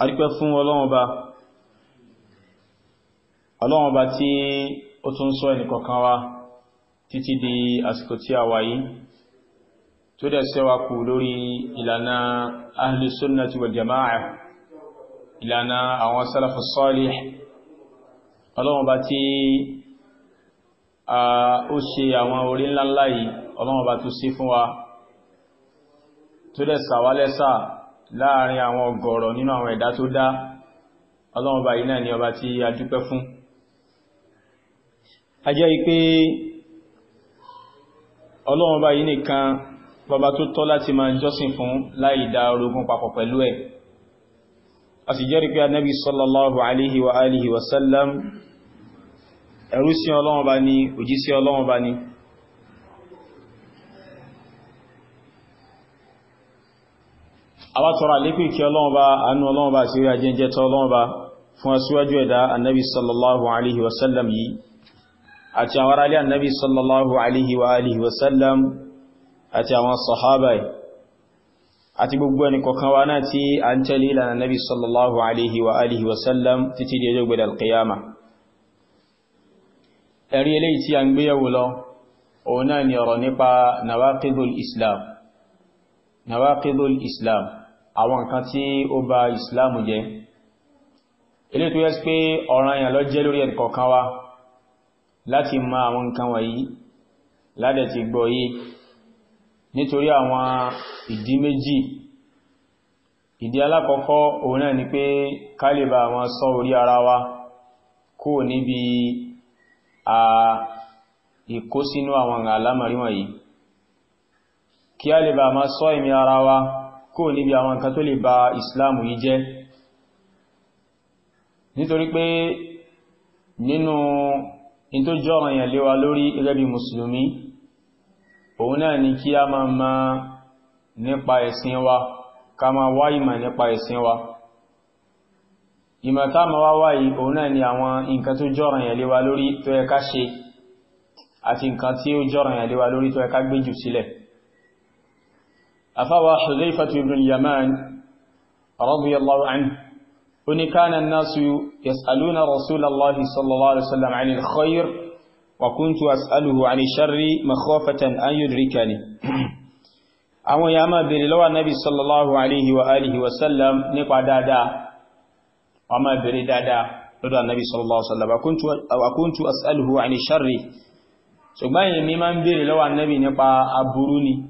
adúpẹ́ fún Ọlọ́run Ọba Ọlọ́run Ọba tí ó tún sọ ẹnìkọ̀kan wa títí di àsìkò tí a wà yìí tó dẹ̀ sẹ́wà kù lórí ìlànà ahlu sunnati wal ìlànà àwọn salafu salih Ọlọ́run Ọba tí ó ṣe àwọn orí ńláńlá yìí Ọlọ́run Ọba tó sí fún wa tó dẹ̀ sàwálẹ́sà láàrin àwọn ọgọ̀rọ̀ nínú àwọn ẹ̀dá tó dá ọlọ́run bá yìí náà ni ọba tí a dúpẹ́ fún a jẹ́ pé ọlọ́run bá yìí nìkan bàbá tó tọ́ láti máa jọ́sìn fún láì dá orogún papọ̀ pẹ̀lú ẹ̀ a sì jẹ́rìí pé anábi sallallahu alaihi wa alihi wasallam ẹrú sí ọlọ́run bá ní òjíṣẹ́ ọlọ́run bá ní awátọrọ àlékún ìkẹ́ ọlọ́ọ̀bá anú ọlọ́ọ̀bá àti orí ajẹ́jẹ́ tọ́ ọlọ́ọ̀bá fún aṣíwájú ẹ̀dá annabi sallallahu alaihi wasallam yìí àti àwọn aráalé annabi sallallahu alaihi wa alihi wasallam àti àwọn sahaba àti gbogbo ẹni kọ̀kan wa náà tí a ń tẹ́lé ìlànà annabi sallallahu alaihi wa alihi wasallam títí di ọjọ́ gbẹ̀dẹ̀ alkiyama ẹ̀rí eléyìí tí a ń gbéyàwó lọ òun náà ni ọ̀rọ̀ nípa nawaqidul islam nawaqidul islam àwọn nǹkan tí ó bà islam jẹ́ ilé tó yẹ́ pé ọ̀ràn èèyàn ló jẹ́ lórí ẹnìkọ̀ọ̀kan wa láti mọ àwọn nǹkan wọ̀nyí ládẹ̀ ti gbọ́ yìí nítorí àwọn ìdí méjì ìdí alákọ̀ọ́kọ́ òun náà ni pé kálíbà àwọn sọ orí ara wa kúrò níbi ìkó sínú àwọn àlámọ̀rí wọ̀nyí kí a lè bá máa sọ ìmì ara wa kó níbi àwọn nǹkan tó lè ba ìsìláàmù yìí jẹ́ nítorí pé nínú in tó jọ ọ̀ràn yẹn lórí gẹ́gẹ́ bí òun náà ni kí a máa ma nípa ẹ̀sìn wa ká máa wá ìmọ̀ nípa ẹ̀sìn wa ìmọ̀ tá ma wá wáyìí òun náà ni àwọn nǹkan tó jọ ọ̀ràn yẹn lé wa lórí tó yẹ أفوى حذيفة بن اليمان رضي الله عنه أن كان الناس يسألون رسول الله صلى الله عليه وسلم عن الخير وكنت أسأله عن الشر مخافة أن يدركني أما يما بريلوى النبي صلى الله عليه وآله وسلم نقع دادا أما بري دادا رضا النبي صلى الله عليه وسلم وكنت وكنت أسأله عن الشر ثم يما بريلوى النبي نقع أبروني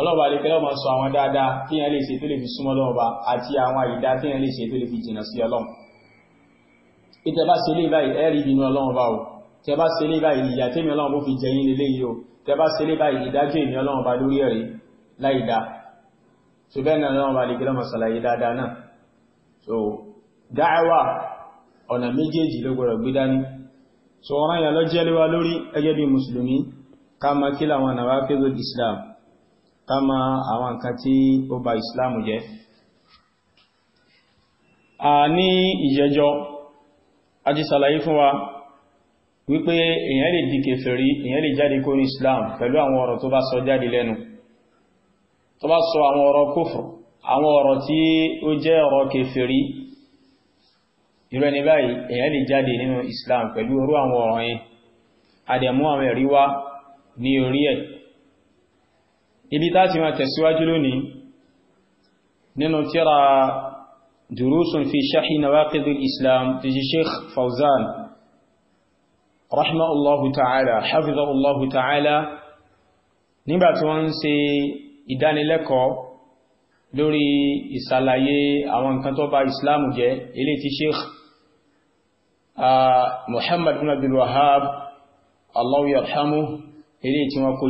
ọlọ́ba àdékẹ́lẹ́ ọmọ sọ àwọn dáadáa tí yẹn lè ṣe tó lè fi súnmọ́ lọ́wọ́ba àti àwọn àyídá tí yẹn lè ṣe tó lè fi jìnnà sí ọlọ́run ìtẹ́ bá ṣe lé báyìí ẹ́rì ìbínú ọlọ́run bá o tẹ́ bá ṣe lé báyìí ìyà tẹ́mi ọlọ́run bó fi jẹ yín so bẹ́ẹ̀ náà lọ́wọ́ alìkí lọ́mọ̀ sàlàyé so dáẹwà ọ̀nà méjèèjì ló gbọ́rọ̀ gbé dání yà lọ jẹ́ wa lórí ẹgẹ́ bí mùsùlùmí ká ma kí láwọn àwọn akẹ́gbẹ́ Islam ká mọ àwọn nǹkan tí ó ba ìsìláàmù jẹ́ a ní ìjẹjọ́ a ti sàlàyé fún wa wípé èyàn lè di kèfèrí èyàn lè jáde kó ní islam pẹ̀lú àwọn ọ̀rọ̀ tó bá sọ jáde lẹ́nu tó bá sọ àwọn ọ̀rọ̀ kófù àwọn ọ̀rọ̀ tí ó jẹ́ ọ̀rọ̀ kèfèrí irú báyìí èyàn lè jáde nínú islam pẹ̀lú orú àwọn ọ̀rọ̀ yẹn adẹ̀mú àwọn ẹ̀rí wá ní orí ẹ̀ ibi tá ti máa tẹ̀síwájú lónìí nínú tírà durusun fi sharhi nawaqidil islam ti ji sheikh fauzan rahimahullahu ta'ala hafizahullahu ta'ala nígbà tí wọ́n ń ṣe ìdánilẹ́kọ̀ọ́ lórí ìsàlàyé àwọn nǹkan tó bá islam jẹ́ ilé ti sheikh muhammad ibn abdul wahab allahu yarhamu ilé tí wọ́n kó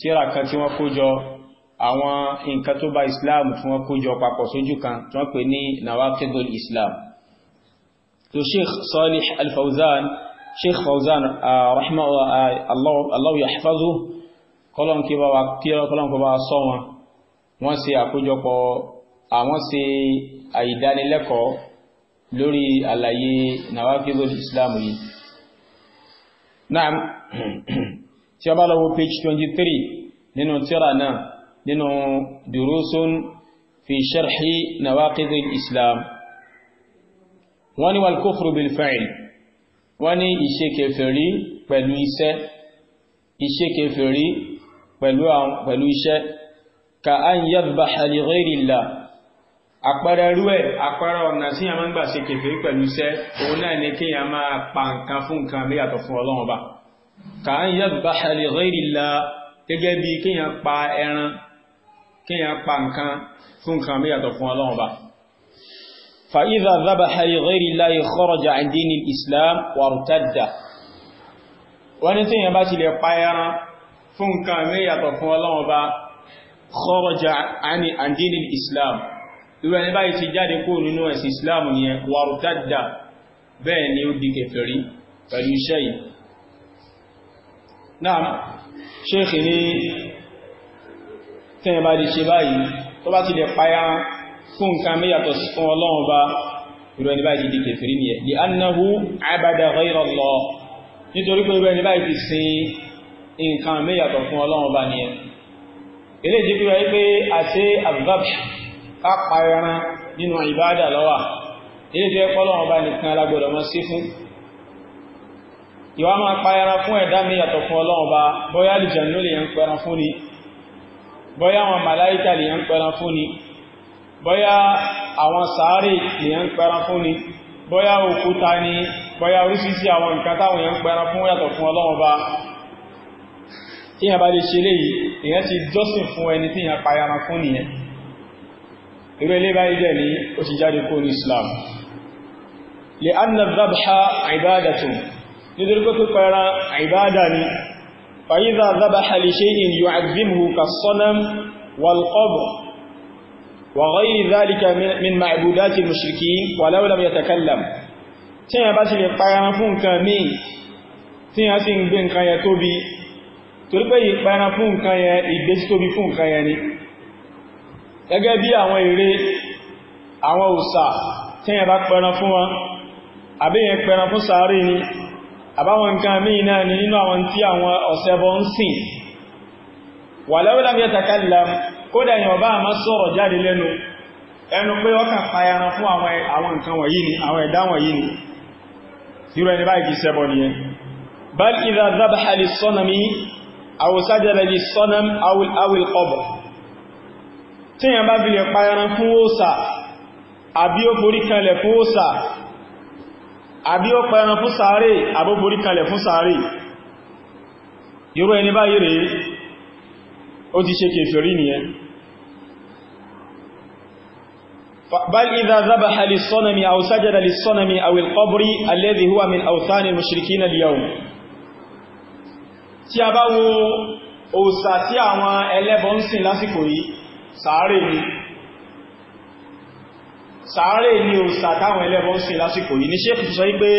tíra kan tí wọ́n kójọ àwọn nǹkan tó bá islam tí wọ́n kójọ papọ̀ sójú kan tí wọ́n pè ní nawaqidul islam tó sheikh salih al-fawzan sheikh fawzan ah, rahimahullah ah, allah yahfazu kọlọ́n kí bá wa kọlọ́n kó bá sọ wọn wọ́n ṣe àkójọpọ̀ àwọn ah, ṣe àìdánilẹ́kọ̀ọ́ lórí àlàyé nawaqidul islam yìí naam tí a bá lọ page 23 nínú tírà náà nínú durusun fi sharhi nawaqidh al-islam wọ́n ní wal kufru bil fa'il wọ́n ní ìṣe kèfèrí pẹ̀lú iṣẹ́ ìṣe kèfèrí pẹ̀lú iṣẹ́ ka an yadhbaha li ghayri Allah àpẹẹrẹ rú ẹ̀ àpẹẹrẹ ọ̀nà tí a ń gbà ṣe kèfèrí pẹ̀lú iṣẹ́ òun náà ní kí a máa pa nǹkan fún nǹkan bí fún Ọlọ́run bá kà ń yẹ́bùbá li ghayri Allah gẹ́gẹ́ bí kíyàn pa ẹran kíyàn pa nǹkan fún nǹkan mẹ́yàtọ̀ fún ọlọ́run bá fa idha dhabaha li ghayri Allah kharaja an dini al-islam wa irtadda wọ́n ní tíyàn bá ti lè pa ẹran fún nǹkan mẹ́yàtọ̀ fún ọlọ́run bá kharaja an dini islam náà ṣéèkì ní tẹ́yìn bá di ṣe báyìí tó bá ti lè páyá fún nǹkan méyàtọ̀ fún ọlọ́run bá ìrọ̀ ẹni báyìí di kèfèrí ni ẹ̀ di annahu abada ghayra Allah nítorí pé ìrọ̀ ẹni báyìí ti sin nǹkan méyàtọ̀ fún ọlọ́run bá ni ẹ̀ ilé ìdíkú rẹ̀ pé àti àbúgbàbù ká pa ẹran nínú ìbádà lọ́wà ilé ìdíkú ọlọ́run bá nìkan alágbọ́dọ̀ mọ́ sí fún ìwà máa pa ẹran fún ẹ̀dá mi yàtọ̀ fún ọlọ́run bá bóyá àlùjànnú lè yẹn ń pẹran fún ni bóyá àwọn màláíkà lè yẹn ń pẹran fún ni bóyá àwọn sàárè lè yẹn ń pẹran fún ni bóyá òkúta ni bóyá oríṣiríṣi àwọn nǹkan táwọn yẹn ń pẹran fún yàtọ̀ nítorí pé pípa ẹran àìbáadà ni fàyíza zabaha li shay'in yu'azzimhu kas-sanam wal-qabr wa ghayri dhalika min ma'budati al-mushrikin walau lam yatakallam tí a bá ti lè pa ẹran fún nǹkan míì tí a sì ń gbé nǹkan yẹn tóbi torí pé ìpa ẹran fún nǹkan yẹn ìgbésí tóbi fún nǹkan ni gẹ́gẹ́ bí àwọn ère àwọn òòṣà tí a bá pẹran fún wọn àbí yẹn pẹran fún sàárì ni àbáwọn nǹkan míì náà ni nínú àwọn tí àwọn ọ̀sẹ̀bọ ń sìn wà lọ́wọ́lá bí ẹ̀tàkàlá kódà èèyàn bá àmá sọ̀rọ̀ jáde lẹ́nu ẹnu pé ọkà fayaran fún àwọn nǹkan wọ̀nyí ni àwọn ẹ̀dá wọ̀nyí ni irú ẹni báyìí ṣẹbọ nìyẹn bal idha dhabaha lis-sanami aw sajada lis-sanam aw al-qabr tí èèyàn bá fi fayaran fún òòsà àbí ó forí kanlẹ̀ fún òòsà àbí ó pẹran fún sàárè àbóborí kalẹ̀ fún sàárè irú ẹni báyìí rèé ó ti ṣe kèfèrí nìyẹn bal idha dhabaha lis-sanami aw sajada lis-sanami aw al-qabri alladhi huwa min awthan al-mushrikeen sàárè ni òsà táwọn ẹlẹ́bọ ń ṣe lásìkò yìí ní ṣéèkù sọ wípé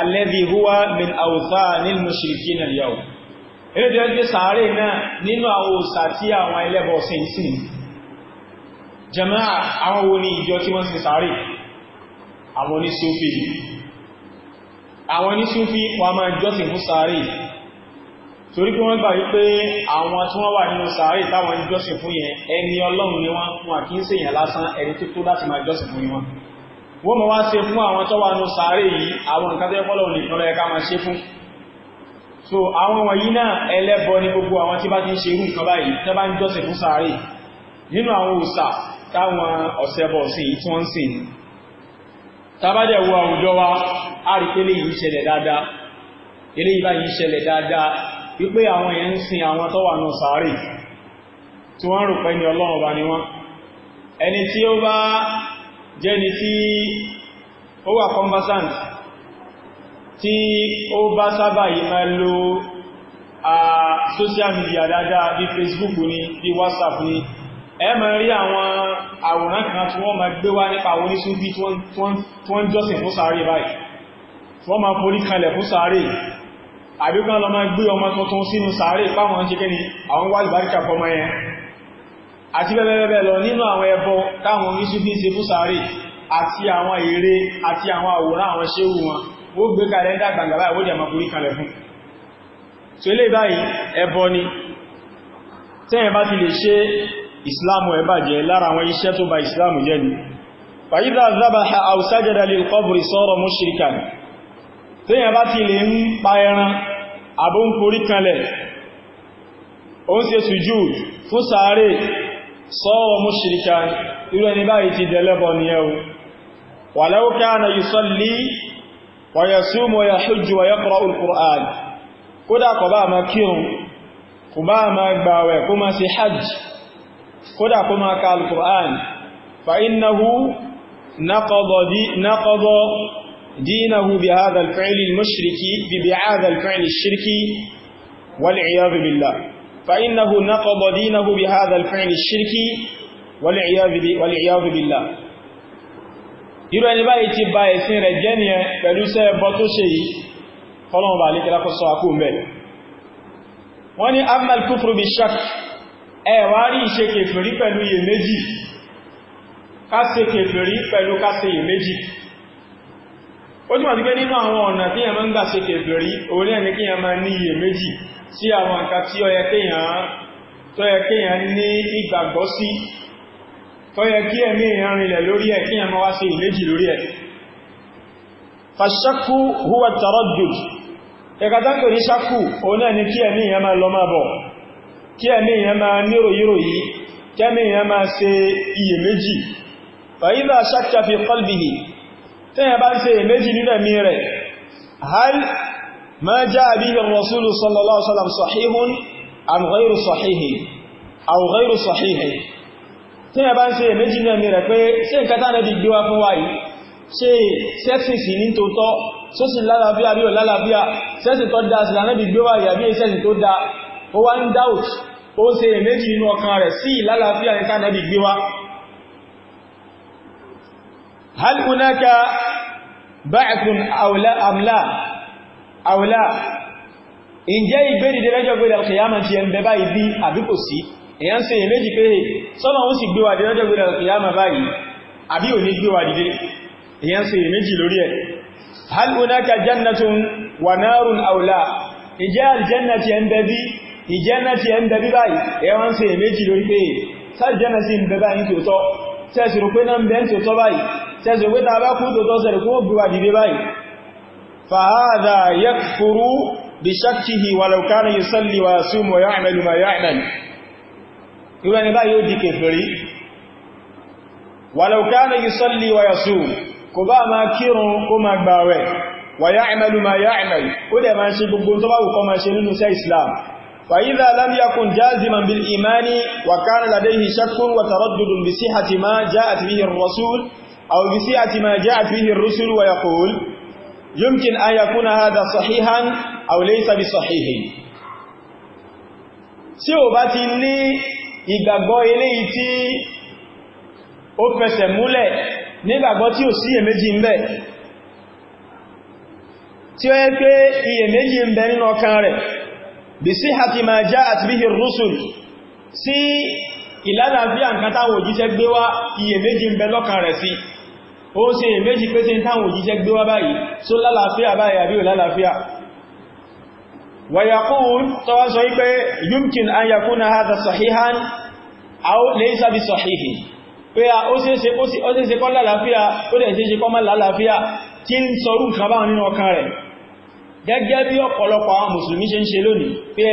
alladhi huwa min awthanil mushrikina al-yawm eré tó yẹ pé sàárè náà nínú àwọn òsà tí àwọn ẹlẹ́bọ ṣe ń sìn jàmáà àwọn torí pé wọ́n gbà wípé àwọn tí wọ́n wà nínú sàárè táwọn ìjọsìn fún yẹn ẹni ọlọ́run ni wọ́n fún àkí ń ṣe èèyàn lásán ẹni tó tó láti máa jọsìn fún wọn wọ́n mọ̀ wá ṣe fún àwọn tó wà nínú sàárè yìí àwọn nǹkan tó fọ́lọ̀ nìkan lọ́yẹ ká máa ṣe fún so àwọn wọ̀nyí náà ẹlẹ́bọ ni gbogbo àwọn tí bá ti ń ṣe irú nǹkan báyìí tó bá ń jọsìn fún sàárè nínú àwọn òòṣà táwọn ọ̀sẹ̀bọ̀ sí yìí tí wọ́n ń sìn tábàdẹ̀ wo àwùjọ wa á rí pé eléyìí ṣẹlẹ̀ dáadáa eléyìí báyìí ṣẹlẹ̀ dáadáa wípé àwọn èèyàn ń sin àwọn tó wà ní sàárì tí wọ́n rò pé ní ọlọ́run bá ní wọ́n ẹni tí ó bá jẹ́ni tí ó wà conversant tí ó bá sábà yìí lo a social media dada bí Facebook ni bí WhatsApp ni ẹ máa rí àwọn àwòrán kan tí wọ́n máa gbé wá nípa àwọn oníṣúbí tí wọ́n jọ́sìn fún sàárì báyìí wọ́n máa forí kalẹ̀ fún sàárì àbíkán lọ máa gbé ọmọ tuntun sínú sàárè páwọn ṣe kéni àwọn wà ìbáríkà fọmọ yẹn àti bẹ́ẹ̀bẹ́ẹ̀ lọ nínú àwọn ẹbọ táwọn Yúsúfì ṣe fún sàárè àti àwọn ère àti àwọn àwòrán àwọn ṣéwù wọn ó gbé kàlẹ́ndà gbàngàbá ìwọ́dì àmàkùrí kalẹ̀ fún so ilé báyìí ẹbọ ni tẹ́yìn bá ti lè ṣe ìsìláàmù ẹ bàjẹ́ lára àwọn iṣẹ́ tó téèyàn bá ti lè ń pa ẹran àbó ń forí kanlẹ̀ ó ń ṣe sùjú fún sàárè sọ́wọ́ mushrikan irú ẹni báyìí ti dẹ̀lẹ́bọ̀ ní ẹwù walau kana yusalli wa yasumu kódà kó ma ṣe hajj kódà kó ma ka دينه بهذا الفعل المشركي بهذا الفعل الشركي والعياذ بالله فإنه نقض دينه بهذا الفعل الشركي والعياذ بالله يرو ان باي تي باي سين رجني بلو سي بوتو شي فلون بالي كلا كو سو اكو مبل واني اما الكفر بالشك اي واري شكي فري بلو يمجي كاسكي فري بلو كاسكي يمجي ó túnmọ̀ sí pé nínú àwọn ọ̀nà tí ẹ̀mọ́ ń gbà ṣe kèfèrí orí ẹni kí ẹ̀mọ́ ní iye méjì sí àwọn nǹkan tí ó yẹ kéèyàn ní ìgbàgbọ́ sí tó yẹ kí ẹ̀mí èèyàn rinlẹ̀ lórí ẹ̀ kí ẹ̀mọ́ wá sí ìléjì lórí ẹ̀ fàṣákú huwa taraddud ẹ̀ka tánkò ní ṣákù òun náà ni kí ẹ̀mí èèyàn tẹ́yẹ bá ń ṣe èméjì nínú ẹ̀mí rẹ̀ hal ma jaa bihi rasulu sallallahu alaihi wasallam sahihun am ghayru sahihin aw ghayru sahihin tẹ́yẹ bá ń ṣe èméjì nínú ẹ̀mí rẹ̀ pé ṣe nǹkan tánà di gbé wá fún wa yìí ṣe sẹ́sìsì ní tòótọ́ sẹ́sì lálàáfíà bí ò lálàáfíà sẹ́sì tó dáa sí lánà di gbé wá àbí sẹ́sì tó dáa ó wá ń dáùt ó ṣe èméjì nínú ọkàn rẹ̀ sí ìlálàáfíà ní tánà di gbé wá هل هناك بعث أو لا أم لا أو لا إن جاي بيري درجة قول القيامة تيان بباي دي أبيكو سي إيان سي يميجي كيه سنة وسي بيوا درجة قول القيامة باي أبيو ني بيوا دي إيان سي يميجي لوريه هل هناك جنة ونار أو لا إن جاء الجنة تيان ببي ìjẹ́nà ti ẹ̀ ń bẹ̀bí báyìí ẹwọ́n sí èméjì lórí pé sáàjẹ́nà sí ń bẹ báyìí tòótọ́ tẹ́sìrò pé náà sẹ́sùn pé tàbá kú tó tọ́sẹ̀rẹ̀ kó gbíwà dìde báyìí fàhádà yẹ fúrú bí ṣakkihi wàlàukánà yìí sọ́lì wà súnmù ya àmàlù ma ya àmàlù ìwẹ́ ni báyìí ó di kèfèrí wàlàukánà yìí sọ́lì wà yasú kò bá ma kírun kó ma gbàwẹ̀ wà ya àmàlù ma ya àmàlù ó dẹ̀ ma ṣe gbogbo tó bá wùkọ́ ma ṣe nínú sẹ́ islam فإذا لم يكن جازما بالإيمان وكان لديه شك وتردد بصحة ما جاءت به الرسول أو بسعة ما جاء فيه الرسل ويقول يمكن أن يكون هذا صحيحا أو ليس بصحيح tí ó bá ti ní ìgbàgbọ́ eléyìí tí ó fẹsẹ̀ múlẹ̀ nígbàgbọ́ tí ò sí iyèméjì ń bẹ tí ó yẹ pé iyèméjì ń bẹ nínú ọkàn rẹ̀ bisihati ma ja'at bihi ar-rusul sí ìlànà bí àǹkátà òjíṣẹ́ gbé wá iyèméjì ń bẹ lọ́kàn rẹ̀ sí si ó ṣe méjì pé tí ń táwọn òjíṣẹ́ gbé wá báyìí só lálàáfíà báyìí àbí ò lálàáfíà wàyàkún tọwá sọ wípé yumkin an yakuna hadha sahihan aw laysa sahihi pé a ó ṣeéṣe kó lálàáfíà ó dẹ̀ ṣeéṣe kó má lálàáfíà kí ń sọrú nǹkan báwọn nínú ọkàn rẹ̀ gẹ́gẹ́ bí ọ̀pọ̀lọpọ̀ àwọn mùsùlùmí ṣe ń ṣe lónìí pé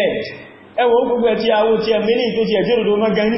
ẹwọ gbogbo ẹ̀ tí a wó tí ẹ mẹ́lì tó ti ẹ̀jẹ́ òdòdó mọ́gan ní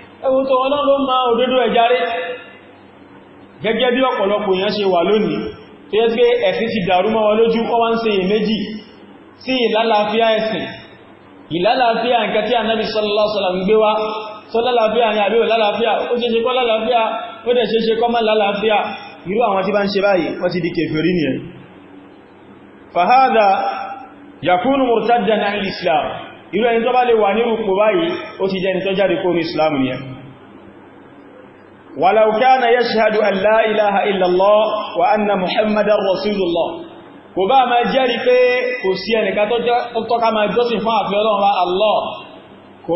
ẹwù tó ọlọ́run ló máa òdodo ẹ̀járe gẹ́gẹ́ bí ọ̀pọ̀lọpọ̀ èèyàn ṣe wà lónìí tó yẹ pé ẹ̀sìn ti dàrú mọ́ wọn lójú kọ́ wá ń ṣe iyèméjì sí ìlàlàáfíà ẹ̀sìn ìlàlàáfíà nǹkan tí ànábì sallallahu alaihi wasallam gbé wá sọ lálàáfíà ni àbí ò lálàáfíà ó ṣeéṣe irú ẹni tó bá lè wà nírú pò báyìí ó ti jẹ́ ẹni tó jáde kóòrò islam ni ẹ walau kana yashhadu an la ilaha illallah wa anna muhammadar rasulullah kò bá máa jẹ́rìí pé kò sí ẹnìkan tó tọ́ka máa jọ́sìn fún àfi ọlọ́run bá allah kò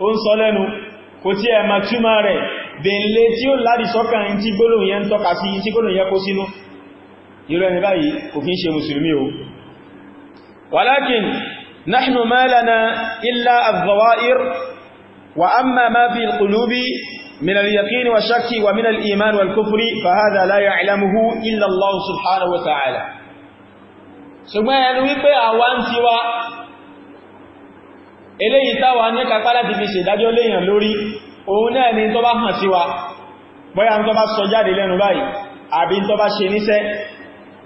ó ń sọ lẹ́nu kò tí ẹ ma túmà rẹ̀ bèèlè tí ó láti sọ́kàn tí gbólóhùn yẹn ń tọ́ka sí tí gbólóhùn yẹn kó sínú irú ẹni báyìí kò kí ń ṣe mùsùlùmí o walakin nahnu ma lana illa az-zawa'ir wa من اليقين والشك ومن الإيمان والكفر فهذا لا يعلمه إلا الله سبحانه وتعالى سبحانه وتعالى eléyìí táwa ní kápá láti fi ṣèdájọ́ léèyàn lórí òun náà ni tó bá hàn sí wa bóyá tó bá sọ jáde lẹ́nu báyìí àbí tó bá ṣe níṣẹ́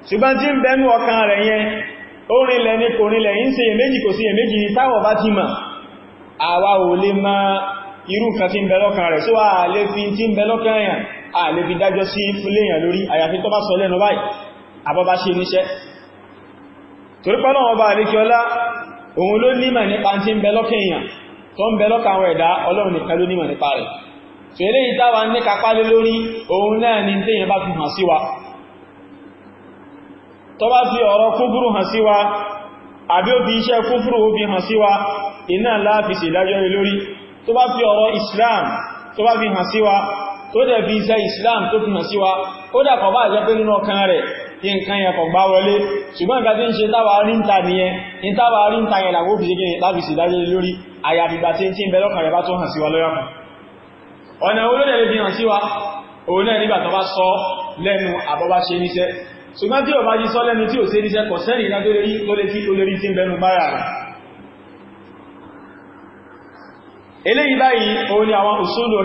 ṣùgbọ́n tí ń bẹnu ọkàn rẹ̀ yẹn orinlẹ̀ ní kò rinlẹ̀ ń ṣe èméjì kò sí èméjì ní táwọ̀ bá ti mà àwa ò lè ma irú nǹkan tí ń bẹ lọ́kàn rẹ̀ sí wa lè fi tí ń òun ló nímọ̀ nípa tí ń bẹ lọ́kàn èèyàn tó ń bẹ lọ́kàn àwọn ẹ̀dá ọlọ́run nìkan ló nímọ̀ nípa rẹ̀ tó eléyìí táwa ní kápá lé lórí òun náà ni téèyàn bá fi hàn sí wa tó bá fi ọ̀rọ̀ kúfúrú hàn sí wa àbí ó fi iṣẹ́ kúfúrú ó fi hàn sí iná láàfi ṣèdájọ́ rẹ̀ lórí tó bá fi ọ̀rọ̀ Islam tó bá fi hàn sí tó dẹ̀ fi iṣẹ́ Islam tó fi hàn sí wa ó dàpọ̀ bá jẹ́ pé nínú ọkàn rẹ̀ nǹkan yẹn kò gbá wọlé ṣùgbọ́n nǹkan tí ń ṣe táwà rí ń ta nìyẹn ní táwà rí ń ta yẹn làwọn òfìsí gíní láti sì dájé lórí àyàfìgbà tí ń tí ń bẹ lọ́kàn rẹ̀ bá tó hàn sí wa lọ́yàkùn ọ̀nà olóòdẹ̀ lè fi hàn sí wa òun náà nígbà tó bá sọ lẹ́nu àbọ́bá ṣe níṣẹ́ ṣùgbọ́n tí ò bá jí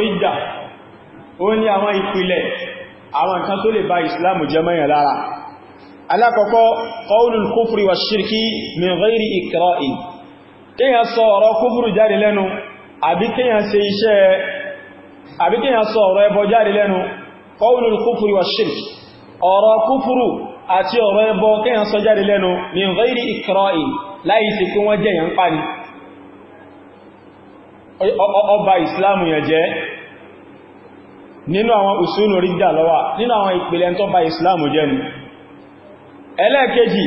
sọ lẹ́nu àwọn ìpìlẹ̀ àwọn nǹkan tó lè bá ìsìláàmù jẹ́ mẹ́yàn lára alákọ̀ọ́kọ́ qawlul kufri wa shirki min ghairi ikra'i kíyàn sọ ọ̀rọ̀ kúfùrù jáde lẹ́nu àbí kíyàn ṣe iṣẹ́ àbí kíyàn sọ ọ̀rọ̀ ẹbọ jáde lẹ́nu qawlul kufri wa shirki ọ̀rọ̀ kúfùrù àti ọ̀rọ̀ ẹbọ kíyàn sọ jáde lẹ́nu min ghairi ikra'i láì sí kí wọ́n jẹ́ yàn pa ọba ìsìláàmù yẹn jẹ́ nínú àwọn usulu ridda lọ́wà nínú àwọn ìpìlẹ̀ tó bá islamu jẹ́ ni ẹlẹ́ẹ̀kejì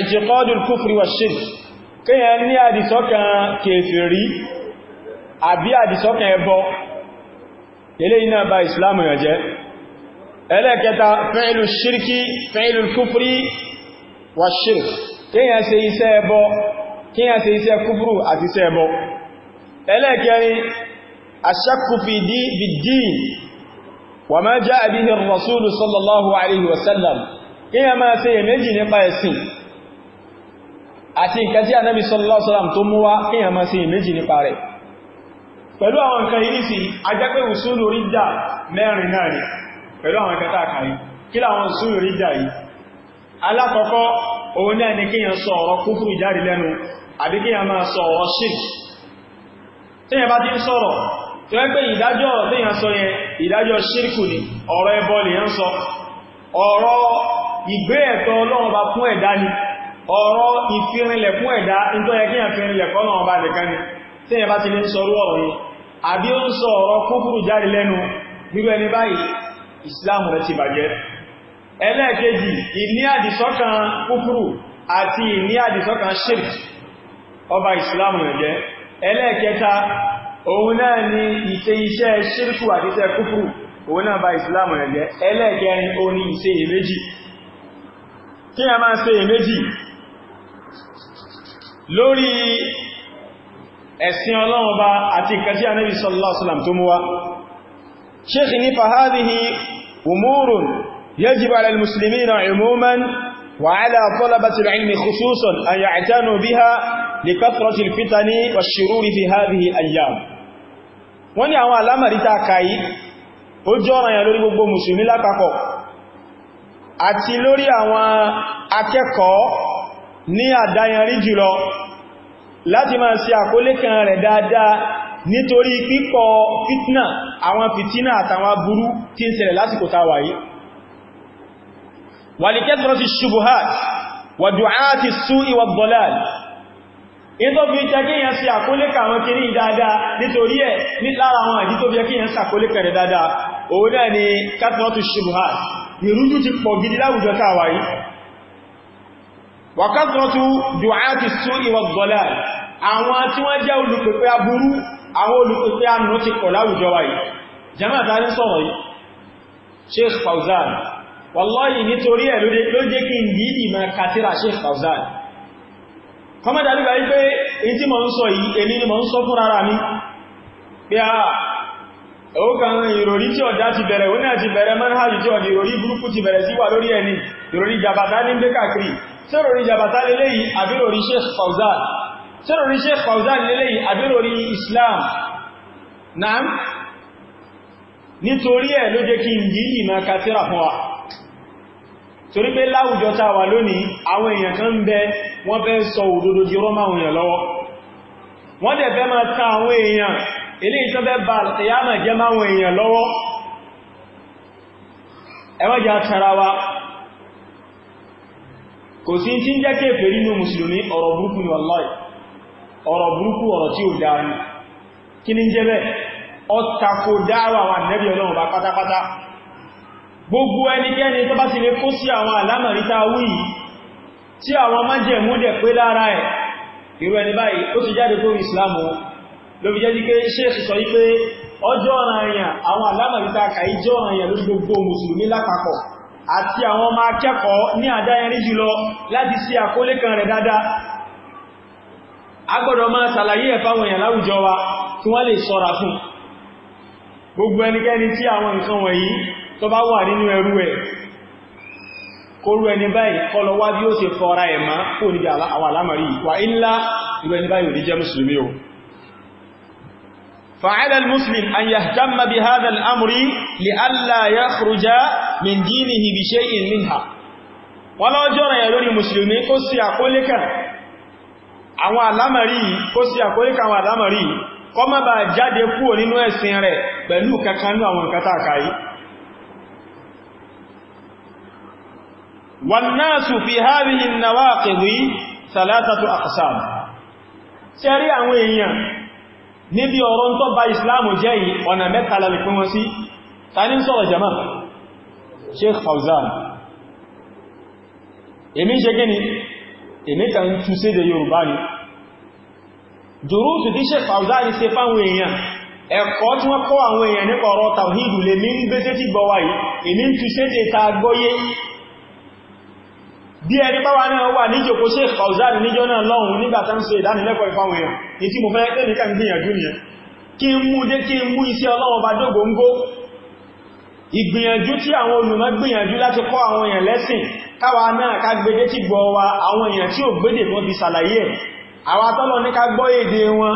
i'tiqadul kufri wa shirk kíyàn ní àdìsọ́kàn kèfèrí àbí àdìsọ́kàn ẹbọ ilé iná bá islamu yàn jẹ́ ẹlẹ́ẹ̀kẹta fi'lu shirki fi'lu kufri wa shirk kíyàn ṣe iṣẹ́ ẹbọ kíyàn ṣe iṣẹ́ kúfùrù wà máa já àbíhì rasúlù sallallahu alaihi wasallam kíyà máa ṣe èméjì nípa ẹ̀sìn àti nǹkan tí anábi sallallahu alaihi wasallam tó mú wá kíyà máa ṣe èméjì nípa rẹ̀ pẹ̀lú àwọn nǹkan yìí sí ajẹ́pẹ́ usulu ridda mẹ́rin náà ni pẹ̀lú àwọn nǹkan tààkàrí kí láwọn usulu ridda yìí tó ẹ́ pé ìdájọ́ tíyàn sọ yẹn ìdájọ́ ṣírkù ni ọ̀rọ̀ ẹbọ lè yán sọ ọ̀rọ̀ ìgbé ẹ̀tọ́ ọlọ́run bá fún ẹ̀dá ni ọ̀rọ̀ ìfirinlẹ̀ fún ẹ̀dá nítorí kíyàn firinlẹ̀ fún ọlọ́run bá nìkan ni tíyàn bá ti lè ń sọ orú ọ̀rọ̀ yìí òun náà ni ìṣe iṣẹ́ ṣírkù àti iṣẹ́ kúfùrù òun náà bá ìsìláàmù rẹ̀ jẹ́ ẹlẹ́ẹ̀kẹrin ó ní ìṣe èméjì kí a máa ṣe èméjì lórí ẹ̀sìn ọlọ́run bá àti nǹkan tí Ànábì sallallahu alaihi wasallam وعلى طلبة العلم خصوصا أن يعتنوا بها لكثرة الفتن والشرور في هذه الأيام wọ́n ní àwọn alámàríta kàyí ó jẹ́ ọ̀ranyàn lórí gbogbo mùsùlùmí lápapọ̀ àti lórí àwọn akẹ́kọ̀ọ́ ní àdáyanrí jùlọ láti máa ṣe àkólé kan rẹ̀ dáadáa nítorí pípọ̀ fitna àwọn fitina àtàwọn aburú tí ń ṣẹlẹ̀ lásìkò táwà yìí wàlìkẹ́tọ̀rọ̀ ti ṣubuhat in tó fi jẹ́ kí èyàn sí àkólẹ́kà àwọn kìíní dáadáa nítorí ẹ̀ ní lára àwọn àdí tó fi jẹ́ kí èyàn sàkólẹ́kà rẹ̀ dáadáa òun náà ni katmọ́tù ṣubha ìrújú ti pọ̀ gidi láwùjọ káwà yìí wàkátmọ́tù du'ati su'i wa dhalal àwọn tí wọ́n jẹ́ olùpẹ̀pẹ̀ Sheikh Fauzan wallahi nítorí ẹ̀ ló jẹ́ kí n gidi ma Sheikh Fauzan kọmọ́dà nígbà yí pé in tí mọ̀ ń sọ yìí èmi ni mọ̀ ń sọ fún ara mi pé a ah, ẹ̀wọ́ kan ìròrí tí ọ̀dá ti bẹ̀rẹ̀ ó náà ti bẹ̀rẹ̀ manhajì tí ọ̀dá ìròrí burúkú ti bẹ̀rẹ̀ sí wà lórí ẹni ìròrí jàbàtà ní gbé káàkiri ṣé ìròrí jàbàtà lélẹ́yìí àbí ìròrí Fauzan ṣé ìròrí Sheikh Fauzan lélẹ́yìí àbí ìròrí Islam naam nítorí ẹ̀ ló jẹ́ kí n yí ìmọ̀ katira fún wa torí pé wọ́n fẹ́ sọ òdodo di rọ́mà àwọn èèyàn lọ́wọ́ wọ́n dẹ̀ fẹ́ máa ta àwọn èèyàn ilé ìṣọ́ fẹ́ bá ìyámà jẹ́ máwọn èèyàn lọ́wọ́ ẹwọ́jà tara wa kò sí tí ń jẹ́ kèfèrí ní mùsùlùmí ọ̀rọ̀ burúkú ni wallahi ọ̀rọ̀ burúkú ọ̀rọ̀ tí ó dáa kí ní jẹ́ bẹ́ ọ̀tàkò dáwà wà nẹ́bí ọlọ́run bá pátápátá gbogbo ẹnikẹ́ni tó bá ti lè kó sí àwọn àlámàríta wíyìí tí àwọn májẹ̀mú dẹ̀ pé lára ẹ̀ irú ẹni báyìí ó ti jáde kó ìsìlámù ló fi jẹ́ sí pé ṣéèkì sọ wípé ọjọ́ ọ̀nà àyàn àwọn alámàríta kàí jẹ́ ọ̀nà àyàn lórí gbogbo mùsùlùmí lápapọ̀ àti àwọn ọmọ akẹ́kọ̀ọ́ ní àdáyẹrí jùlọ láti sí àkólé kan rẹ̀ dáadáa a gbọ́dọ̀ máa ṣàlàyé ẹ̀ fáwọn èèyàn láwùjọ wa kí wọ́n lè ṣọ́ra fún gbogbo ẹnikẹ́ni tí àwọn nǹkan wọ̀nyí tó bá wà nínú ẹrú ẹ̀ kóró ẹni báyìí kọlọ wá bí ó ṣe fọ́ra ẹ̀má kó níbi àwọn alámàrí wà ilá irú ẹni báyìí ò ní jẹ́ musulmi o فعلى المسلم أن يهتم بهذا الأمر لئلا يخرج من دينه بشيء منها wọ́n jọ́rọ̀ yà lórí musulmi kó sí àkólíkà àwọn alámàrí kó sí àkólíkà àwọn alámàrí kó má bá jáde kúrò nínú ẹ̀sìn rẹ̀ pẹ̀lú kankanú àwọn kátàkàí والناس في هذه النواقض ثلاثة أقسام ṣẹ́rí àwọn èèyàn níbi ọ̀rọ̀ tó bá ìsìláàmù jẹ́ yìí ọ̀nà mẹ́ta la lè pín wọn sí ta ní sọ̀rọ̀ jama Sheikh Fauzan èmi ṣe gíní èmi kan tú sí da Yorùbá ni dùrúsù tí Sheikh Fauzan ṣe fáwọn èèyàn tí wọ́n kọ́ àwọn bí ẹni pàwà náà wà ní ìjòkó ṣe Fauzan níjọ́ náà lọ́hun nígbàtà ń ṣe ìdánilẹ́kọ̀ọ́ ìfáwọn èèyàn ní tí mo fẹ́ pé nìkan gbìyànjú ni kí n mú dé kí n mú iṣẹ́ Ọlọ́run bá dógóngó ìgbìyànjú tí àwọn olùmọ̀ gbìyànjú láti kọ́ àwọn èèyàn lẹ́sìn káwa náà ká gbédé tí gbọ́ wa àwọn èèyàn tí ò gbédè wọn fi ṣàlàyé ẹ̀ àwa tọ́lọ ní ká gbọ́ èdè wọn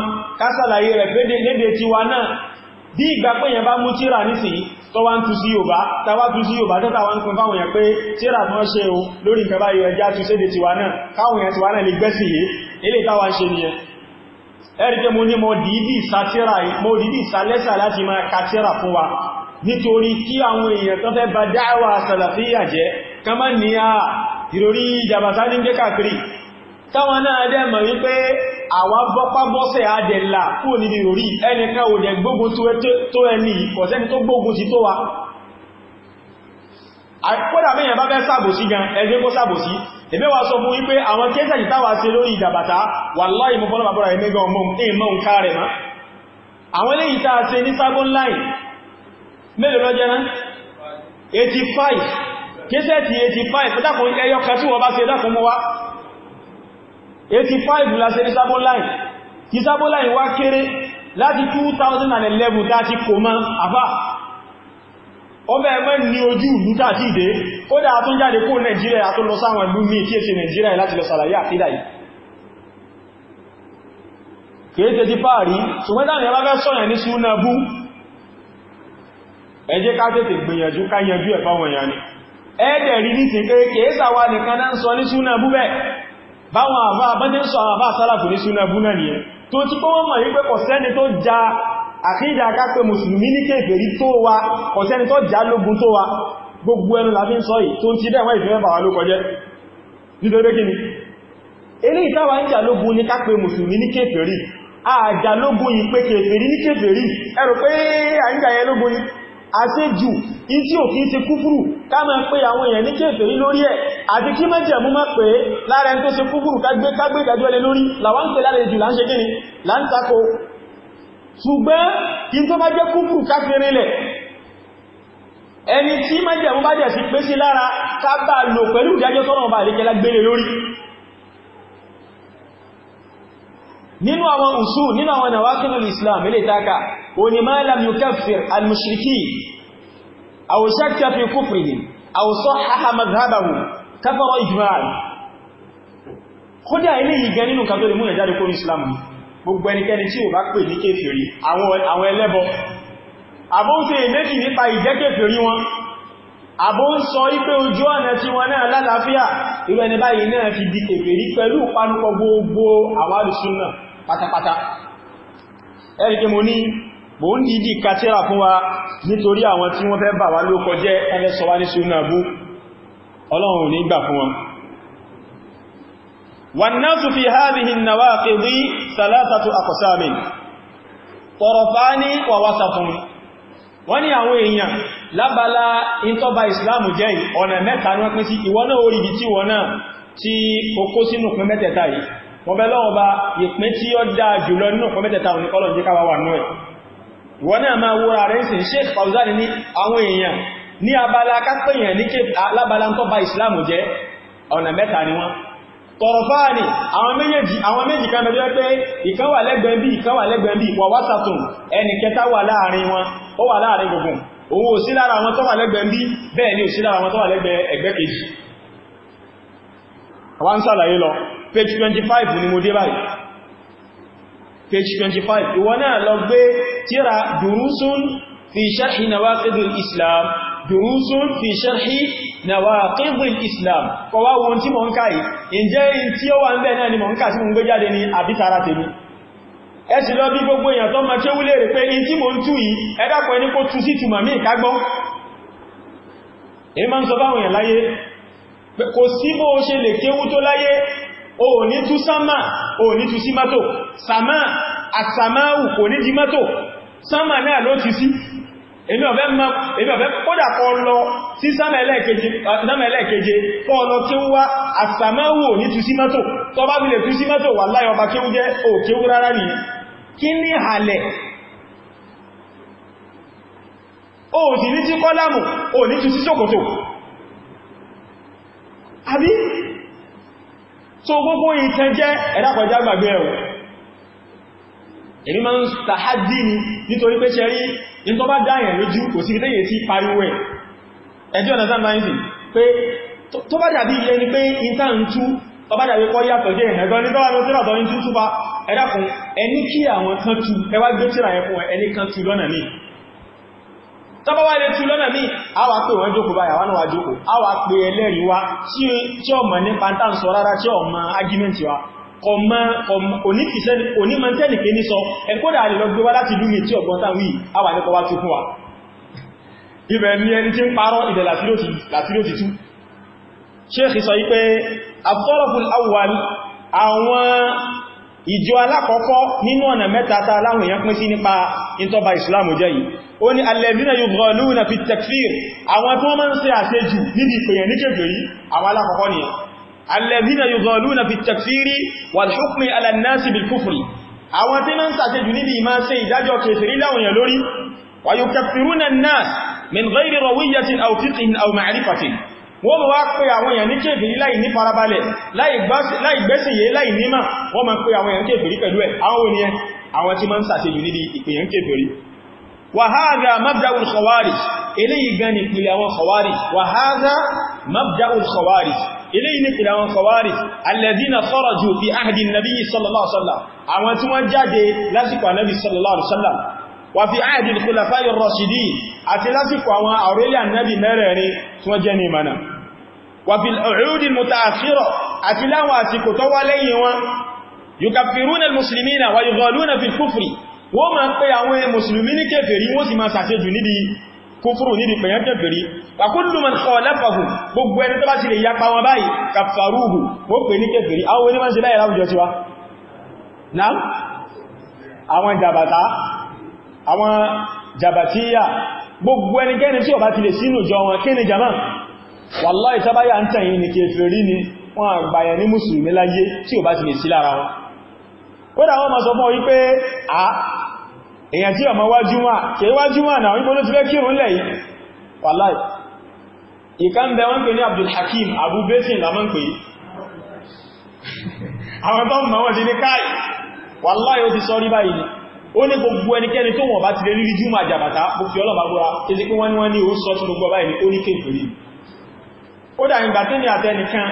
ká tó wá ń tú sí Yorùbá tàwà tú sí Yorùbá tó tàwà ń pín fáwọn èèyàn pé tíra tó ń ṣe o lórí nǹkan báyìí ẹjá tú sédè tiwa náà káwọn èèyàn tiwa náà lè gbẹ́sì yé ilé táwa ṣe nìyẹn ẹ̀rìkẹ́ mo ní mo dìídì sátírà mo dìídì sálẹ́sà láti máa kátírà fún wa nítorí kí àwọn èèyàn tó fẹ́ bà dáwà sàlàfíyà jẹ́ kán má ìrorí ìjàbàtà ní gbé táwọn náà dẹ̀ mọ̀ wípé àwa bọ́pábọ́sẹ̀ àdẹ̀là kúrò níbi orí ẹnìkan ò dẹ̀ gbógun tó ẹni ìkọ̀sẹ́ni tó gbógun ti tó wa kódà bẹ́yàn bá fẹ́ ṣàbòsí gan ẹgbẹ́ kó ṣàbòsí ẹgbẹ́ wa sọ fún wípé àwọn kéèsàjì táwà sí lórí ìdàbàtà wàláhì mú fọ́lọ́ bàbára ẹ̀mẹ́gan ọmọ ìmọ̀ nǹká rẹ̀ má àwọn ilé ìta 85 lásẹ̀ ní sábó láì kí sábó láì wá kéré láti 2011 tàti kò mọ́ àfá ọbẹ̀ ẹgbẹ́ ní ojú ìlú tàti ìdé ó dá àtún jáde kó Nàìjíríà tó lọ sáwọn ìlú míì kí èsì Nàìjíríà láti lọ sàlàyé àfídà yìí kéèkéé ti fàárí ṣùgbọ́n dáni ẹbá fẹ́ sọ́yàn ní súnà bú ẹ jẹ́ ká tètè gbìyànjú ká yanjú ẹ̀fáwọn èèyàn ni ẹ̀ẹ́dẹ̀ rí ní ti kéèkéé sàwà nìkan náà ń sọ ní súnà bú báwọn àbá abẹ́jẹ́ ń sọ àwọn àbá sálàfù ní súnà búnà nìyẹn tó ti kọ́ wọ́n mọ̀ wípé kọ̀sẹ́ni tó ja àkídà kápẹ́ mùsùlùmí ní kèfèrí tó wa kọ̀sẹ́ni tó já lógun tó wa gbogbo ẹnu la fi ń sọ yìí tó ti dẹ̀ wọ́n ìfẹ́ bà wà ló kọjẹ́ nítorí kí ni ilé ìtawà ń jà lógun ní kápẹ́ àṣejù in tí ò kí ṣe kúfúrù ká máa pé àwọn èèyàn ní kéfèrí lórí ẹ̀ àti kí mẹ́jẹ̀ mú máa pé lára ẹni tó ṣe kúfúrù kágbé kágbé ìdájú ẹlẹ lórí làwọn ń pè lára ìjù láńṣe gíní láńtakò ṣùgbọ́n kí tó bá jẹ́ kúfúrù káfẹ́rin lẹ̀ ẹni tí mẹ́jẹ̀ mú bá jẹ̀ sí pé sí lára ká bá lò pẹ̀lú ìdájọ́ nínú àwọn usu nínú àwọn nawakilul islam ilé taka o ni ma lam yukaffir al-mushriki aw shakka fi kufrihim aw sahhaha madhhabahu kafara ijma'an kódà ilé yìí gan nínú kan tó lè múnà jáde kórí islam ni gbogbo ẹnikẹ́ni tí ò bá pè ní kéfèrí àwọn ẹlẹ́bọ àbóǹsẹ̀ èméjì nípa ìjẹ́kèfèrí wọn àbó ń sọ ipé ojú ọ̀nà tí wọn náà lálàáfíà irú báyìí náà fi di kèfèrí pẹ̀lú panúpọ̀ gbogbo àwárùsùn náà pátápátá ẹ̀rí pé mo ní bò ń dìdí kàtírà fún wa nítorí àwọn tí wọ́n fẹ́ bà wá ló kọjẹ́ ẹlẹ́sọ wá ní súnàbú ọlọ́run ní gbà fún wọn wan nasu ìsìláàmù jẹ́ ọ̀nà mẹ́ta ní wọ́n pín sí ìwọ́n orí ibi tí wọ́n náà tí kò kó sínú pín mẹ́tẹ̀ẹ̀ta yìí mo bẹ lọ́wọ́ bá ìpín tí ó dáa jùlọ nínú ọ̀pọ̀ mẹ́tẹ̀ta òní kọ́lọ̀ jẹ́ káwà wà náà wọ́n náà máa wúra rẹ̀ sí Sheikh Fawzan ní àwọn èèyàn ní abala kápẹ̀yàn ní kí alábala ń tọ́ba Islam jẹ́ ọ̀nà mẹ́ta ni wọ́n tọ̀rọ̀fáàní àwọn méjèèjì àwọn méjì kan bẹ̀rẹ̀ pé ìkan wà lẹ́gbẹ̀ẹ́ bí ìkan wà lẹ́gbẹ̀ẹ́ bí wà wásàtùn ẹni kẹta wà láàrin wọn ó wà láàrin gbogbo òun ò sí lára àwọn tó wà lẹ́gbẹ̀ẹ́ bí bẹ́ẹ̀ ni àwọn page 25 ni mo dé báyìí page 25 ìwọ náà lọ gbé tírà durusun fi sharhi nawaqidul islam durusun fi sharhi nawaqidul islam kọwa wọn tí mọ̀ ń káyì ǹjẹ́ in tí ó wà ń bẹ̀ náà ni mọ̀ ń ká sí mọ̀ ń gbé jáde ní àbítara tèmi ẹ̀sì lọ bí gbogbo èèyàn tó ma ṣe wúlé rẹ̀ pé in tí mo ń o ní tú sánmà o ní tú sí mọ́tò sàmà àtàmáwù kò ní di mọ́tò sánmà náà ló ti sí èmi ọ̀fẹ́ mọ́ èmi ọ̀fẹ́ kódà kọ́ lọ sí sánmà ẹlẹ́ẹ̀keje kọ́ lọ kí ó wá àtàmáwù ò ní tú sí mọ́tò tọ́ bá bilẹ̀ tú sí mọ́tò wà láyọ̀ bá kí ó jẹ́ òkè ó rárá nìyí kí ní halẹ̀ o sì ní tí kọ́lámù o ní tú sí ṣòkòtò àbí so gbogbo ìtẹ́jẹ́ ẹ̀dàkọjá gbàgbé ẹ̀wọ̀ èmi máa ń tàhádì ní nítorí pé ṣe rí in tó bá dáyẹ̀ lójú kò sí ìdẹ́yẹ̀ tí pariwo ẹ̀ ẹjọ́ ọ̀nà sáà máa pé tó bá dàbí ilé ni pé ìta ń tú tó bá dàbí kọ́ yàtọ̀ jẹ́ ẹ̀gọ́ ní tọ́wà ló tíra tọ́rin tútù bá ẹ̀dàkùn tọ́bá wá ilé tú lọ́nà míì a wá pé wọ́n jókòó báyà wọ́n wá jókòó a wá pé ẹlẹ́rìí wá tí ọmọ ní pàntán sọ rárá tí ọmọ agímẹ́ntì wá kọmọ onímọ̀tẹ́nìké ní sọ ẹkọ́dà lè lọ gbé wá láti lúmi tí ọgbọ́n tán wí a wà nípa wá tí fún wa ibẹ̀ ní ẹni tí ń parọ́ ìdẹ̀ látílò ti tú ó ní alẹ́bínà yóò gọ́ lóòrùn fi takfir àwọn tó máa ń ṣe àṣejù níbi ìpèyàn ní kèfèrí àwọn alákọ̀ọ́kọ́ ni alẹ́bínà yóò gọ́ lóòrùn fi takfiri wal hukmi ala an-nas bil kufr àwọn tí máa ń ṣàṣejù níbi ìmá ṣe ìdájọ́ kèfèrí láwọn èèyàn lórí wa yukaffiruna an-nas min ghayri rawiyyatin aw fiqhin aw ma'rifatin wọ́n mọ̀ wá pé àwọn èèyàn ní kèfèrí láì ní farabalẹ̀ láì وهذا مبدأ الخوارج إليه قاني قلوا خوارج وهذا مبدأ الخوارج إليه قلوا خوارج الذين خرجوا في عهد النبي صلى الله عليه وسلم عما توجد لسك النبي صلى الله عليه وسلم وفي عهد الخلفاء الراشدين أتلسك وما أولي النبي مرني توجني منا وفي العهود المتأخرة أتلا وأتكتوا ليوا يكفرون المسلمين ويغالون في الكفر wọ́n máa pé àwọn mùsùlùmí ní kèfèrí wọ́n sì máa sàṣejù níbi kúfúrù níbi pẹ̀yàn kèfèrí wàkúlù man khalafahu gbogbo ẹni tó bá ti lè yapa wọn báyìí kàfàrúhù wọ́n pè ní kèfèrí àwọn onímọ̀ sí báyìí láwùjọ tiwa náà àwọn jàbàtá àwọn jàbàtíyà gbogbo ẹnikẹ́ni tí ó bá ti ni jama wallahi ni kèfèrí ni wọ́n àgbàyà ní mùsùlùmí kódà wọ́n ma sọ fún ọ wípé à èyàn tí ọmọ wájúmọ́ kè wájúmọ́ náà wípé ló ti fẹ́ kírùn lẹ̀ yìí wàláì ìkan bẹ wọ́n pè ní Abdul Hakim Abu Basin lámọ́ pè àwọn tó mọ̀ wọ́n ti ní káì wàláì ó ti sọ rí báyìí ó ní gbogbo ẹnikẹ́ni tó wọ́n bá ti lè rí júmà àjàbàtà bó fi ọlọ́bà búra kéde pé wọ́n ní wọ́n ní ó sọ tí gbogbo báyìí ó ní kéèkèrí ó dà ìgbà tí ní àtẹnìkan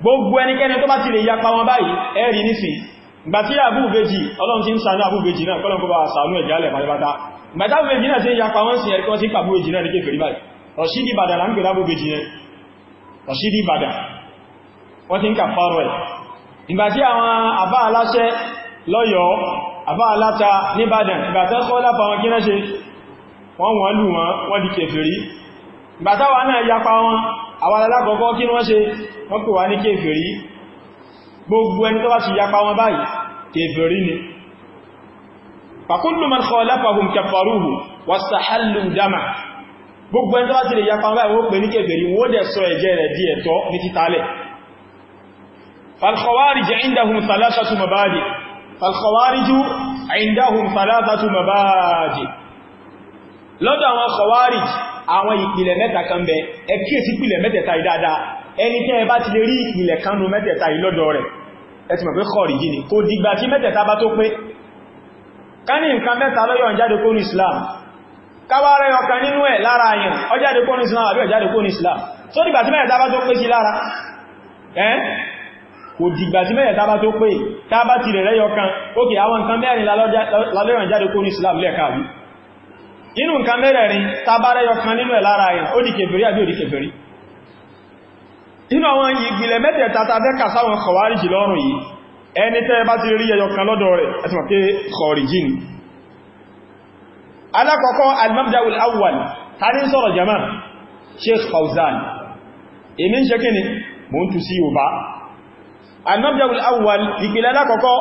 gbogbo ẹnikẹ́ni tó bá ti lè yapa wọn báyìí ẹ̀rí nísìn ìgbà tí àbúbejì ọlọ́run ti ń ṣàánú àbúbejì náà kọ́lọ́n kó bá ṣàánú ẹ̀jálẹ̀ pátápátá ìgbà tábúbejì náà ti ń yapa wọn sí ẹ̀ríkọ́ sí pàbúbejì náà ní kéfèrí báyìí rọ̀ṣídì bàdà là ń pè lábúbejì yẹn rọ̀ṣídì bàdà wọ́n ti ń kà fárọ̀ ẹ̀ ìgbà tí àwọn àbá aláṣẹ lọ́yọ̀ọ́ àbá aláta níbàdàn ìgbà tẹ́ sọ́ àwọn alákọ̀ọ́kọ́ kí wọ́n ṣe wọ́n pè wá ní kèfèrí gbogbo ẹni tó bá ti yapa wọn báyìí kèfèrí ni fàkúlù man khalafahum kafaruhu wastahallu dama gbogbo ẹni tó bá ti lè yapa wọn báyìí wọ́n pè ní kèfèrí àwọn ìpìlẹ̀ mẹ́ta kan bẹ ẹ kíyèsí ìpìlẹ̀ mẹ́tẹ̀ẹ̀ta yìí dáadáa ẹni tẹ́ ẹ bá ti lè rí ìpìlẹ̀ kan nu mẹ́tẹ̀ẹ̀ta yìí lọ́dọ̀ rẹ̀ ẹ ti mọ̀ pé kọ̀rìjì ni kò dìgbà tí mẹ́tẹ̀ẹ̀ta bá tó pé ká ní nǹkan mẹ́ta lọ́yọ̀ jáde kó ní Islam káwàárẹ̀ ọ̀kan nínú ẹ̀ lára àyàn ọjáde kó ní Islam àbí ọjáde kó ní Islam tó dìgbà tí mẹ́tẹ̀ẹ̀ta bá tó pé sí lára ẹ́ kò dìgbà tí mẹ́tẹ̀ẹ̀ta bá tó pé tá bá ti rẹ̀ lẹ́yọ̀kan ókè àwọn nǹkan mẹ́rin lálọ́yọ̀ jáde kó ní Islam lẹ́ẹ̀kàwí nínú nǹkan mẹ́rẹ̀rin tàbárẹ́ yọkan nínú ẹ̀ lára ẹ̀ ó di kèfèrí àbí ó di kèfèrí nínú àwọn ìgbìlẹ̀ mẹ́tẹ̀ẹ̀ta tàbẹ́ kàsáwọn kọwàríjì lọ́rùn yìí ẹni tẹ́ bá ti rí ẹyọkan lọ́dọ̀ rẹ̀ ẹ pé Sheikh Fauzan èmi ń ṣe kí ni mo ń tú sí yóò bá al-mabda'ul awwal ìpìlẹ̀ alákọ̀ọ́kọ́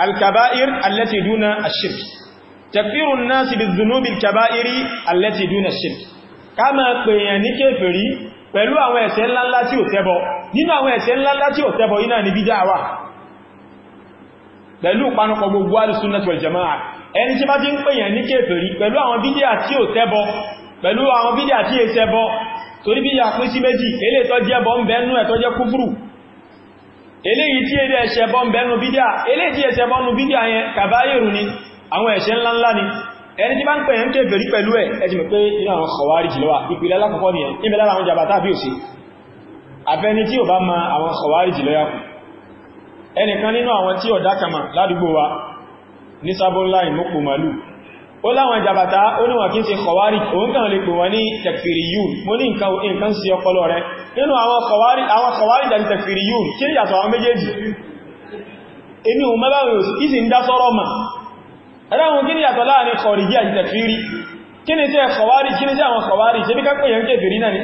الكبائر التي دون الشرك تكفير الناس بالذنوب الكبائر التي دون الشرك كما قيان كفري pẹ̀lú àwọn ẹ̀ṣẹ̀ ńláńlá tí ò tẹ́bọ nínú àwọn ẹ̀ṣẹ̀ ńláńlá tí ò tẹ́bọ iná ni bídá wà pẹ̀lú panupọ̀ gbogbo al-sunnah wal jamā'ah ẹni tí bá ti ń pèyàn ní kèfèrí pẹ̀lú àwọn bídá tí ò tẹ́bọ pẹ̀lú àwọn bídá tí è tẹ́bọ torí bídá pín sí méjì eléètọ́ jẹ́bọ ń bẹ́ẹ̀nú ẹ̀tọ́ jẹ́ kúfùrù eléyìí tí èdè ẹ̀ṣẹ̀ bọ́n bẹnu bídíà eléyìí tí ẹ̀ṣẹ̀ bọ́nu bídíà yẹn kàbáyèrù ni àwọn ẹ̀ṣẹ̀ ńláńlá ni ẹni tí bá ń pè ẹ̀ ń kèfèrí pẹ̀lú ẹ̀ ẹjì mẹ́ pé inú àwọn Khawarij ló wà ìpìlẹ̀ alákọ̀ọ́kọ́ ni ẹ̀ ìbẹ̀ lára àwọn jàbátá bí ò sí àfẹ́ni tí ò bá ma ó láwọn jàbàtá ó níwọ̀n kí n ṣe kọwárí òun kàn lè pè wọ́n ní tẹ̀fìrì yìí mo ní nǹkan sí ọpọlọ rẹ nínú àwọn kọwárí jàbí tẹ̀fìrì yìí kí ní yàtọ̀ àwọn méjèèjì inú mẹ́bàwẹ̀ òsì kí sì ń dá sọ́rọ̀ mà ẹ̀rẹ́wọ̀n kí ní yàtọ̀ láàrin kọ̀rìjì àti tẹ̀fìrì kí ni tẹ́ kọwárí kí ni tẹ́ àwọn kọwárí ṣe bí kápẹ̀ yẹn kèfèrí náà ni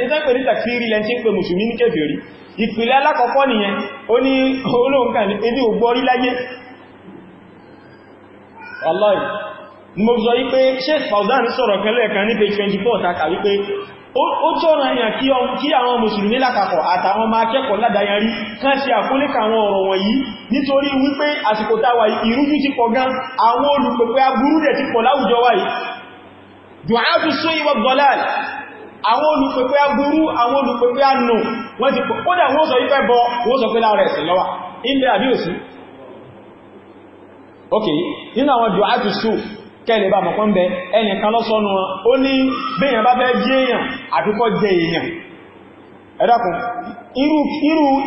ní ni mo sọ wípé Sheikh Fauzan sọ̀rọ̀ kan lẹ́ẹ̀kan ní page 24 taka wípé ó jọ́rọ̀ èèyàn kí àwọn mùsùlùmí lápapọ̀ àtàwọn ọmọ akẹ́kọ̀ọ́ ládàyàrí kán ṣe àkólẹ́kà àwọn ọ̀rọ̀ wọ̀nyí nítorí wípé àsìkò táwà ìrújú ti pọ̀ gan àwọn olùpẹ̀pẹ̀ aburú rẹ̀ ti pọ̀ láwùjọ wáyìí dùn àwọn olùpẹ̀pẹ̀ agbúrú àwọn olùpẹ̀pẹ̀ ànù wọ́n ti kódà wọ́n sọ ipẹ́ bọ wọ́n sọ pé láàrẹ̀ ẹ̀sìn lọ́wà ilẹ̀ àbí òsí ok nínú àwọn dùn kẹ́lẹ̀ bá mọ̀pọ̀ ń bẹ ẹnìkan lọ́sọ́nù wọn ó ní bẹ́yàn bá fẹ́ jí èèyàn àfikọ́ jẹ èèyàn ẹ dákun irú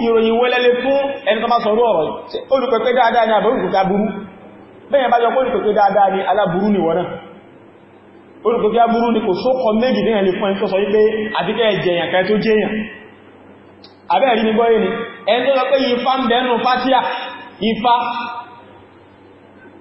ìròyìn wẹ́lẹ́lẹ́ fún ẹni tó bá sọ̀rọ̀ ọ̀rọ̀ olùpẹ̀pẹ̀ dáadáa ni àbẹ̀rùkùnkà burú bẹ́yàn bá yọ olùpẹ̀pẹ̀ dáadáa ni aláburú ni wọ́n náà olùpẹ̀pẹ̀ aburú ni kò sókọ méjì bẹ́yàn lè fún ẹni tó sọ wípé àbíkẹ́ jẹyàn kẹ́ tó jẹyàn abẹ́ẹ̀rí ni gbọ́yé ni ẹni tó sọ pé ifá ń bẹ́nu fátíà ifá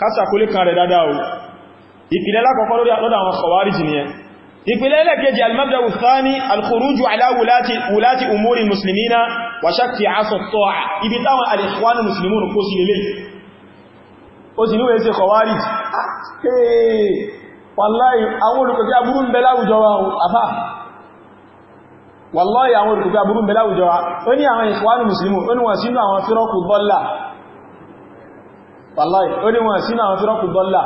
kásàkólé kan rẹ̀ dáadáa o ìpìlẹ̀ lákọ̀ọ́kọ́ lọ́dọ̀ àwọn kọwàríjì ni ẹ ìpìlẹ̀ ẹlẹ́kẹ́jì al-mabda' ath-thani al-khuruj ala wulati umuri muslimina wa shakki asọ̀ tọ́a ibi táwọn al-ikhwan muslimun wàláì ó ní wọn sínú àwọn fírọ́kù dọ́là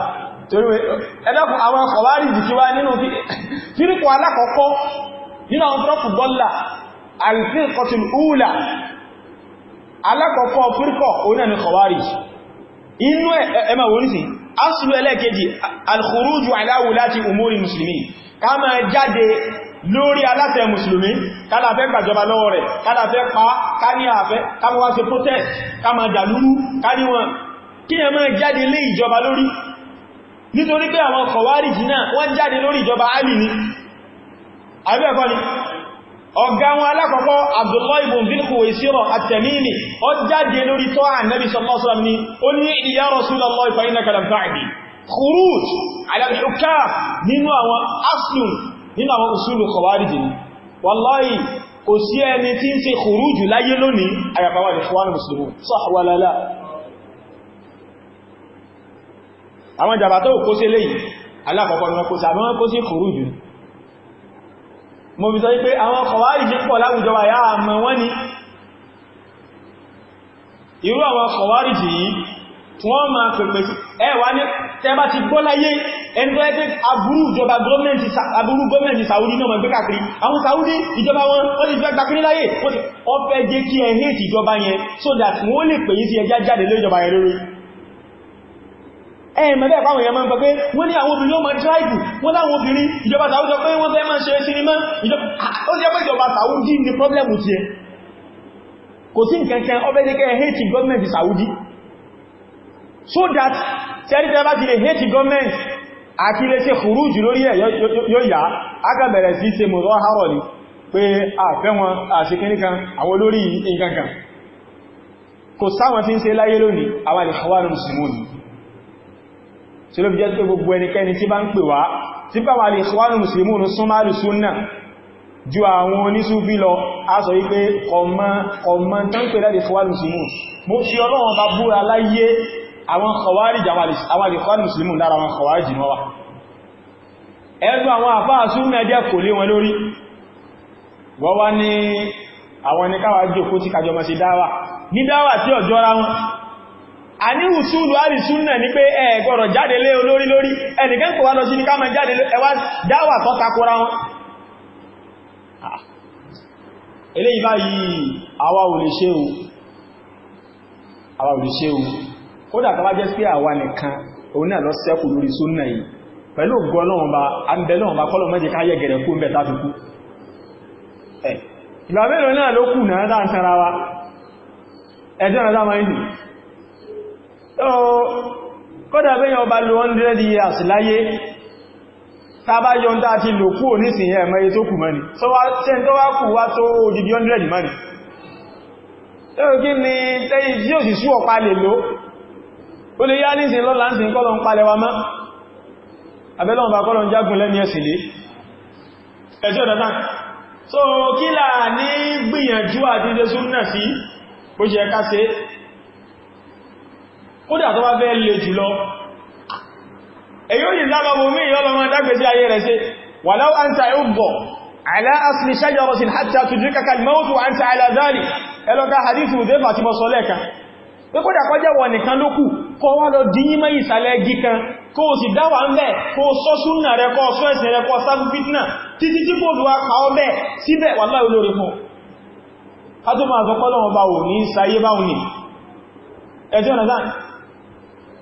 torí ẹ̀dọ́kù àwọn kọ̀wárí jìkíwá nínú fírìkù alákọ̀ọ́kọ́ nínú àwọn fírọ́kù dọ́là alfirqatul ula alákọ̀ọ́kọ́ fírkọ̀ oní ẹni kọ̀wárí inú ẹmà wọ́nìsìn asùlù ẹlẹ́ẹ̀kejì alkhuruju ala wulati umuri musulmi ká máa jáde lórí aláṣẹ musulmi kádà fẹ́ gbàjọba lọ́wọ́ rẹ̀ kádà fẹ́ pa ká ní àfẹ́ ká mọ́ wá wọn kí ẹ máa jáde lé ìjọba lórí nítorí pé àwọn kọ̀wárìjì náà wọ́n jáde lórí ìjọba alì ní abẹ́ẹ̀kọ́ ni ọ̀gá wọn alákọ̀ọ́kọ́ Abdullahi ibn bin Khuwaysira at-Tamimi ó jáde lórí tọ́ Ànábì sallallahu alaihi wasallam ni ó ní ya Rasulullah fa innaka lam ta'di khuruj ala al-hukam nínú àwọn aslun nínú àwọn usulu khawarij ni wallahi kò sí ẹni àwọn jàbà tó kó sí léyìí alákọ̀ọ́kọ́ ni wọ́n kó sí àbí wọ́n kó sí kòrò jù mo fi sọ wípé àwọn kọ̀wàrí jí pọ̀ láwùjọ wa yáà mọ̀ wọ́n ni irú àwọn kọ̀wàrí jì yìí tí wọ́n máa pẹ̀pẹ̀ sí ẹwà ní tẹba ti gbọ́ láyé ẹni tó ìjọba gọ́ọ̀mẹ́ntì Saudi náà gbé kàkiri àwọn Saudi ìjọba wọn wọ́n ti gbẹ́gbà kiri láyé wọ́n fẹ́ jẹ́ kí ẹ hate ìjọba yẹn so that wọ́n lè pè yí sí ẹjá jáde lórí ìjọba yẹn lórí ẹ̀mẹ̀bẹ̀ fáwọn èèyàn máa ń gbọ́ pé wọ́n ní àwọn obìnrin ó máa dráìbù wọ́n láwọn obìnrin ìjọba Saudi sọ pé wọ́n fẹ́ máa ṣe sinimá ó sì yẹ pé ìjọba Saudi ní pọ́blẹ̀mù ti ẹ kò sí nǹkankan ọbẹ́dẹ́kẹ́ hate government Saudi so that tẹ́rítẹ́ bá ti lè hate government àti lè ṣe khuruj lórí ẹ̀ yóò yá agbẹ̀rẹ̀ sí ṣe mọ̀rọ̀ harọ̀ ni pé àfẹ́ wọn àṣekínníkan àwọn olórí nǹkankan kò sáwọn tí ń ṣe láyé lónìí àwọn ìhàwárùn-ún simoni tí ló fi jẹ́ pé gbogbo ẹnikẹ́ni tí bá ń pè wá tí bá wà lè ṣwánù musulmùn súnmàlù súnnà ju àwọn onísúfí lọ a sọ wípé ọmọn tán pè láti ṣwánù musulmùn mo fi ọlọ́wọ́n bá búra láyé àwọn kọwàrí àwọn musulmùn lára àwọn kọwàrí jìnà wa ẹnu àwọn àfáà súnnà jẹ́ kò lé wọn lórí wọ́n wá ní àwọn ẹnikáwà jòkó tí kàjọ mọ̀ sí dáwà ní dáwà tí ọjọ́ ra wọn a ní ìsúlù àrísúnnà ní pé ẹ gbọ́dọ̀ jáde lé olórí lórí ẹnìkan kò wá lọ sí ní ká máa jáde ẹwà dáwà tó takora wọn ah. eléyìí báyìí àwa ò lè ṣe o àwa ò lè ṣe o kódà tó bá jẹ́ pé àwa nìkan òun náà lọ sẹ́kù lórí súnnà yìí pẹ̀lú gọ́lọ́wọ́nba àbẹ̀lọ́wọ́nba kọ́lọ̀ náà kọ́dà bẹ́yàn ọba lo 100 years láyé tàbá yọ ń dá ti lò kú onísìnyẹ ẹ̀mọ́ èyí tó kù mẹ́ni ṣe tó wá kù wá tó òjìdí 100 mẹ́ni ẹ̀rọ kí ni tẹ́yí tí ò sì sú ọ̀pá lè ló ó lè yá nísìn lọ́la ń sin kọ́lọ̀ ń palẹ̀ wa mọ́ abẹ́lọ́wọ̀n so kí là ní gbìyànjú àti jésù náà sí bó kódà tó bá fẹ́ lè jùlọ èyí ò ní lábàbò mí ìyọ́lọ́mọ dágbèsí ayé rẹ̀ sí walau anta ubbọ̀ ala asli shajaratin hatta tudrikaka al-maut wa anta ala dhalik ẹlọ́ka hadithu dẹ́fà ti mọ́ sọlẹ́ka pé máa sọpọ́lọ́wọ́ bá wò ní ìsáyé báwọn ni ẹjọ́ nàzán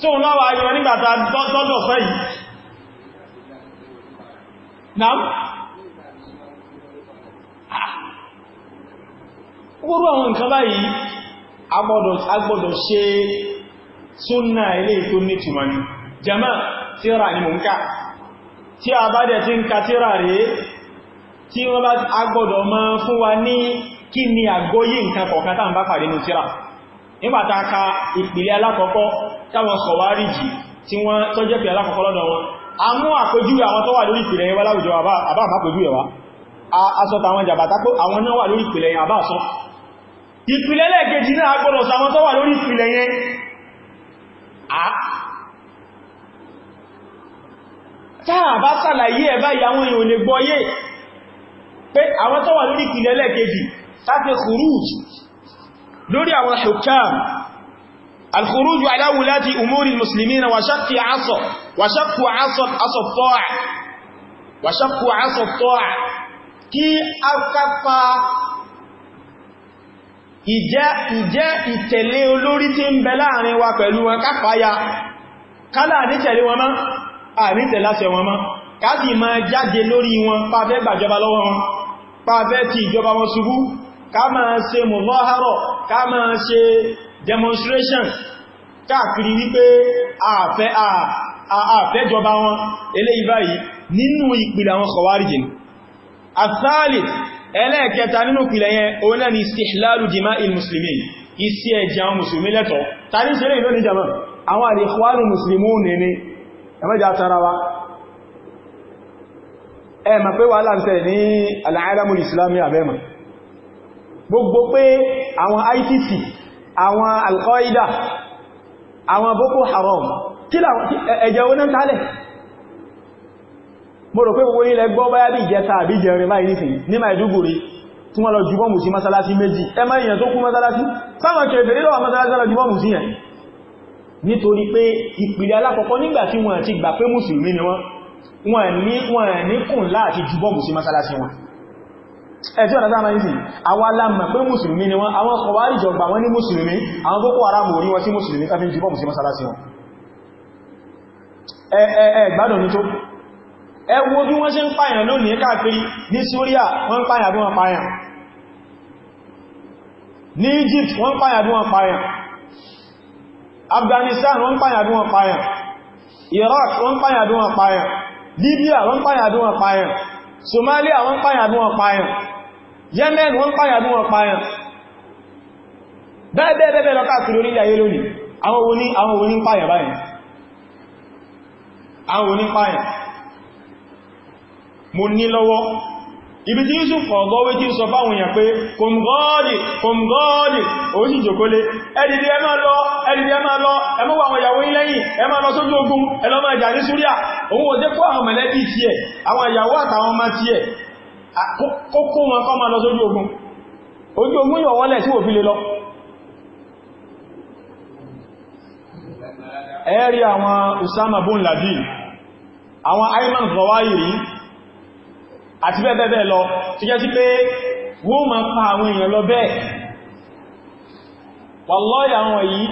tí òun láwà ayọ̀ nígbàtà tọ́jọ̀ fẹ́ yìí náà gbogbo àwọn nǹkan báyìí agbọ́dọ̀ ṣe súnnà ilé tó ní tìmọ̀ ní jama tíra ni mò ń ká tí a bá dẹ̀ tí ń ka tíra rẹ̀ tí wọ́n bá agbọ́dọ̀ máa fún wa ní kí ni àgbóyí nǹkan kọ̀ọ̀kan tàbí pàdé ní tíra nígbàtà ka ìpìlẹ̀ alákọ̀ọ́kọ́ táwọn kọ̀wárìjì tí wọ́n tó jẹ́ pìlẹ̀ alákọ̀ọ́kọ́ lọ́dọ̀ wọn a mú àpèjúwe àwọn tó wà lórí ìpìlẹ̀ yẹn wá láwùjọ àbá àpèjúwe wa a sọ tàwọn jàbàtà pé àwọn náà wà lórí ìpìlẹ̀ yẹn àbá sọ ìpìlẹ̀ lẹ́ẹ̀kejì náà agbọ́dọ̀ sàwọn tó wà lórí ìpìlẹ̀ yẹn táà bá sàlàyé lórí àwọn hukam alkhuruju ala wulati umuri muslimina wa shakki aso wa shakku aso aso ta'a wa shakku aso ta'a kí akapa ìjẹ́ ìjẹ́ ìtẹ̀lé olórí tí ń bẹ láàrin wa pẹ̀lú wọn káfàáyà kálà nítẹ̀lé wọn mọ́ àìrìntẹ̀láṣẹ wọn mọ́ káàdì máa jáde lórí wọn pàfẹ́ gbàjọba lọ́wọ́ wọn pàfẹ́ ti ìjọba wọn ṣubú ká máa ṣe mọ̀lọ́hárọ̀ ká máa ṣe demonstration káàkiri wípé àfẹ́ àfẹ́jọba wọn eléyìí báyìí nínú ìpìlẹ̀ àwọn kọwàríjì ni àtàlì ẹlẹ́ẹ̀kẹta nínú ìpìlẹ̀ yẹn òun náà ni istihlalu jima il musulmi isi ẹ̀jẹ̀ àwọn musulmi lẹ́tọ̀ tàbí ṣeré ìlú ní jama àwọn àríkwánù musulmi ní ní ẹmẹ́jà tara wa ẹ ma pé wà láǹtẹ̀ ní al'adamu islami abẹ́mà gbogbo pé àwọn ITC àwọn Al-Qaeda àwọn Boko Haram ẹ̀jẹ̀ oná tálẹ̀ mo rò pé gbogbo ilẹ̀ gbọ́ báyá bí ìjẹta àbí ìjẹrin báyìí nìsìn ní Maiduguri tí wọ́n lọ jùbọ́mù sí masalasi méjì ẹmọ èèyàn tó kú masalasi sáwọn kèfèrí lọ́wọ́ masalasi lọ jùbọ́mù sí yẹn nítorí pé ìpìlẹ̀ alákọ̀ọ́kọ́ nígbà tí wọ́n ti gbà pé mùsùlùmí ni wọ́n wọ́n ní kùn láti jùbọ́mù sí masalasi wọn ẹ̀tí ọ̀nà sáàmà ìsìn àwọn alámà pé mùsùlùmí ni wọ́n àwọn kọwàrí jọgbà wọ́n ní mùsùlùmí àwọn Boko Haram orí wọ́n sí mùsùlùmí káfí jíbọ́ mùsùlùmí mọ́sálásí wọn ẹgbádùn ní tó ẹ wo bí wọ́n ṣe ń pààyàn lónìí káàkiri ní Syria wọ́n pààyàn bí wọ́n pààyàn ní Egypt wọ́n pààyàn bí wọ́n pààyàn Afghanistan wọ́n pààyàn bí wọ́n pààyàn Iraq wọ́n pààyàn bí wọ́n pààyàn Libya wọ́n pààyàn bí wọ́n pààyàn Somalia wọ́n pààyàn bí wọ́n pààyàn Yemen wọ́n pààyàn bí wọ́n pààyàn bẹ́ẹ̀bẹ́ẹ̀bẹ́ lọ́kà sí lórí ayé lónìí àwọn oní àwọn oní pààyàn báyìí àwọn oní pààyàn mo ní lọ́wọ́ ibi tí Yusuf ọgọ́wé tí sọ fáwọn èèyàn pé kòmgọ́ọ̀dì kòmgọ́ọ̀dì òun sì jòkólé ẹdìdì ẹ máa lọ ẹdìdì ẹ máa lọ ẹ máa wà àwọn ìyàwó yín lẹ́yìn ẹ máa lọ sójú ogun ẹ lọ máa Usama bun Ladin àwọn Ayman Zawahiri àti bẹ́ẹ̀bẹ́ẹ̀ lọ tó jẹ́ sí pé wọ́n ma pa àwọn èèyàn lọ bẹ́ẹ̀ wallahi àwọn yìí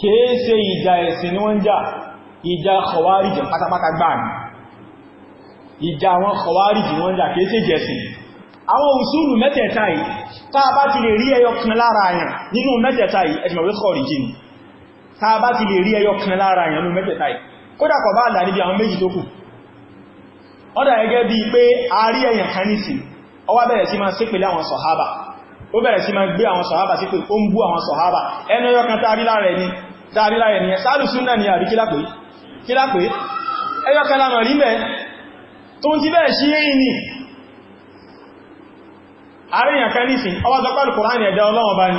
kìí ṣe ìjà ẹ̀sìn ni wọ́n jà ìjà khawarij pátápátá gbáàmì ìjà àwọn khawarij ni wọ́n jà kìí ṣe jẹ̀sìn àwọn usulu mẹ́tẹ̀ẹ̀ta yìí tá a bá ti lè rí ẹyọ kan lára àyàn nínú mẹ́tẹ̀ẹ̀ta yìí ẹ̀sìn mọ̀wé khawarij ni tá a bá ti lè rí ẹyọ kan lára àyàn nínú mẹ́tẹ̀ẹ̀ta yìí kódà kọ̀ bá àdà níbi àwọn méjì tó kù wọ́n dà gẹ́gẹ́ bí pé a rí ẹ̀yàn kanisi ó wá bẹ̀rẹ̀ sí máa ṣépèlé àwọn sọ̀hábà ó bẹ̀rẹ̀ sí máa gbé àwọn sọ̀hábà sí pé ó ń bú àwọn sọ̀hábà ẹnu ẹyọkan tàrí lára ẹni tàrí lára ẹni sáàlù súnnà ni àrí kílápé kílápé ẹyọkan ni àríyàn kanisi ó ni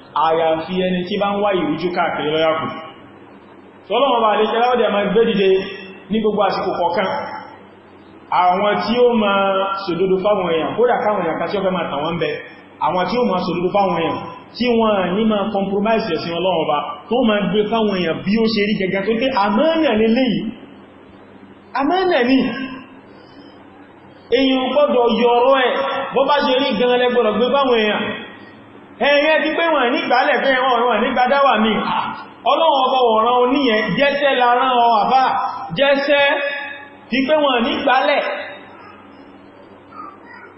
àyàfi ẹni tí bá ń wá ìrújú káàkiri lọ́yàkù tọ́lọ́wọ́n bá lè kẹ́lá ọdẹ̀ máa gbé dìde ní gbogbo àsìkò kọ̀ọ̀kan àwọn tí ó máa sòdodo fáwọn èèyàn kódà káwọn èèyàn kásí ọ̀fẹ́ máa tàn wọ́n bẹ àwọn tí ó máa sòdodo fáwọn èèyàn tí wọ́n ní máa compromise ẹ̀sìn ọlọ́wọ́n bá tó máa gbé fáwọn ẹ̀yẹn ti pé wọ́n nígbàlẹ̀ fẹ́ wọ́n nígbàdáwà mi ọlọ́run ọba wọ̀ràn oníyẹn jẹ́sẹ́ lárán ọ àbá jẹ́sẹ́ ti pé wọ́n nígbàlẹ̀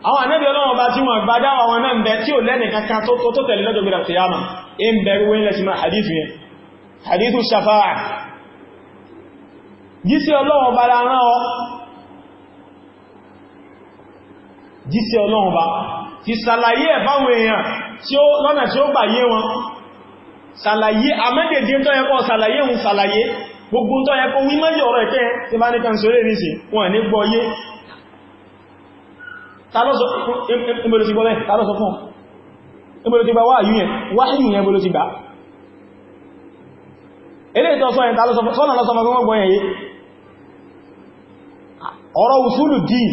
àwọn ànábì ọlọ́run ọba tí wọ́n gbàdáwà wọn náà ń bẹ tí ò lẹ́nì kankan tó tẹ̀lé lọ́jọ́ gbẹ̀rẹ̀ tìyàmà ọlọ́run ọba ti sàlàyé ẹ̀ báwọn èèyàn tí ó lọ́nà tí ó gbà yé wọn sàlàyé amẹ́dẹ̀dẹ̀ tó yẹ kó sàlàyé ohun sàlàyé gbogbo tó yẹ kó wí mẹ́lẹ̀ ọ̀rọ̀ ẹ̀kẹ́ tí bá ní kan sórí ìrìnsì wọn ní gbọ́yé ọ̀rọ̀ usulu dìí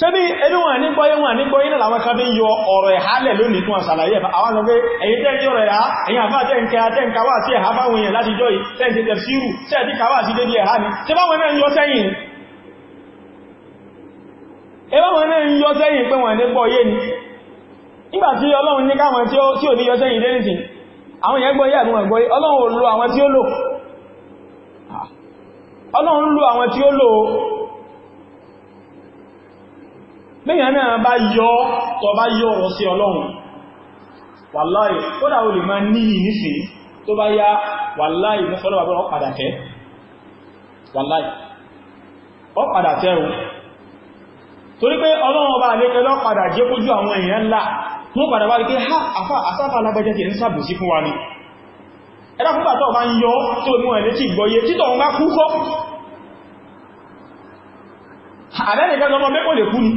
ṣe bí ẹni wọn ní gbọ́yé wọn ní gbọ́yé náà làwọn kan bí yọ ọ̀rọ̀ ìhálẹ̀ lónìí fún àṣàlàyé ẹ̀fà àwọn ọmọ pé ẹ̀yìn tẹ́ ní ọ̀rọ̀ ẹ̀há ẹ̀yìn àfáà tẹ́ ń kẹ́ tẹ́ ń kawà sí ẹ̀há báwọn èèyàn láti jọ yìí tẹ́ ń tẹ́ sírù tẹ́ ti kawà sí dédé ẹ̀há ni ṣe báwọn náà ń yọ sẹ́yìn ẹbáwọn náà ń yọ sẹ́yìn pé wọ́n ní gbọ́yé ni nígbà tí Ọlọ́run ní káwọn tí ò ní yọ sẹ́yìn lẹ́nìtì àwọn èèyàn gbọ́yé àbí wọn gbọ́yé Ọlọ́run lo àwọn tí ó lò Ọlọ́run lo àwọn tí ó lò mẹ́yàn náà bá yọ tó bá yọ ọ̀rọ̀ sí ọlọ́run wàláì kódà o lè máa níyì nísìn tó bá yá wàláì mú fọ́lọ́wà bọ́rọ̀ padà kẹ́ wàláì ọ padà tẹ́rù torí pé ọlọ́run ọba àlékẹ́ ni ẹ̀dá fún bàtọ̀ bá ń yọ tó ní ẹ̀lẹ́ tí gbọ́yé títọ̀ ń bá kú kọ́ àbẹ́rẹ̀ gẹ́gẹ́ ọmọ mẹ́kò lè kú ni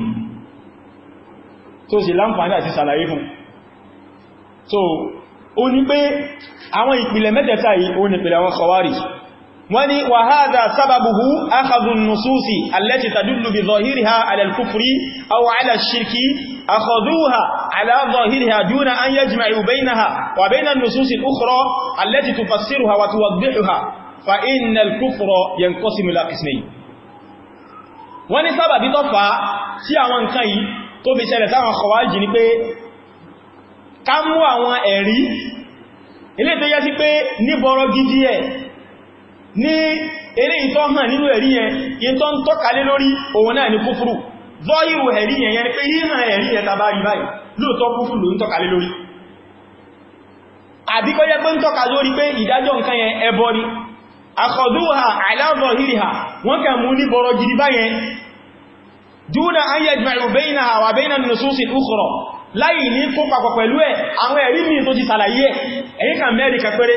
tó sì láǹfààní àti sàlàyé fún so ó ní pé àwọn ìpìlẹ̀ mẹ́tẹ̀ẹ̀ta yìí ó ní pìlẹ̀ àwọn khawarij wọ́n ni wa hadha sababuhu akhadhun nususi allati tadullu bi zahiriha ala al-kufri wọ́n ni sábàbí tó sí àwọn nǹkan yìí tó fi ṣẹlẹ̀ táwọn kọwàájì ní pé ká mú àwọn ẹ̀rí ilé tó yẹ sí pé ní bọ́rọ̀ gidi ẹ̀ ní eré ìtọ́ hàn nínú ẹ̀rí yẹn ìtọ́ ń tọ́kalé lórí òun náà ní kúfúrù zọ́yìrò ẹ̀rí yẹn yẹn pé híhàn ẹ̀rí yẹn tàbá rí báyìí lóòtọ́ kúfúrù ló ń tọ́kalé lórí dúnà an yajma'u baynaha wa bayna an-nusus al-ukhra láì ní kó papọ̀ pẹ̀lú ẹ̀ àwọn ẹ̀rí mi tó ti sàlàyé ẹ̀yìn kan mẹ́rin kan péré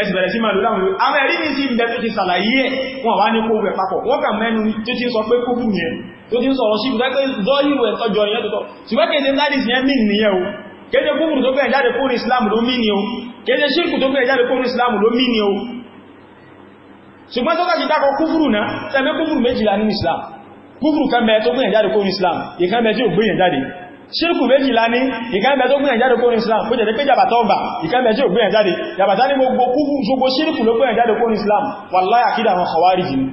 ẹ̀sì bẹ̀rẹ̀ sí màlúù láwọn àwọn ẹ̀rí mi sí ń bẹ tó ti sàlàyé wọn wá ní kó wẹ̀ papọ̀ wọ́n kà mẹ́nu tó ti sọ pé kúrú yẹn tó ti sọ̀rọ̀ sí ìgbẹ́gbẹ́ zọ́yìnwó ẹ̀tọ́jọ yẹn tó tọ́ ṣùgbọ́n kèdè ládìs yẹn tó fẹ́ jáde ni náà tẹ́lẹ̀ kúrú méjìlá ní islam kúfùrù kan bẹ tó gbìyàn jáde kó ní islam ìkan bẹ tí ò gbìyàn jáde ṣírkù méjì lání ìkan tó gbìyàn jáde kó ní islam kó jẹ́ pé jàbàtà ọgbà ìkan bẹ tí ò gbìyàn jáde jàbàtà ní gbogbo kúfùrù ṣírkù ló gbìyàn jáde kó ní islam wallahi àkídà àwọn khawarij ni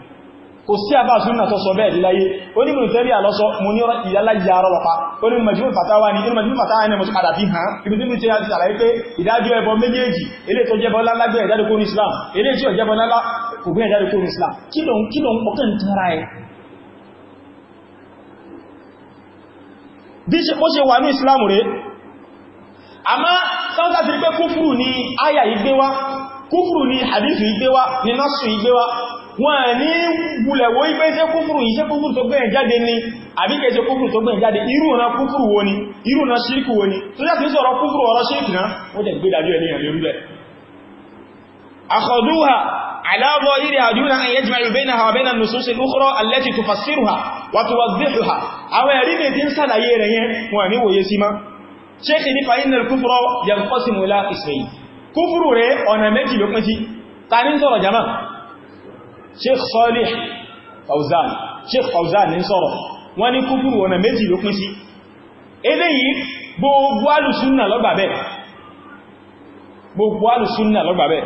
kò sí àbá súnnà tó sọ bẹ́ẹ̀ líláyé onígbìnrin tẹ́rí àlọ́sọ mo ní ìyálàjì àárọ̀ lọ́pa oní majmú fatawa ní inú majmú fatawa ní mọ̀sùn àdàfí hàn ibi tí tí a ti sàlàyé pé ìdájọ́ ẹbọ méjèèjì ilé tó jẹ́bọ lálágbé ẹ̀jáde kó ní islam ilé tí ó bí ó ṣe wà ní ìsìláàmù rẹ̀ àmá sáwọ́sá ti rí pé kúfùrù ní àyà ìgbéwá kúfùrù ní hadithu ìgbéwá ní násù ìgbéwá wọ́n ní wulẹ̀wó ipé ṣe kúfùrù iṣẹ́ kúfùrù tó gbẹ̀yìn jáde ní àbíkẹ́ ṣe kúfùrù tó jáde kúfùrù wo ni irú ṣíríkù ni tó kúfùrù ọ̀rọ̀ ṣíríkù náà على ظاهرها دون أن يجمع بينها وبين النصوص الأخرى التي تفسرها وتوضحها أو يريد تنسى لأيره وأنه ويسيما شيخ نفع إن الكفر ينقسم إلى قسمين كفر ري أنا مجي لقمتي تاني صورة جماعة شيخ صالح فوزان شيخ فوزان نصورة وأني كفر وأنا مجي لقمتي إذن gbogbo alùsúnnà lọ́gbàbẹ̀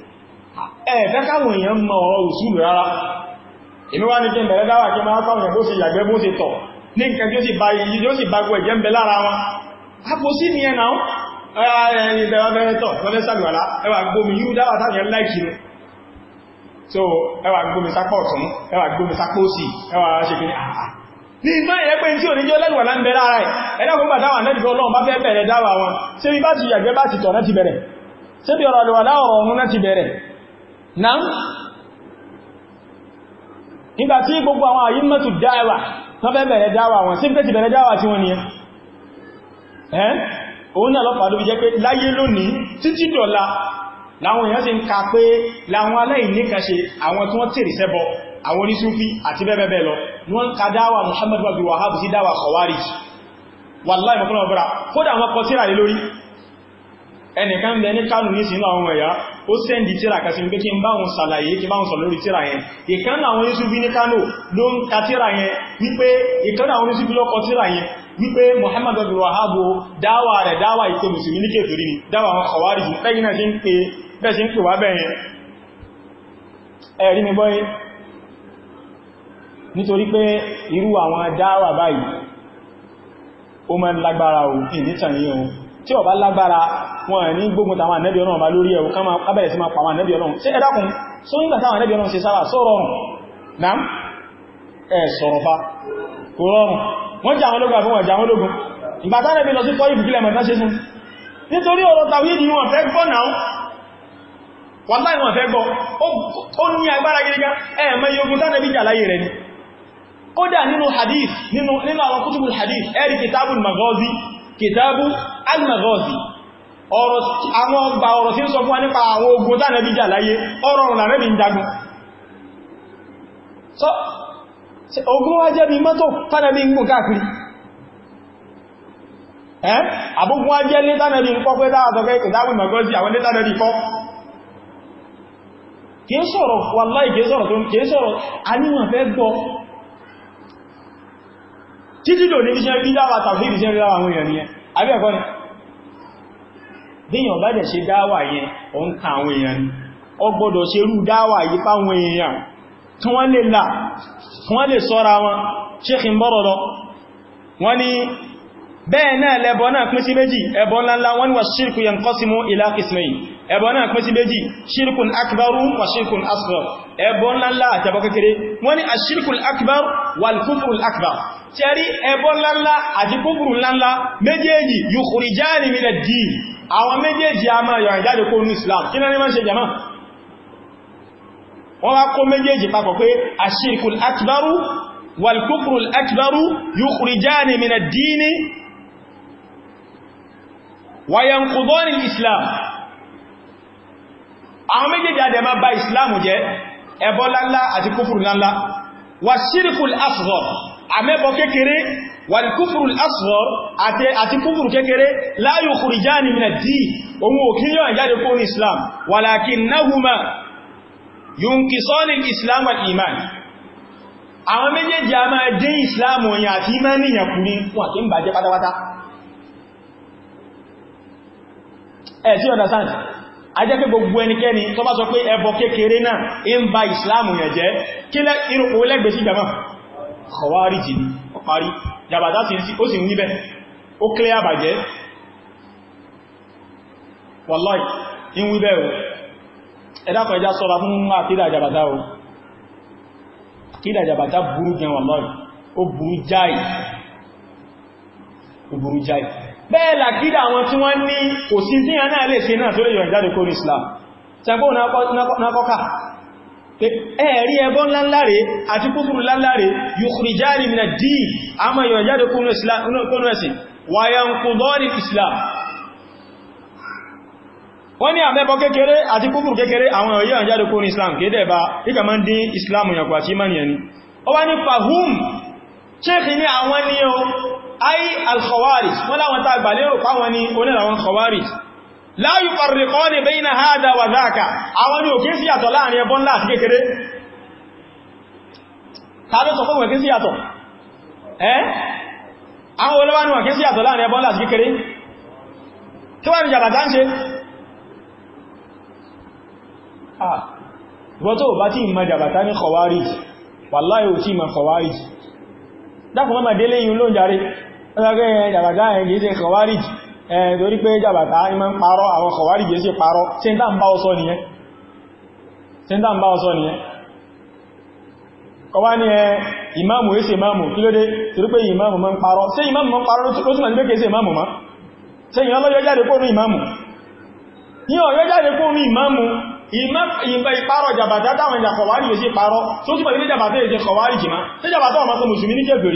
ẹ̀ẹ̀fẹ́ káwọn èèyàn mọ ọ̀rọ̀ òṣùlù rárá inú wá ní kí mẹ̀rẹ́ dáwà kí máa káwọn èèyàn bó ṣe yàgbẹ́ bó ṣe tọ̀ ní nǹkan tí ó sì bá yìí yóò sì bá gbọ́ ẹ̀jẹ̀ ń bẹ lára wọn àpò sí ni ẹ̀nà ah, ah. ní ìgbá ìyẹ́ pé tí ò ní jẹ́ lẹ́gbẹ̀ẹ́ láń bẹ̀rẹ̀ ara ẹ̀ ẹ̀dàkùn gbàdáwà nẹ́dìkọ́ ọlọ́run bá fẹ́ bẹ̀rẹ̀ dáwà wọn ṣe bí bá ti yàgbẹ́ bá ti tọ̀ náà ti bẹ̀rẹ̀ ṣe bí ọ̀rọ̀ àlùwàdá ọ̀rọ̀ ọ̀run náà ti bẹ̀rẹ̀ náà nígbàtí gbogbo àwọn àyí mẹ́tù dáwà tán fẹ́ bẹ̀rẹ̀ dáwà wọn sí pé ti bẹ̀rẹ̀ dáwà tí wọ́n ni ẹ́ òun náà lọ́pàá ló fi jẹ́ pé láyé lónìí títí dọ̀la láwọn èèyàn sì ń ka pé láwọn aláìníkàṣe àwọn tí wọ́n tèrè sẹ́bọ àwọn onísúfí àti bẹ́ẹ̀ bẹ́ẹ̀ lọ wọ́n ka dáwà Muhammadu Abdul Wahhab sí wallahi mọ̀kànlá ọ̀bọ̀ra kódà wọn kọ síra lé ẹnìkan bẹ ní kánù ní sínú àwọn ẹ̀yà ó sẹ́ndì tíra kàsí kí n báhùn sàlàyé kí báhùn sọ̀rọ̀ lórí tíra yẹn ìkan àwọn oníṣúfí ní kánù ló ń ka tíra yẹn wípé ìkan àwọn oníṣúfí lọ́kọ tíra yẹn wípé Muhammad abdul wahab dáwà rẹ̀ dáwà ìpé mùsùlùmí ní kèfèrí ni dáwà àwọn kọwàrí jù náà tí ó bá lágbára wọn ní gbógun tàwọn ànẹ́bí ọlọ́run bá lórí ẹ̀wù ká máa bẹ̀rẹ̀ sí máa pàwọn ànẹ́bí ọlọ́run sí ẹ̀dàkùn só nígbà táwọn ànẹ́bí ọlọ́run ṣe sára sọ́rọ̀rùn náà ẹ̀ sọ̀rọ̀ fa kò rọrùn wọ́n jà àwọn ológun àfihàn ìjà àwọn ológun ìgbà tánẹ́bí lọ sí tọ́ ìbùkílẹ̀ mọ̀tán ṣe fún nítorí ọ̀rọ̀ tàwídì wọn fẹ́ gbọ́ náà wọ́n láì wọn fẹ́ gbọ́ ó ní agbára gírígá ẹ̀ẹ̀mẹ́ yogun tánẹ́bí jà láyé rẹ̀ ni kódà nínú hadith nínú àwọn kútùbù hadith ẹ̀rì kitabul maghazi kìtàbù al-maghazi àwọn ọgbà ọ̀rọ̀ tí ń sọ fún wa nípa àwọn ogun tánà bí jà láyé ọ̀rọ̀ ọ̀rọ̀ rẹ̀ bí ń jagun so ogun wá jẹ́ bí mọ́tò tánà bí ń gùn káàkiri ẹ́ àbúkún wá jẹ́ lé tánà bí ń kọ́ pé dáadọ́fẹ́ títí lò ní iṣẹ́ rí dáwà tàbí iṣẹ́ rí dáwà àwọn èèyàn yẹn àbí ẹ̀kọ́ ni díyàn bá dẹ̀ ṣe dáwà yẹn ó ń ka àwọn èèyàn ni ó gbọ́dọ̀ ṣe rú dáwà yìí fáwọn èèyàn tí wọ́n lè là tí wọ́n lè sọ́ra wọn ṣékì ń bọ́rọ̀ lọ wọ́n ni bẹ́ẹ̀ náà lẹ́bọ náà pín sí méjì ẹbọ ńláńlá wọ́n ni wà ṣírkù yanqasimu ila qismayn ẹbọ náà pín sí méjì ṣírkùn akbaru wa ṣírkùn asghar ẹbọ ńláńlá àti ẹbọ kékeré wọ́n ní aṣírkùn akbar wal kufrul akbar tẹ́rí ẹbọ ńláńlá àti kúfùrù ńláńlá méjèèjì yukhrijani min ad-din àwọn méjèèjì a máa yọ̀rìn jáde kó ní islam kí náà ní máa ṣe jama wọ́n wá kó méjèèjì papọ̀ pé aṣírkùn akbaru wal kufrul akbaru yukhrijani min ad-din wa yanqudani al àwọn méjèèjì adẹ̀ máa bá ìsìláàmù jẹ́ ẹbọ lánlá àti kúfùrù lánlá wà ṣírìkùl asghar àmẹ́bọ kékeré wà kúfùrù asghar àti kúfùrù kékeré la yukhrijani islam walakinnahuma yunkisani al-islam wal-iman àwọn méjèèjì a máa dín ìsìláàmù òyìn àti ìmánì yàn kù ní wà kí ẹ̀ sí understand a jẹ́ pé gbogbo ẹnikẹ́ni tó bá sọ pé ẹbọ kékeré náà ń ba ìsìláàmù yẹn jẹ́ kí lẹ́ irú olẹ́gbẹ̀ sí jama kọwárí jì ní ọparí jàbàtà sí ó sì ń níbẹ̀ ó kílẹ̀ àbàjẹ́ wàláì o ẹ̀dàkọ̀ o kídà bẹ́ẹ̀ làkídà àwọn tí wọ́n ní kò sí tí a náà lè ṣe náà tó lè yọ ìjáde kó ní Islam tẹ́gbó nákọ́kà ẹ̀ẹ̀rí ẹbọ́n láńláre àti kúfùrù láńláre yukhrijani mina díì a máa yọ ìjáde kó ní ẹ̀sìn Islam wọ́n ní àmẹ́bọ kékeré àti kúfùrù kékeré àwọn Islam kéde ẹ̀bá ìkà máa Islam yànkù àti imani ẹni ó wá ní fahum ṣéèkì ní àwọn ní ay al-khawarij wọ́n láwọn tá gbàlérò fáwọn ní oníràwọn khawarij la yufarriquna bayna hadha wa dhaka àwọn ni òkè sí àtọ̀ láàrin ẹbọ ńlá àti kékeré tàbí sọ fún òkè sí àtọ̀ ẹ́ àwọn olówá ní òkè sí àtọ̀ láàrin ẹbọ ńlá àti kékeré kí wá ní jàbàtà ń ṣe wọ́n tó bá tí ìmọ̀ jàbàtà ní khawarij wallahi ò tí ìmọ̀ khawarij dákùnmọ́ màdélé yìí ló ń jarí ọlọ́gbẹ́ jàbàtà ẹ̀ kìí ṣe kọwàríjì ẹ̀ torí pé jàbàtà ìmọ̀ ń parọ́ àwọn kọwàríjì sí parọ́ tí ń dámbá ọsọ nìyẹn kọwa ní ẹ ìmáàmù èsè ìmáàmù kí ló dé torí pé ìmáàmù mọ́ ń parọ́ ṣé ìmáàmù mọ́ ń parọ́ ló túnmà ní pé kèsè ìmáàmù mọ́ ṣe ìyàn lọ́yọ́ jáde kó ní ìmáàmù ní ọ̀yọ́ jáde kó ní ìmáàmù ìgbà ìparọ̀ jàbàtà táwọn ìjà kọ̀wárì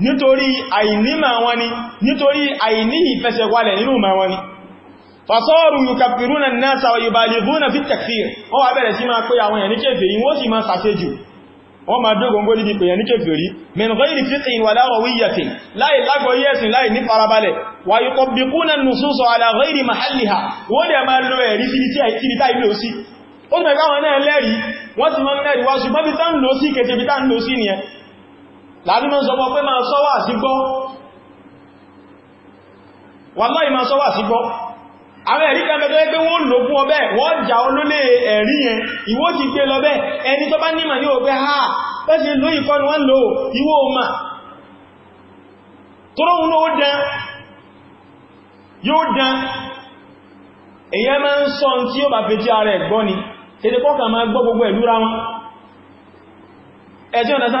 nítorí àìnímà wọn ni nítorí àìní ìfẹsẹ̀walẹ̀ nínú ma wọn ni fasọ́rù yukafiruna nasa wa yubalibuna fi takfir wọ́n wà bẹ̀rẹ̀ sí máa pé àwọn èèyàn ní kèfèrí wọ́n sì máa sàṣejù wọ́n máa dógóngó níbi pèèyàn ní kèfèrí min ghairi fiqhin wala rawiyyatin láì lágbóyé ẹ̀sìn láì ní farabalẹ̀ wa yutabbiquna an-nususa ala ghairi mahalliha wọ́n dẹ̀ máa lo ẹ̀rí síbi táì lò sí ó ti mẹ́gbàwọn náà lẹ́rìí wọ́n ti máa ń lẹ́rìí wá ṣùgbọ́n bí tá ń láàrin sọ ma pé máa sọ́wà sí gbọ́ wàláhì máa sọ́wà sí àwọn ẹ̀rí kan mẹ́tọ́ wọ́n lò fún ọbẹ̀ wọ́n jà olólè ẹ̀rí yẹn ìwọ ti gbé lọ́bẹ̀ ẹni tó bá ní ha pẹ́sẹ̀ ló wọ́n lò ma sọ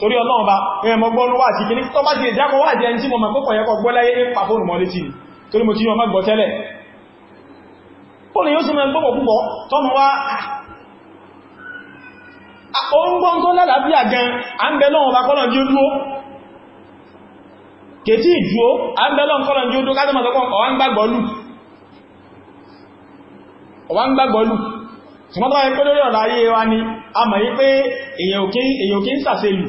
torí ọlọ́run bá ẹmọ gbọ́nú wà sí kìí tọ́ bá ti ìjákọ̀ wà jẹ́ tí mo mọ̀ pọ́pọ̀ yẹ́kọ̀ gbọ́láyé ní pàfóònù mọ́ létí ni torí mo ti yọ mọ́gbọ̀ tẹ́lẹ̀ pọ́lù yóò súnmọ́ gbọ́pọ̀ púpọ̀ tọ́mọ wá oún ah, gbọ́n tó lálàáfíà gan a ń bẹ lọ́run bá kọ́lọ̀ jí ó dúó kètí ìdúó a ń bẹ lọ́run kọ́lọ̀ jí ó dúó kátàmà tọ́kọ́ ọwá ń gbàgbọ́lù ṣùgbọ́n tó wáyé lórí ọ̀rọ̀ ayé wa ni a mọ̀ yí pé èyàn òkè ń sàṣèlú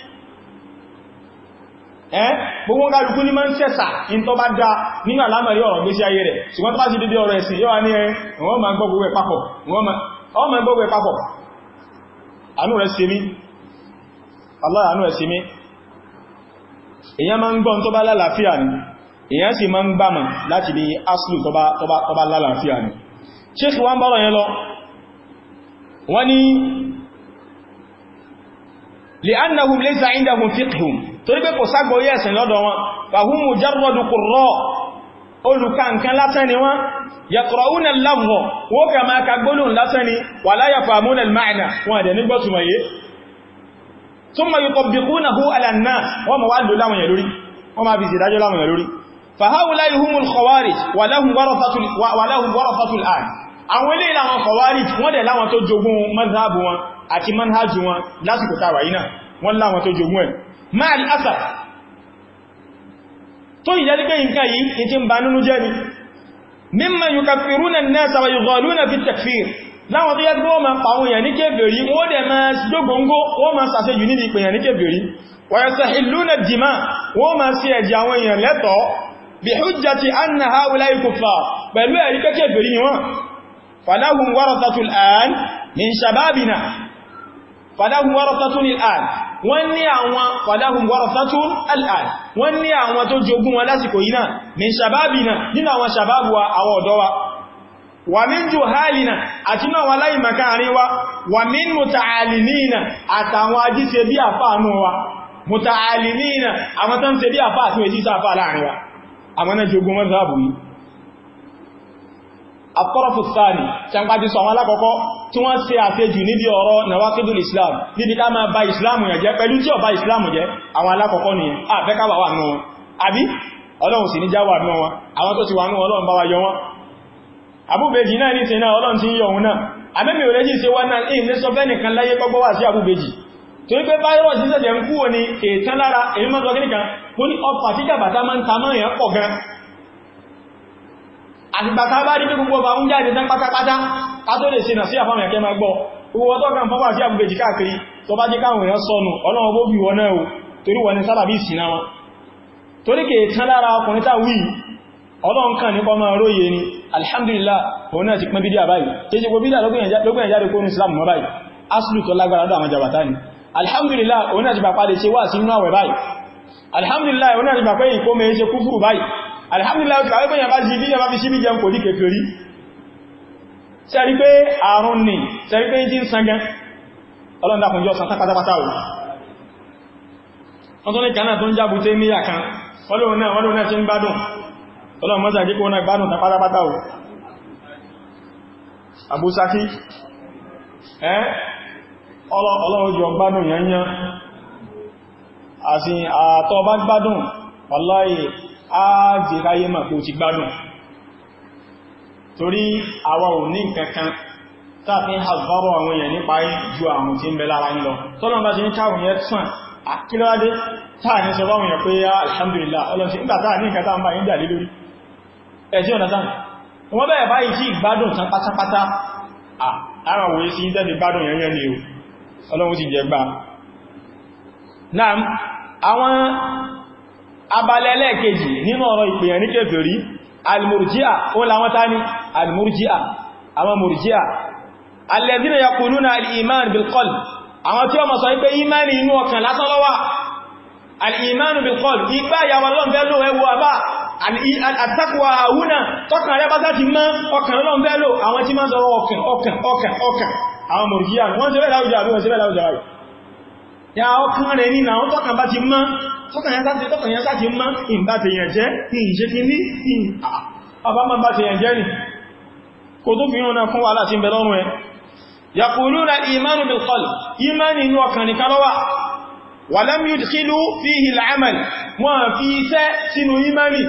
Eh? gbogbo kálukú ní máa ń sẹ́sà in tó bá dá nínú àlámọ̀rí ọ̀rọ̀ gbésí ayé rẹ̀ ṣùgbọ́n tó bá ti dédé ọ̀rọ̀ ẹ̀sìn yóò wá ní ẹ eh, wọ́n máa gbọ́ ẹ̀ papọ̀ wọ́n máa gbọ́ gbogbo Allah àánú rẹ̀ ṣe mí èyàn máa ń gbọ́n tó bá aslu tó bá lálàáfíà ni Sheikh wọ́n bọ́rọ̀ yẹn lọ wọ́n ni li'annahum laysa torí pé kò ságbóyé ẹ̀sìn lọ́dọ̀ wọn fàhúnmù járọ̀dù kò rọ̀ olùka nǹkan lásán ni wọ́n yàkọ̀rọ̀ún lọ́wọ́ wó kà máa ka gbólóhùn lásán ni wà láyà fàmún al-ma'na wọn àdẹ̀ nígbọ́ túnmọ̀yé thumma yutabbiqunahu ala an-nas wọ́n ma wá lò láwọn yẹ̀ lórí wọ́n ma fi sì dájọ́ láwọn yẹ̀ lórí faha'ula'i humul khawarij wa lahum warathatul an wọ́n láwọn tó jogún ẹ̀ máa rí asà tó yìí jẹ́ pé nǹkan yìí in ti ń ba nínú jẹ́ ni mímọ̀ yóò kàfìrú na náà sàwà yóò gọ̀ọ̀lú na fi takfir láwọn tó yẹ́ pé wọ́n ma pàwọn èèyàn ní kèfèrí wọ́n dẹ̀ ma dógóngó wọ́n ma sàṣẹ́ yìí níbi ìpèèyàn ní kèfèrí wọ́yẹsẹ̀ ìlú na dìmá wọ́n ma sí ẹ̀jẹ̀ àwọn èèyàn lẹ́tọ̀ọ́ bí hujja ti an na haula ikufa pẹ̀lú ẹ̀rí kèfèrí ni wọ́n falahum warasatul an min shababina fàdáhùn wọ́rọ̀tátún al'ad wọ́n ní àwọn fàdáhùn wọ́rọ̀tátún al'ad wọ́n ní àwọn tó jogún wọn lásìkò yìí náà min ṣàbábìnà nínú àwọn ṣàbábùwa àwọn ọ̀dọ́wa wà min jù hálìnà àti náà wà láì maka àríwá wà min muta'alimina àtàwọn ajíse bí àfà àánú wa àtọ́rọ̀fù sáàrì ṣàǹpájú sọ àwọn alákọ̀ọ́kọ́ tí wọ́n ṣe àṣejù níbi ọ̀rọ̀ nàwákídùl islam níbi ká máa bà islam yẹ̀ jẹ́ pẹ̀lú tí ó bà islam jẹ́ àwọn alákọ̀ọ́kọ́ nìyẹn àfẹ́kàwà wà náà àbí ọlọ́run sì ní jáwà náà wọn àwọn tó ti wà náà ọlọ́run bá wa yọ wọn abúbejì náà ní tẹ̀nà ọlọ́run ti ń yọ òun náà àmẹ́mì ò lẹ́jì sí wọ́n náà ní ilé sọfẹ́ nìkan láyé kọ́gbọ́ wà sí abúbejì tó wípé virus àtìgbàtà bá rí pé gbogbo ọba ń jáde tán pátápátá ká tó lè ṣe nà sí àfáwọn ẹ̀kẹ́ máa gbọ́ owó ọtọ́ kan fọ́wà sí àbúgbèjì káàkiri tó bá jẹ́ káwọn èèyàn sọnù ọlọ́run bó bí wọn náà o torí wọn ni sábàbí ìsìná wọn torí kèé tán lára ọkùnrin tá wí ọlọ́run kan nípa máa róye ni alhamdulillah òun náà ti pín bídíà báyìí kéjì gbogbo bídíà lókùn ìjáde kó ní islam mọ́ báyìí aslu tó lágbára lọ́dọ̀ àwọn jàbàtà ni alhamdulillah òun náà ti bàpá lè ṣe wà sínú àwẹ̀ báyìí alhamdulillah òun náà ti bàpá yìí kó mẹ́ ṣe kúfùrù báyìí alhamdulillah ọ̀tàwẹ́ pé yàbá sí ibi yàbá fi síbí jẹun kò ní kèfèrí sẹ́rí pé àrùn ni sẹ́rí pé jí ń sangan ọlọ́ndàkùnjọ́ sàn tápátápátá ò wọ́n tó ní kanáà tó ń jábù tẹ́ níyà kan ọlọ́run náà ọlọ́run náà ti ń gbádùn ọlọ́run mọ́sàn jíkò náà á jẹ ráyé mà kó ti gbádùn torí àwa ò ní nǹkankan táàfin àbárọ̀ àwọn èèyàn nípa ju àwọn tí ń bẹ lára ń lọ tọ́lọ́n bá ti ní káwọn yẹn tún àkílọ́dé táà sọ báwọn èèyàn pé ah, alhamdulillah ọlọ́sí nígbà táà ní nǹkan táà ń bá yín dà lé lórí ẹ̀sí ọ̀nà sáà wọ́n bẹ̀rẹ̀ báyìí sí ìgbádùn tán pátápátá ara wòye sí ìdẹ́ni gbádùn yẹn yẹn àwọn abalẹ́lẹ́ kejì nínú ọ̀rọ̀ ìpèyàn ní kèfèrí almurji'a ó láwọn tání almurji'a àwọn murji'a alladhina yaquluna al-iman bil-qalb àwọn tí ó mọ̀ sọ pé imani inú ọkàn lásán ló wà al-iman bil-qalb igbá ìyàwó lọ́nbẹ́ ló ẹwọ àbá àtàkùwà àwúnà tọ́kàn rẹ bá sáti mọ́ ọkàn lọ́nbẹ́ lò àwọn tí ya ọkàn rẹ̀ nínà ó tọ́kàn bá ti mọ́ tọ́kàn yẹn sáti tọ́kàn yẹn sáti mọ́ ìbá ti je. jẹ́ ní ìṣẹ́ kí ní ah, àbá máa bá ti yẹn jẹ́ nì kò tó fi ń rọ̀nà fún wàhálà tí ń bẹ lọ́rùn yaquluna imanu bil qalb imani inú ọkàn nìkan ló wà wa lam yudkhilu fihi al-amal wọ́n fi iṣẹ́ sinu imani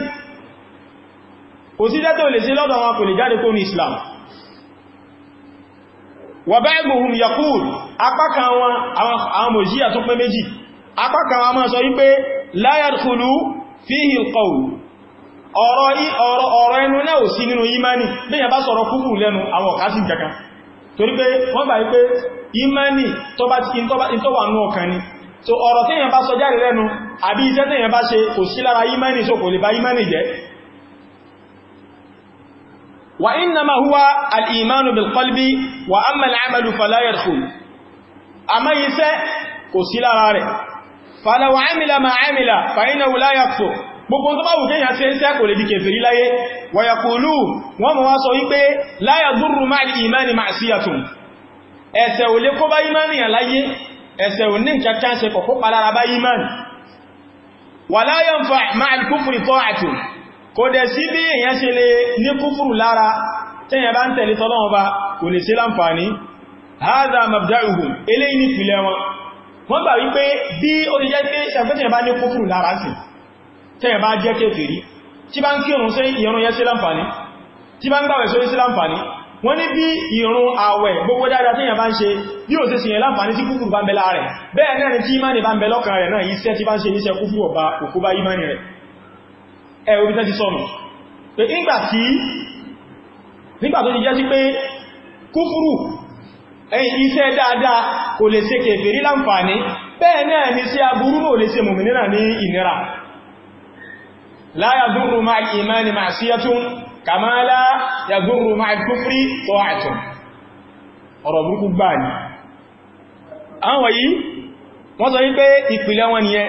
kò sí jẹ́ tó lè sí lọ́dọ̀ wọn kò lè jáde kó ní islam wàbẹ́gbùhùn yakúl apákan àwọn mọ̀jíyà tó pé méjì apákan àwọn máa sọ wípé láyàdkùlù fíhì kọ̀ù ọ̀rọ̀ ẹnu náà ò sí nínú imani lẹ́yìn bá sọ̀rọ̀ kúkù lẹ́nu àwọn ọ̀kásí kankan torí pé imani tó bá ti tó wà nú so ọ̀rọ̀ tẹ́yìn bá sọ járe lẹ́nu àbí iṣẹ́ tẹ́yìn bá ṣe imani so kò imani jẹ́ وإنما هو الإيمان بالقلب وأما العمل فلا يدخل أما يسى كسيلا راري فلو عمل ما عمل فإنه لا يكفر gbogbo tó bá wùkéyà sí ẹsẹ́ kò lè di kèfèrí láyé wàyàkùlù wọ́n mọ̀ wá sọ wípé láyà dúrù máa ní ìmáni máa sí àtùn ẹ̀ṣẹ̀ ò lè kó bá ìmáni yà láyé ẹ̀ṣẹ̀ ò ní kẹkẹ́ ṣe kọ̀kọ́ palára bá ìmáni wà láyà ń fa máa kúfùrí tọ́ àtùn kò dẹ̀ sí bí èyàn ṣe lè ní kúfùrù lára tẹ́yàn bá ń tẹ̀lé tọ́lọ́wọ́ bá kò lè ṣe láǹfààní haza mabda'uhum eléyìí ní ìpìlẹ̀ wọn wọ́n gbà wípé bí ó ti jẹ́ pé ṣàfẹ́tẹ̀yàn bá ní kúfùrù lára sí tẹ́yàn bá jẹ́ kéfèrí tí bá ń kírun sí ìrun yẹn ṣe láǹfààní tí bá ń gbàwẹ̀ sórí sí láǹfààní wọ́n ní bí ìrun àwẹ̀ gbogbo dáadáa ẹ̀rùbí tẹ́ ti sọ̀nù pé nígbà tí nígbà tó ti jẹ́ sí pé kúfúrù ẹ̀yìn iṣẹ́ dáadáa kò lè ṣe kèfèrí láǹfààní bẹ́ẹ̀ náà ni sí aburú náà lè ṣe mùmìnira ní ìnira la yadurru ma'al imani ma'siyatun kama la yadurru ma'al kufri ta'atun ọ̀rọ̀ burúkú gbáà ni àwọn yìí wọ́n sọ wípé ìpìlẹ̀ wọn nìyẹn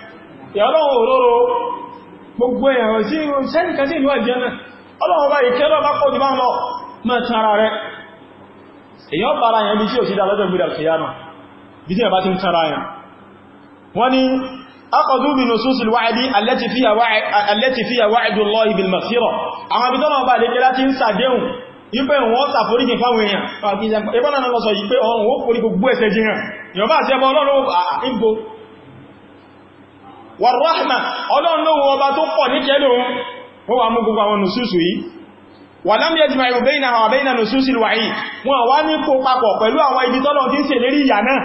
ìyàlọ́wọ̀ òróró gbogbo ẹ̀rọ sí sẹ́nìkan sí ìlú àjẹ́nà ọlọ́wọ́ bá ìkẹ́lọ́ bá pọ̀ jù bá ń lọ mọ́ tán ara rẹ̀ èyàn bára yẹn bí tí ò sí dá lọ́jọ́ gbídà kìyàmà bí tí ẹ̀bá ti ń tara yẹn wọ́n ni akọ̀dú bí nususil wa'di allati fiha wa'du Allahi bil maghfirah àwọn ibi tọ́nà ọba àlékẹ́ láti ń sàdéhùn ipẹ́ wọn sàforíjì fáwọn èèyàn ìbọ́nà lọ́sọ̀ yìí pé ọ̀run ó wàrọ́hìmà ọlọ́run lóhun ọba tó pọ̀ ní kẹlòun ó wà mú gbogbo àwọn nùsùsù yìí wà lámì ẹjìmà ìrùbẹ́ ìnà àwọn àbẹ́ìnà nùsùsù ìlúwàáyì wọn wá ní kó papọ̀ pẹ̀lú àwọn ibi tọ́lọ̀ tí ń ṣe lérí ìyà náà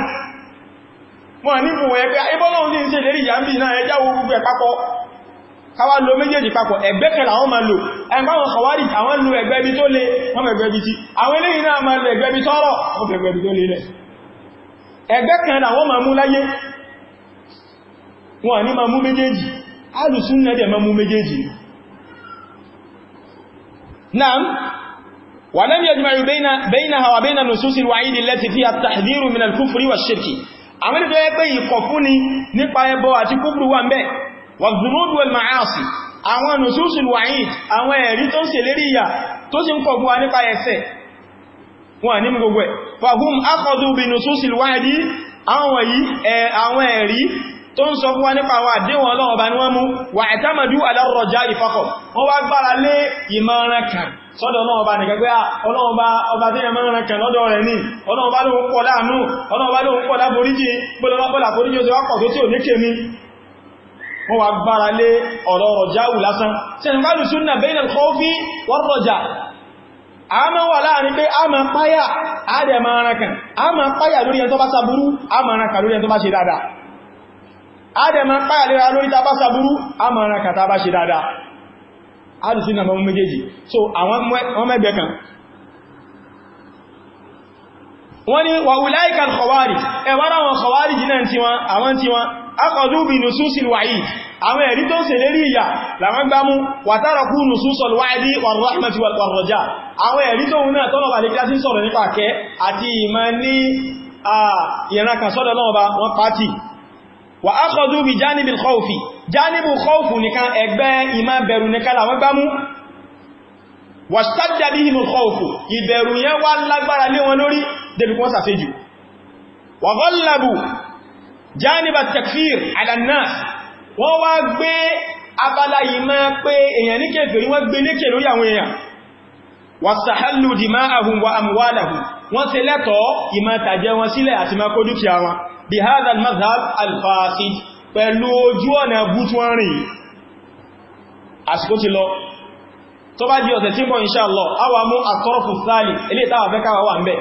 wọn ní fún ẹgbẹ́ ẹbọ́lọ́run tí ń ṣe lérí ìyà ń bí náà ẹjá wo gbogbo ẹ̀ papọ̀ káwà lo méjèèjì papọ̀ ẹgbẹ́ kẹlà wọn máa lò ẹgbẹ́ àwọn kọwárì àwọn lo ẹgbẹ́ mú láyé wọn ní ma mú méjèèjì alùsúnnà dẹ̀ ma mú méjèèjì náà ولم يجمع بين بينها وبين نصوص الوعيد التي فيها التحذير من الكفر والشرك àwọn ìdọ́ ẹgbẹ́ ìkọ̀fúnni nípa ẹbọ maasi àwọn nususul wa'id àwọn ẹ̀rí tó ń ṣe lérí ìyà tó sì ń kọ̀gbọ́ nípa ẹ̀ṣẹ̀ wọn ní gbogbo ẹ̀ fahum akhadhu àwọn ẹ̀rí tó ń sọ fún wa nípa wa àdéhùn Ọlọ́run ọba ni wọ́n mú wà ẹ̀tàmàdú alárọ̀já ìfakọ̀ wọ́n wá gbára lé ìmọ̀ràn kan sọ́dọ̀ Ọlọ́run ọba nìkan pé ah, Ọlọ́run ọba tí ìmọ̀ràn kan lọ́dọ̀ rẹ̀ ní Ọlọ́run ọba lóhun pọ̀ láàánú Ọlọ́run ọba lóhun pọ̀ láboríjì gbọ́lọ́pọ̀lá foríjì oṣù wápọ̀ tó tí ò ní kèmí wọ́n wá gbára lé ọ̀rọ̀ ọ̀já ù lásán sẹ́nìkálù súnnà bẹ́ẹ̀nà kọ́fí wọ́rọ̀jà a ma wà láàrin pé a ma páyà a dẹ̀ ma ránkan a ma páyà lórí ẹn bá ṣàbúrú a ma ránkan lórí ẹn bá ṣe dáadáa adẹ̀mọ̀ páyàlera lórí tàbá sàbúrú a mọ̀ ọ̀rọ̀ kàtà bá ṣe dáadáa adùsí na mọ̀ méjèèjì so àwọn mẹ́gbẹ̀ kan wọ́n ni wà wùláìkàn kọwàrí ẹwàrá wọn kọwàrí jìnà tí wọn àwọn tí wọn akọ̀dú bí nùsúsìl wáyé àwọn ẹ̀rí tó ṣèlérí ìyà làwọn gbámú wàtàràkú nùsúsọl wáyé wàrọ̀ àmàtí àti wà ákọ̀dú bí jánibì kọ́ọ̀fì jánibì kọ́ọ̀fù nìkan ẹgbẹ́ ìmá bẹ̀rù nìkan làwọn gbámú wà sádà bí ìmú kọ́ọ̀fù ìbẹ̀rù yẹn wá lágbára lé wọn lórí débi wọ́n sàfẹ́jù wà gọ́lábù jánibà takfir alannas wọ́n wá gbé abala yìí máa pé èèyàn ní kèfèrí wọ́n gbé lékè lórí àwọn èèyàn wà sàhálù dìmáàhùn lẹ́tọ̀ọ́ ìmá tàjẹ wọn sílẹ̀ àti má dúkìá wọn bí hadha al-madhhab al-fasid pẹ̀lú ojú ọ̀nà bútúwárì àsìkò ti lọ tó bá di ọ̀sẹ̀ tí ń bọ̀ inṣáàlọ́ àwa mú àtọ́rọ̀fù sáàlì ilé ìtawà fẹ́ káwà wà ń bẹ̀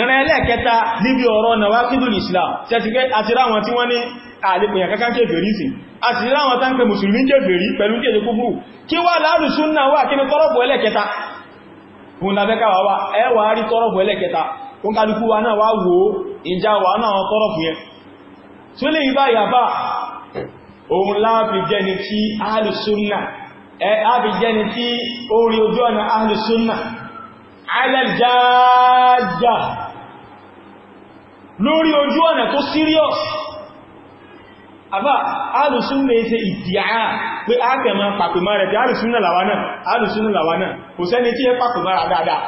ìran ẹlẹ́ẹ̀kẹta níbi ọ̀rọ̀ nawaqidul islam tẹ́tìkẹ́ àti ráwọn tí wọ́n ní àlepòyàn kankan kèfèrí sí àti ráwọn tán pé mùsùlùmí kèfèrí pẹ̀lú kéde kúgbù kí wá láàrù súnnà tọ́rọ̀bù ẹlẹ́ẹ̀kẹta kó kálukú wa náà wá wò ó ìjà wà náà tọ́rọ̀ fún yẹn tó lè ibá ìyàbá òun láàfi jẹni tí ahàlùsúnnà ẹ áàfi jẹni tí ó rí ojú ọ̀nà ahàlùsúnnà alẹ́jáàjá lórí ojú ọ̀nà tó serious àbá alùsúnnà ẹsẹ ìdíyà pé ápẹ̀mọ́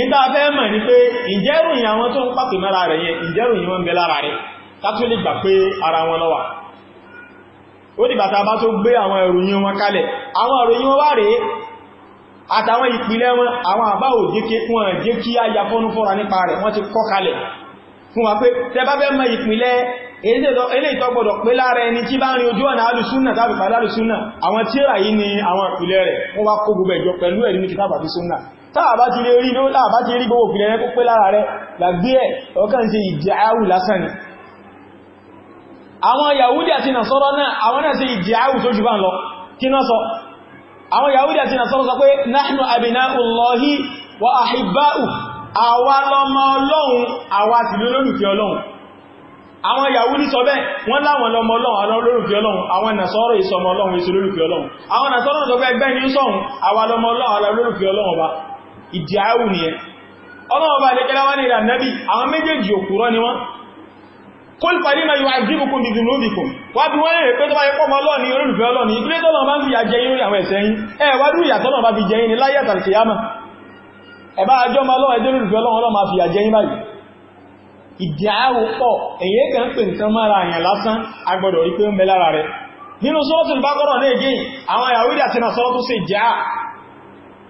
ìta fẹ́ mọ̀ ní pé ìjẹ́rùn-ún àwọn tó ń pàpè mẹ́ra rẹ̀ yẹn ìjẹ́rùn-ún wọn bẹ lára rẹ̀ tátó lè gbà pé ara wọn ló wà ó dìgbà tá bá tó gbé àwọn ìròyìn wọn kalẹ̀ àwọn ìròyìn wọn wà rèé àtàwọn ìpìlẹ̀ wọn àwọn àbá ò jẹ́ kí jẹ́ kí á ya fọ́nú fọ́ra nípa rẹ̀ wọ́n ti kọ́ kalẹ̀ fún wa pé tẹ́ bá fẹ́ mọ̀ ìpìlẹ̀ ilé ìtọ́gbọ̀dọ̀ pé lára ẹni tí bá rin ojú ọ̀nà alùsúnnà tàbí pàdálùsúnnà àwọn tíra yìí ni àwọn ìpìlẹ̀ rẹ̀ wọ́n wá kó gbogbo ẹ̀jọ pẹ̀lú ẹ̀rí ní kìtàbà fi súnnà táàbá ti lè rí ló láàbá ti rí gbogbo ìpìlẹ̀ kó pé lára rẹ̀ làgbé ẹ̀ ọkàn ṣe ìdíáwù lásán ni àwọn yahudi àti nasọ́rọ̀ náà àwọn náà ṣe ìdíáwù tó jù bá ń lọ kí náà sọ àwọn yahudi àti nasọ́rọ̀ sọ pé nahnu abinaullahi wa ahibba'u àwa lọmọ ọlọ́run àwa sì lólórùfẹ́ ọlọ́run àwọn yahudi sọ bẹ́ẹ̀ wọ́n láwọn ìdí àáwù ni ẹ ọlọ́wọ́ bá lè kẹ́lá wá ní ìrànlẹ́bí àwọn méjèèjì òkúrọ́ ni wọ́n kól pàdé ma yíwa gíbùkún bí zùnúbìkún wá bí wọ́n lè pé tó bá yẹ pọ́mọ lọ́ni olùfẹ́ ọlọ́ni ilé tọ́lọ̀ bá ń fi ya jẹ yín àwọn ẹ̀ṣẹ̀ yín ẹ wá dúró ìyà sọ́ọ̀tún bá kọ́rọ̀ ní ègéyìn àwọn àyàwó ìdí àti nàṣọ́rọ́ tó ṣe jẹ́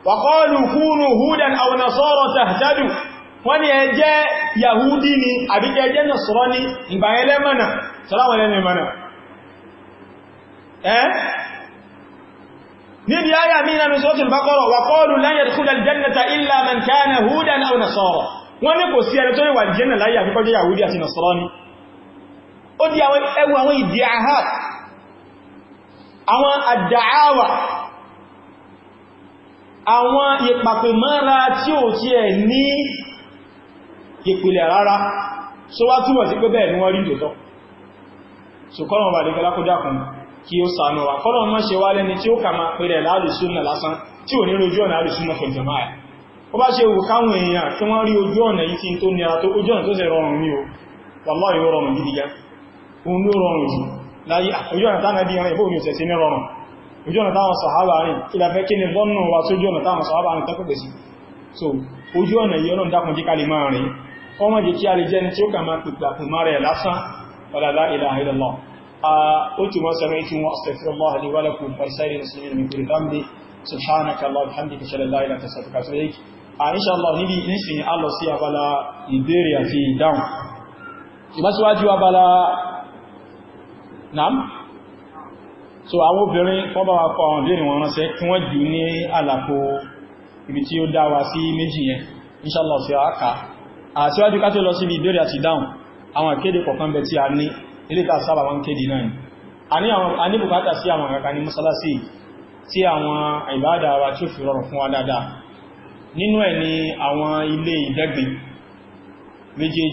wàkọ́ọ̀lù kúrù húdàn àwọn nasọ́rọ̀ tàhtàdù wọ́n ni ẹjẹ́ yahudi ni àbíkẹ́ ẹjẹ́ nasọ́rọ̀ ni ìgbàyẹlẹ́ mana sọ́láwọ̀ lẹ́nu mana ẹ́ níbi ayà mìíràn ní sọ́tùl bakọ́rọ̀ wàkọ́ọ̀lù láyẹ̀ kúrù jannata illa man kana húdàn àwọn nasọ́rọ̀ wọ́n ní kò sí ẹni tó wà jẹ́nà àwọn ìpàpè mọ́ra tí ò tí ẹ̀ ní ìpìlẹ̀ rárá so wá túnmọ̀ sí pé bẹ́ẹ̀ ni wọ́n rí tòótọ́ so kọ́nà wà lè gẹ́lákójákùn kí ó sànú wa kọ́nà mọ́ ṣe wá lẹ́ni tí ó kà máa pẹ̀rẹ̀ lálùsúnnà lásán tí ò ní rojú ọ̀nà alùsúnnà fún jama'a ó bá ṣe wù káwọn èèyàn kí wọ́n rí ojú ọ̀nà yìí tí tó nira tó ojú ọ̀nà tó sì rọrùn ní o wallahi ó rọrùn gidi gan òun ló rọrùn jù láyé ojú ọ̀nà tánàbí ìran ìbò mi ò tẹ̀sí ní rọrùn ojú ọ̀nà táwọn sọ̀hábà rìn kí la fẹ́ kí ni lọ́nà wa sójú ọ̀nà táwọn sọ̀hábà rìn tẹ́kùnkù sí so ojú ọ̀nà yìí ọ̀nà dákùn jí kalì máa rìn ọmọ jẹ́ kí a lè jẹ́ni tí ó kà máa pèpè àpùmá rẹ̀ lásán ọ̀làlá ilaha illallah ó ti wọ́n sẹ́rẹ́ tí wọ́n astaghfirullah li wa lakum farisairi muslimin min kulli dhanbi subhanaka allah bihamdika shalla so àwọn obìnrin wọ́n bá wa kọ àwọn ìbéèrè wọn ránṣẹ́ tí wọ́n jù ní àlàpò ibi tí ó dá wa sí méjì yẹn inshallah fi àkà àṣíwájú ká tó lọ sí ìbéèrè àti dáhùn àwọn ìkéde kọ̀kan bẹ tí a ní ilé ta sábà wọn kéde náà ni a ní bùkátà sí àwọn ìrẹ́ka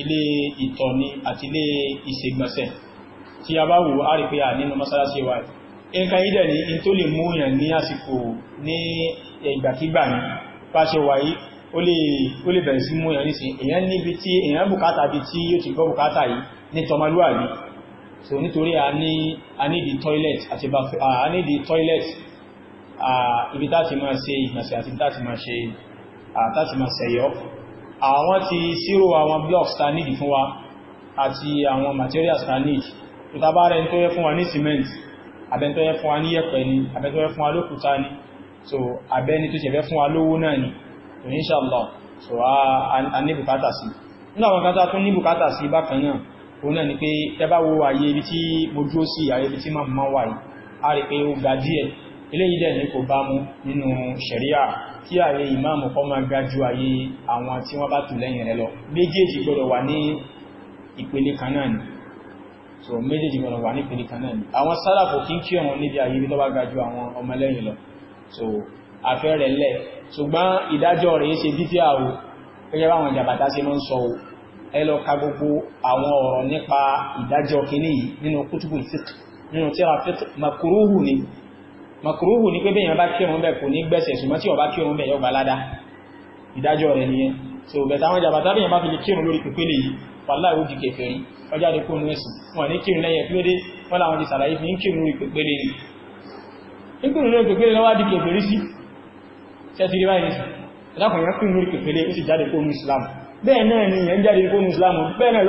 ilé ìtọ̀ni àti ilé ìṣègbọ̀nsẹ̀ tí a bá wù á rí pé à nínú mọ́sálásí wa nǹkan yìí dẹ̀ ní in tó lè mú èèyàn ní àsìkò ní ìgbàkígbà ní pàṣẹ wáyé ó lè bẹ̀rẹ̀ sí mú nísìn èèyàn níbi tí èèyàn bùkátà bí tí yóò ti gbọ́ bùkátà yìí ní tọmọlúwàbí so nítorí a ní ìdí toilet àti toilet ibi táti máa ṣe ìgbọ̀nsẹ̀ àti táti máa ṣe àtàti máa ṣẹ̀yọ́ àwọn ti sírò àwọn blocks ta nídìí fún materials ta nídìí tó tàbá rẹ̀ tó yẹ fún wa ní cement abẹ́ tó yẹ fún wa ní yẹ̀pẹ̀ ni abẹ́ tó yẹ fún wa lókúta ni so abẹ́ni tó tẹ̀fẹ́ fún wa lówó náà ni so inshallah so a ní bùkátà sí nínú àwọn kátà tún ní bùkátà sí bákan náà òun náà ni pé tẹ́bá wo àyè ibi tí mo dúró sí àyè ibi tí máa máa wà yìí a ìpele kan ni so méjèèjì mọ̀rọ̀ wà nípele kan náà ni àwọn sálàfò kí ń kí ọ̀run níbi ayé tó bá ga ju àwọn ọmọlẹ́yìn lọ so afẹ́ rẹ̀ lẹ̀ ṣùgbọ́n ìdájọ́ rẹ̀ ṣe dídí àwò gẹ́gẹ́ báwọn ìjàbàtà ṣe máa ń sọ ẹ lọ ka gbogbo àwọn ọ̀rọ̀ nípa ìdájọ́ kìíní yìí nínú kútùbù fiqh nínú tíra fiqh makuruhu ni makuruhu ni pé bẹ́ẹ̀ yẹn bá kírun bẹ́ẹ̀ kò ní gbẹ̀sẹ̀ ṣùgbọ́n tí ó bá kírun bẹ́ẹ̀ yọ gbalada ìdájọ́ rẹ̀ nìyẹn so bẹ̀tà àwọn ìjàbàtà bẹ́ẹ̀ yẹn bá fi lè kírun lórí pípélé yìí wàlá ìwò di kèfèrí ọjá àdékò ní ẹ̀sùn wọn ní kírun lẹ́yẹ kí ló dé wọn làwọn ti sàlàyé fi ń kírun lórí pèpele ni ń kírun lórí pèpele lọ́wọ́ di kèfèrí sí tẹ́tì rí báyìí ẹ̀dàkùn yẹn kírun lórí pèpele ó sì jáde kó nu Islam bẹ́ẹ̀ náà ni yẹn jáde kó nu Islam bẹ́ẹ̀ náà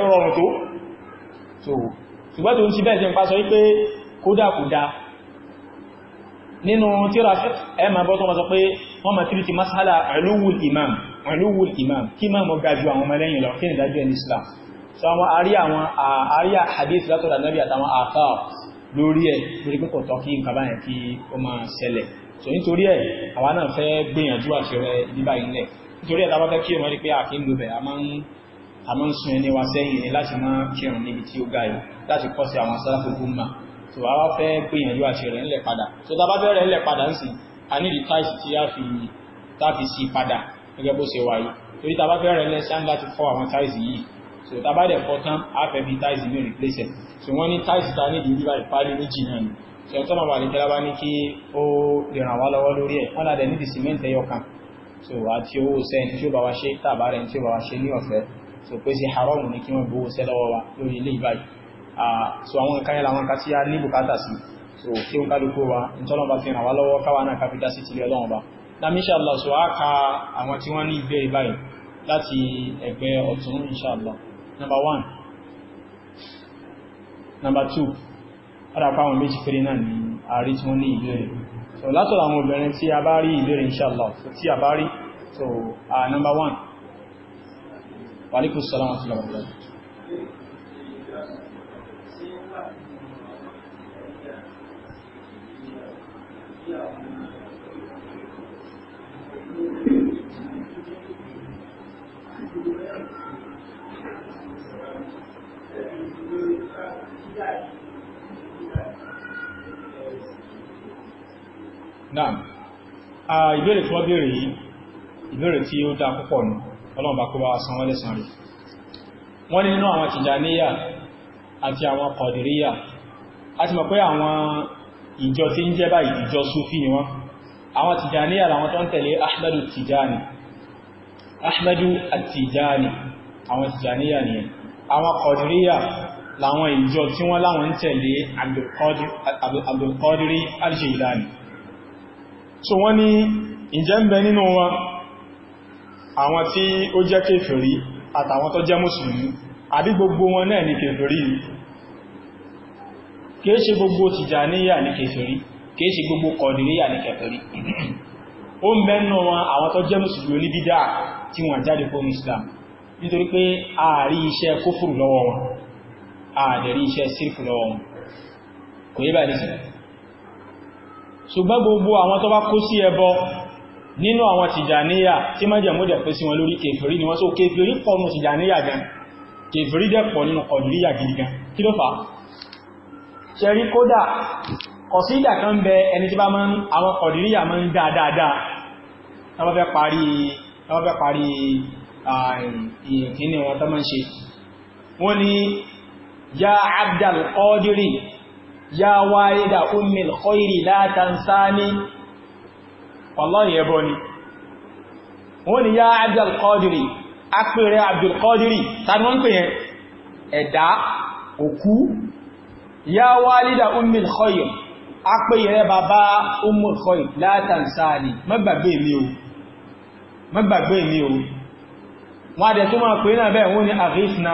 sí ń pa sọ wípé kódà kò imam alúwùl imam kí ma mọ̀ gajú àwọn ọmọlẹ́yìn lọ kí ni ẹni islam so àwọn àrí àwọn àrí hadith látọ̀dọ̀ Ànábì àtàwọn àfà lórí ẹ̀ lórí pípọ̀ tọ́ kí nǹkan báyẹn kí ó máa ṣẹlẹ̀ so nítorí ẹ̀ àwa náà fẹ́ gbìyànjú àti rẹ bíbá ilẹ̀ nítorí ẹ̀ tábátẹ́ kí ọmọ rí pé àkí ń lo bẹ̀ a máa ń sun ẹni wa sẹ́yìn ni láti máa kírun níbi tí ó ga yìí láti kọ́ sí àwọn sáláfù gúnmà so àwa fẹ́ gbìyànjú àti ńlẹ̀ padà so tá a bá fẹ́ rẹ̀ ńlẹ̀ padà ń sìn a ní di táìsì tí a fi tá a fi sí padà gẹ́gẹ́ bó ṣe wáyé torí tá a ńlẹ̀ sáà láti fọ́ àwọn táìsì yìí so tàbá dẹ̀ fọ́ tán àfẹ́bí táìsì ní so wọ́n ní táìsì ta ní ìdílé báyìí pálí méjì náà ni so ẹ̀ tọ́nà wà ní kẹ́lá bá ní kí ó lè ràn wá lọ́wọ́ lórí ẹ̀ wọ́n ládẹ̀ nídìí cement ẹyọ kan so àti owó sẹ́ tí ó bá wá ṣe tàbá rẹ̀ tí ó bá wá ṣe ní ọ̀fẹ́ so pé sí haram ní kí wọ́n gbowó sẹ́ lọ́wọ́ wa lórí ilé ìbáyìí so àwọn nǹkan yẹn làwọn nǹkan tí a ní bùkátà sí so kí ó kálukú wa ìtọ́nà bá fi ràn wá lọ́wọ́ káwa náà káfí dá sí tilẹ̀ ọlọ́run ba na inshallah so a ka àwọn tí wọ́n ní ìbéèrè báyìí láti ẹgbẹ́ ọ̀tún inshallah number one number two adapa àwọn méjì péré náà ni ààrí tí wọ́n ní ìbéèrè so látọ̀lá àwọn obìnrin tí a bá rí ìbéèrè inshallah so tí a so uh, number one wàlíkù Thank you. Naam. Ìbéèrè tí wọ́n béèrè yìí, ìbéèrè tí ó dá púpọ̀ nù, ba kó bá san wọ́n lẹ́san rẹ̀. Wọ́n ní nínú àwọn Tìjàníyà àti àwọn Kọ̀dìríyà. A ti mọ̀ pé àwọn ìjọ tí ń jẹ́ báyìí ìjọ Súfí ni wọ́n. Àwọn Tìjàníyà làwọn tó ń tẹ̀lé Ahmadu Tìjàní. Ahmadu Tìjàní, àwọn Tìjàníyà nìyẹn. Àwọn Kọ̀dìríyà láwọn ìjọ tí wọ́n láwọn ń tẹ̀lé Abdulkadiri al-Jilani so wọ́n ní ìjẹ́ ń bẹ nínú wọn àwọn tí ó jẹ́ kèfèrí àtàwọn tó jẹ́ mùsùlùmí àbí gbogbo wọn náà ní kèfèrí kìí ṣe gbogbo Tìjàníyà ní kèfèrí kìí ṣe gbogbo Kọ̀dìríyà ní kèfèrí ó ń nítorí pé ààrí iṣẹ́ kófùrù lọ́wọ́ wọn àdẹ̀rí iṣẹ́ sírfù lọ wọn kò yí báyìí sí ṣùgbọ́n gbogbo àwọn tó bá kó sí ẹbọ nínú àwọn tìjàníyà tí májàmúdẹ̀ pẹ́ sí wọn lórí kèfèrí ni wọ́n sọ kèfèrí pọ̀ nù tìjàníyà gan kèfèrí dẹ̀ pọ̀ nínú kọ̀dùríyà gidi gan kí ló fà ṣẹ̀rí kódà kọ̀sídà kan bẹ ẹni tí bá mọ́ àwọn kọ̀dùríyà mọ́ ń dáadáa tọ́bá fẹ́ parí ìkíní wọn tọ́ mọ́ ń ṣe wọ́n ni ya abdal qadiri ya walida ummil khairi la tansani wallahi ẹbọ ni wọ́n ni ya abdal qadiri apẹ̀rẹ̀ abdul qadiri tàbí wọ́n pè yẹn ẹ̀dá òkú ya walida ummil khairi apẹ̀rẹ̀ bàbá ummil khairi la tansani má gbàgbé mi o má gbàgbé mi o wọ́n adẹ̀ tó máa pè náà bẹ́ẹ̀ wọ́n ni àrífìnà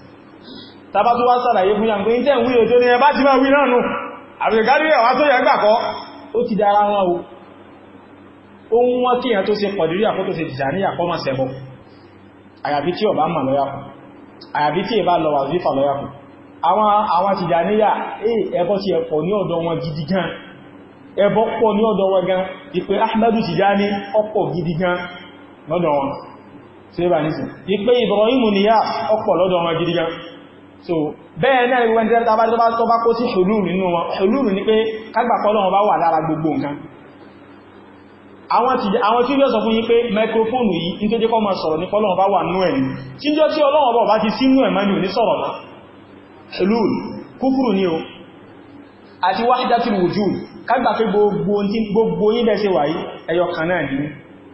tàbá tó wá sàlàyé fún yàn pé ní tẹ́wí ètò ní ẹbá ti máa wí náà nù àbìrìkárí ẹ̀wà tó yẹ gbàkọ́ ó ti dára wọn o ó ń wọ́n kí èyàn tó se pọ̀dìrí àkótó ṣe jìjà ní àkọ́mọ̀ sẹ́bọ̀ àyàbí tí ọba mà lọ́yàkù àyàbí tí ìbá lọ wà sí fàlọ́yàkù àwọn àwọn tìjà níyà eh, ẹbọ ti ẹ̀pọ̀ ní ọ̀dọ̀ wọn gidi gan ẹbọ pọ̀ ní ọ̀dọ̀ wọn gan ìpè Ahmadu Tijani ọ̀pọ̀ lọ́dọ̀ wọn gidi gan so bẹ́ẹ̀ náà ìwọ̀n jẹ́ tàbá tó bá tó bá kó sí hulul nínú wọn hulul ní pé kágbàkọ́lọ́wọ́ bá wà lára gbogbo nǹkan àwọn tí yóò sọ fún yín pé microphone yìí ní tó jẹ́ kó máa sọ̀rọ̀ ní pọ́lọ́wọ́ bá wà nú ẹ̀ ní tí jọ tí Ọlọ́run bá bá ti sínú ẹ̀ mẹ́lú ní sọ̀rọ̀ náà hulul kúfùrù ní o àti wahdatul wujud kágbà pé gbogbo yín bẹ́ ṣe wà yí ẹyọ kan náà ní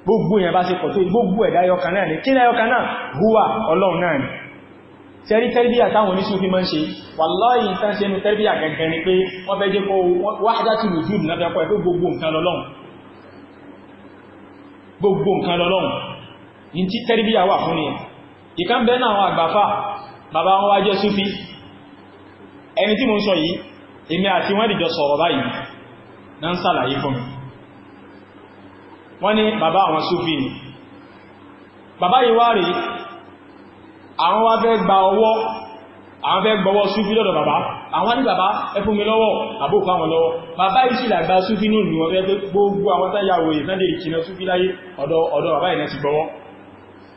gbogbo yẹn bá ṣe pọ̀ tó gbogbo ẹ̀dá ẹyọ kan náà ní kí ni ẹyọ kan náà huwa Ọlọ́run náà sẹ́rí tẹ́rbíyà táwọn oníṣúfí máa ṣe wàláhì tán ṣe ní tẹ́rbíyà gẹ̀gẹ̀ ni pé wọ́n fẹ́ jẹ́ kó wahdatul wujud náà fẹ́ kọ́ ẹ̀ pé gbogbo nǹkan lọ́lọ́run gbogbo nǹkan lọ́lọ́run ní tí tẹ́rbíyà wà fún nìyẹn ìkan bẹ́ẹ̀ náà àwọn àgbàfà bàbá wọn wá jẹ́ súfí ẹni tí mo ń sọ yìí èmi àti wọ́n dìjọ sọ̀rọ̀ báyìí náà ń sàlàyé fún mi wọ́n ní bàbá àwọn súfí ni bàbá yìí wá rèé àwọn wá fẹ́ gba ọwọ́ àwọn fẹ́ gbọ́wọ́ súfí lọ́dọ̀ bàbá àwọn ní bàbá ẹ fún mi lọ́wọ́ àbò fáwọn lọ́wọ́ bàbá yìí sì làgbà súfí nù ní wọ́n fẹ́ pé gbogbo àwọn táyà òye náà lè jìnà súfí láyé ọ̀dọ̀ ọ̀dọ̀ bàbá yìí náà ti gbọ́wọ́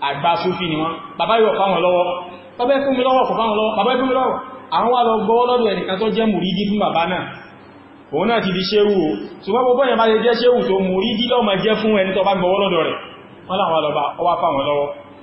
àgbà súfí ni wọ́n bàbá yìí fáwọn lọ́wọ́ bàbá fún mi lọ́wọ́ fáwọn lọ́wọ́ bàbá fún mi lọ́wọ́ àwọn òun náà ti di ṣéwù o ṣùgbọ́n gbogbo èèyàn bá lè jẹ́ ṣéwù tó mùrídí lọ́mọ jẹ́ fún ẹni tó bá rẹ̀ wọ́n láwọn lọ ọwá fáwọn lọ́wọ́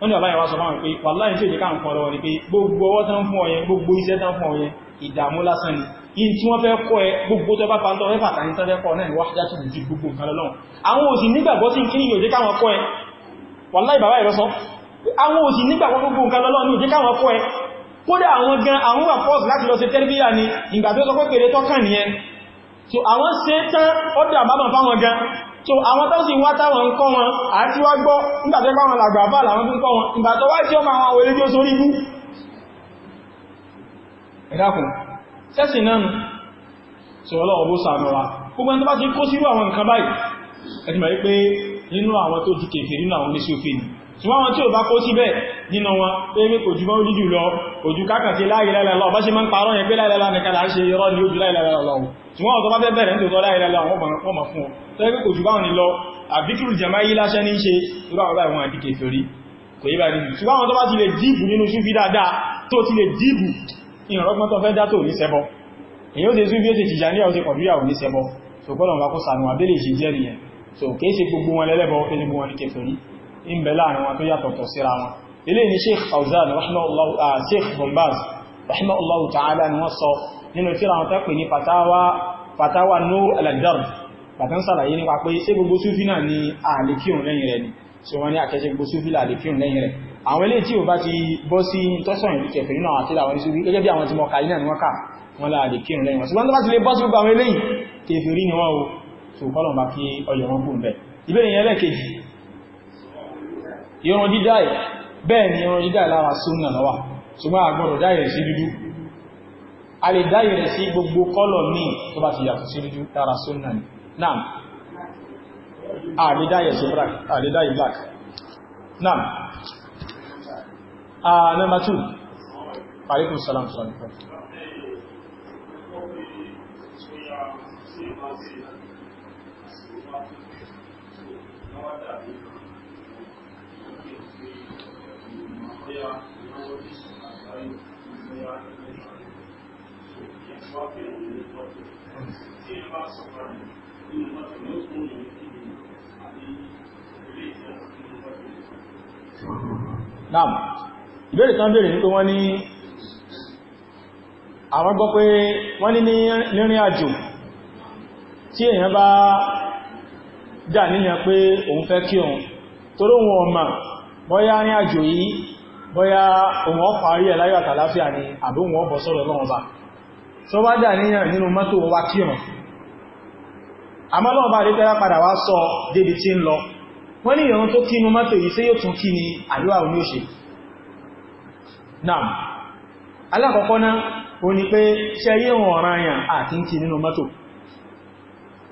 wọ́n ni ọláyẹ̀wá sọ máa pé wàláyìn tí ó jẹ́ káà ń kọ́ lọ́wọ́ ni pé gbogbo ọwọ́ tán fún ọyẹn gbogbo iṣẹ́ tán fún ọyẹn ìdààmú lásán ni in tí wọ́n fẹ́ kọ́ ẹ gbogbo tó bá pàntọ́ fẹ́ fàtàní tán fẹ́ kọ́ náà ni wájá tó ju gbogbo nǹkan lọ́lọ́run àwọn òsì nígbàgbọ́ sí kí yóò jẹ́ káwọn kọ́ ẹ wàláì bàbá ìrọsọ àwọn òsì nígbàgbọ́ gbogbo nǹkan lọ́lọ́run yóò jẹ́ káwọn kọ́ ẹ kódà àwọn gan àwọn wà pọ́s láti lọ sí tẹ́lifíà ni ìgbà tó sọ pé pèrè tọ́kàn nìyẹn so àwọn ṣe tán ọdọ̀ àbábọ̀ fáwọn gan so àwọn tó sì wá táwọn ń kọ́ wọn àti wá gbọ́ nígbàtẹ́ káwọn làgbàbà làwọn tó ń kọ́ wọn ìgbà tó wá tí ó máa wọn wọlé bí ó sórí ibú ẹ̀dàkùn sẹ́sì náà nù sọ ọlọ́wọ́ bó sàánà wa gbogbo ẹni tó bá ti kó sírú àwọn nǹkan báyìí ẹ̀dìmọ̀ wípé nínú àwọn tó ju kèfèrí nínú àwọn oníṣòfin ni ṣùgbọ́n wọn tí ò bá kó síbẹ̀ nínú wọn pé ní kò jù mọ́ dídì lọ òjù kákàtí láìláìláìlọ́ bá ṣe máa ń parọ́ yẹn pé láìláìláìkàlà ṣe irọ́ ní ojú láìláìláìlọ́ ṣùgbọ́n ọ̀tọ́ bá fẹ́ bẹ̀rẹ̀ ní tòótọ́ láìláìláìlọ́ wọ́n mọ̀ fún ọ tó yẹ pé kò jù bá wọn lọ àbíkìrù jẹ̀má yí láṣẹ́ ní ṣe irú àwọn báyìí wọn àdíkè sórí kò yí báyìí ṣùgbọ́n àwọn tó bá ti lè dìbù nínú súnfí dáadáa tó ti lè dìbù ìrànlọ́gbọ́n tó fẹ́ dátò ní sẹ́bọ́ èyí ó ṣe súnfí ó ṣe tìjà ní ọ̀ṣẹ́ kọ̀dúyà ò ní sẹ́bọ́ so gbọ́dọ̀ wọn kó sànù àbẹ́lẹ̀ ìṣe jẹ́rìí yẹn so kìí ṣe gbogbo wọn lẹ́lẹ́bọ̀ ó ṣe gbogbo wọn ní kẹfẹ́ rí ń bẹ láàrin wọn tó yàtọ̀tọ̀ síra wọn ilé ni sheikh fauzan ah, sheikh bombaz rahimahullahu ta'ala ni wọ́n sọ nínú tíra wọn tẹ́pẹ̀ ní fatawa fatawa nur aladar bàtán sàlàyé nípa pé ṣé gbogbo súfí náà ni àlékíhùn lẹ́yìn rẹ̀ ni so wọ́n ní àkẹ́ṣe gbogbo súfí àlékíhùn lẹ́yìn rẹ̀ àwọn ilé tí ò bá ti bọ́ sí tọ́sàn ìlú kẹfẹ̀ nínú àwọn àti àwọn ìṣúrí gẹ́gẹ́ bí àwọn tí mọ̀ kàrí náà ni wọ́n irun dídá ẹ̀ bẹ́ẹ̀ ni irun dídá lára súnà lọ́wà ṣùgbọ́n àgbọ̀dọ̀ dá ìrẹ̀ sí dúdú a lè dá ìrẹ̀ sí gbogbo kọ́lọ̀ míì tó bá ti yàtọ̀ sí dúdú lára súnà number two alaikum salam Thank you. Naam, ìbéèrè kan béèrè nípa wọ́n ní àwọn gbọ́ pé wọ́n ní nírìn àjò tí èèyàn bá dà níyàn pé òun fẹ́ kí òun torí òun ọmọ bóyá òun ọ̀pọ̀ àrí ẹ̀ àtàláfíà ni àbí òun ọ̀bọ̀ sọ́rọ̀ lọ́wọ́ bá tó bá dà níyàn nínú mọ́tò wá kírùn àmọ́ lọ́wọ́ bá lẹ́tẹ́rà padà wá sọ débi tí ń lọ wọ́n ní ìrun tó kínú mọ́tò yìí sí yóò tún kí ni àríwá òní òṣè náà alákọ̀ọ́kọ́ náà ó ní pé ṣe yé wọn ọ̀ràn àyàn àti ń kí nínú mọ́tò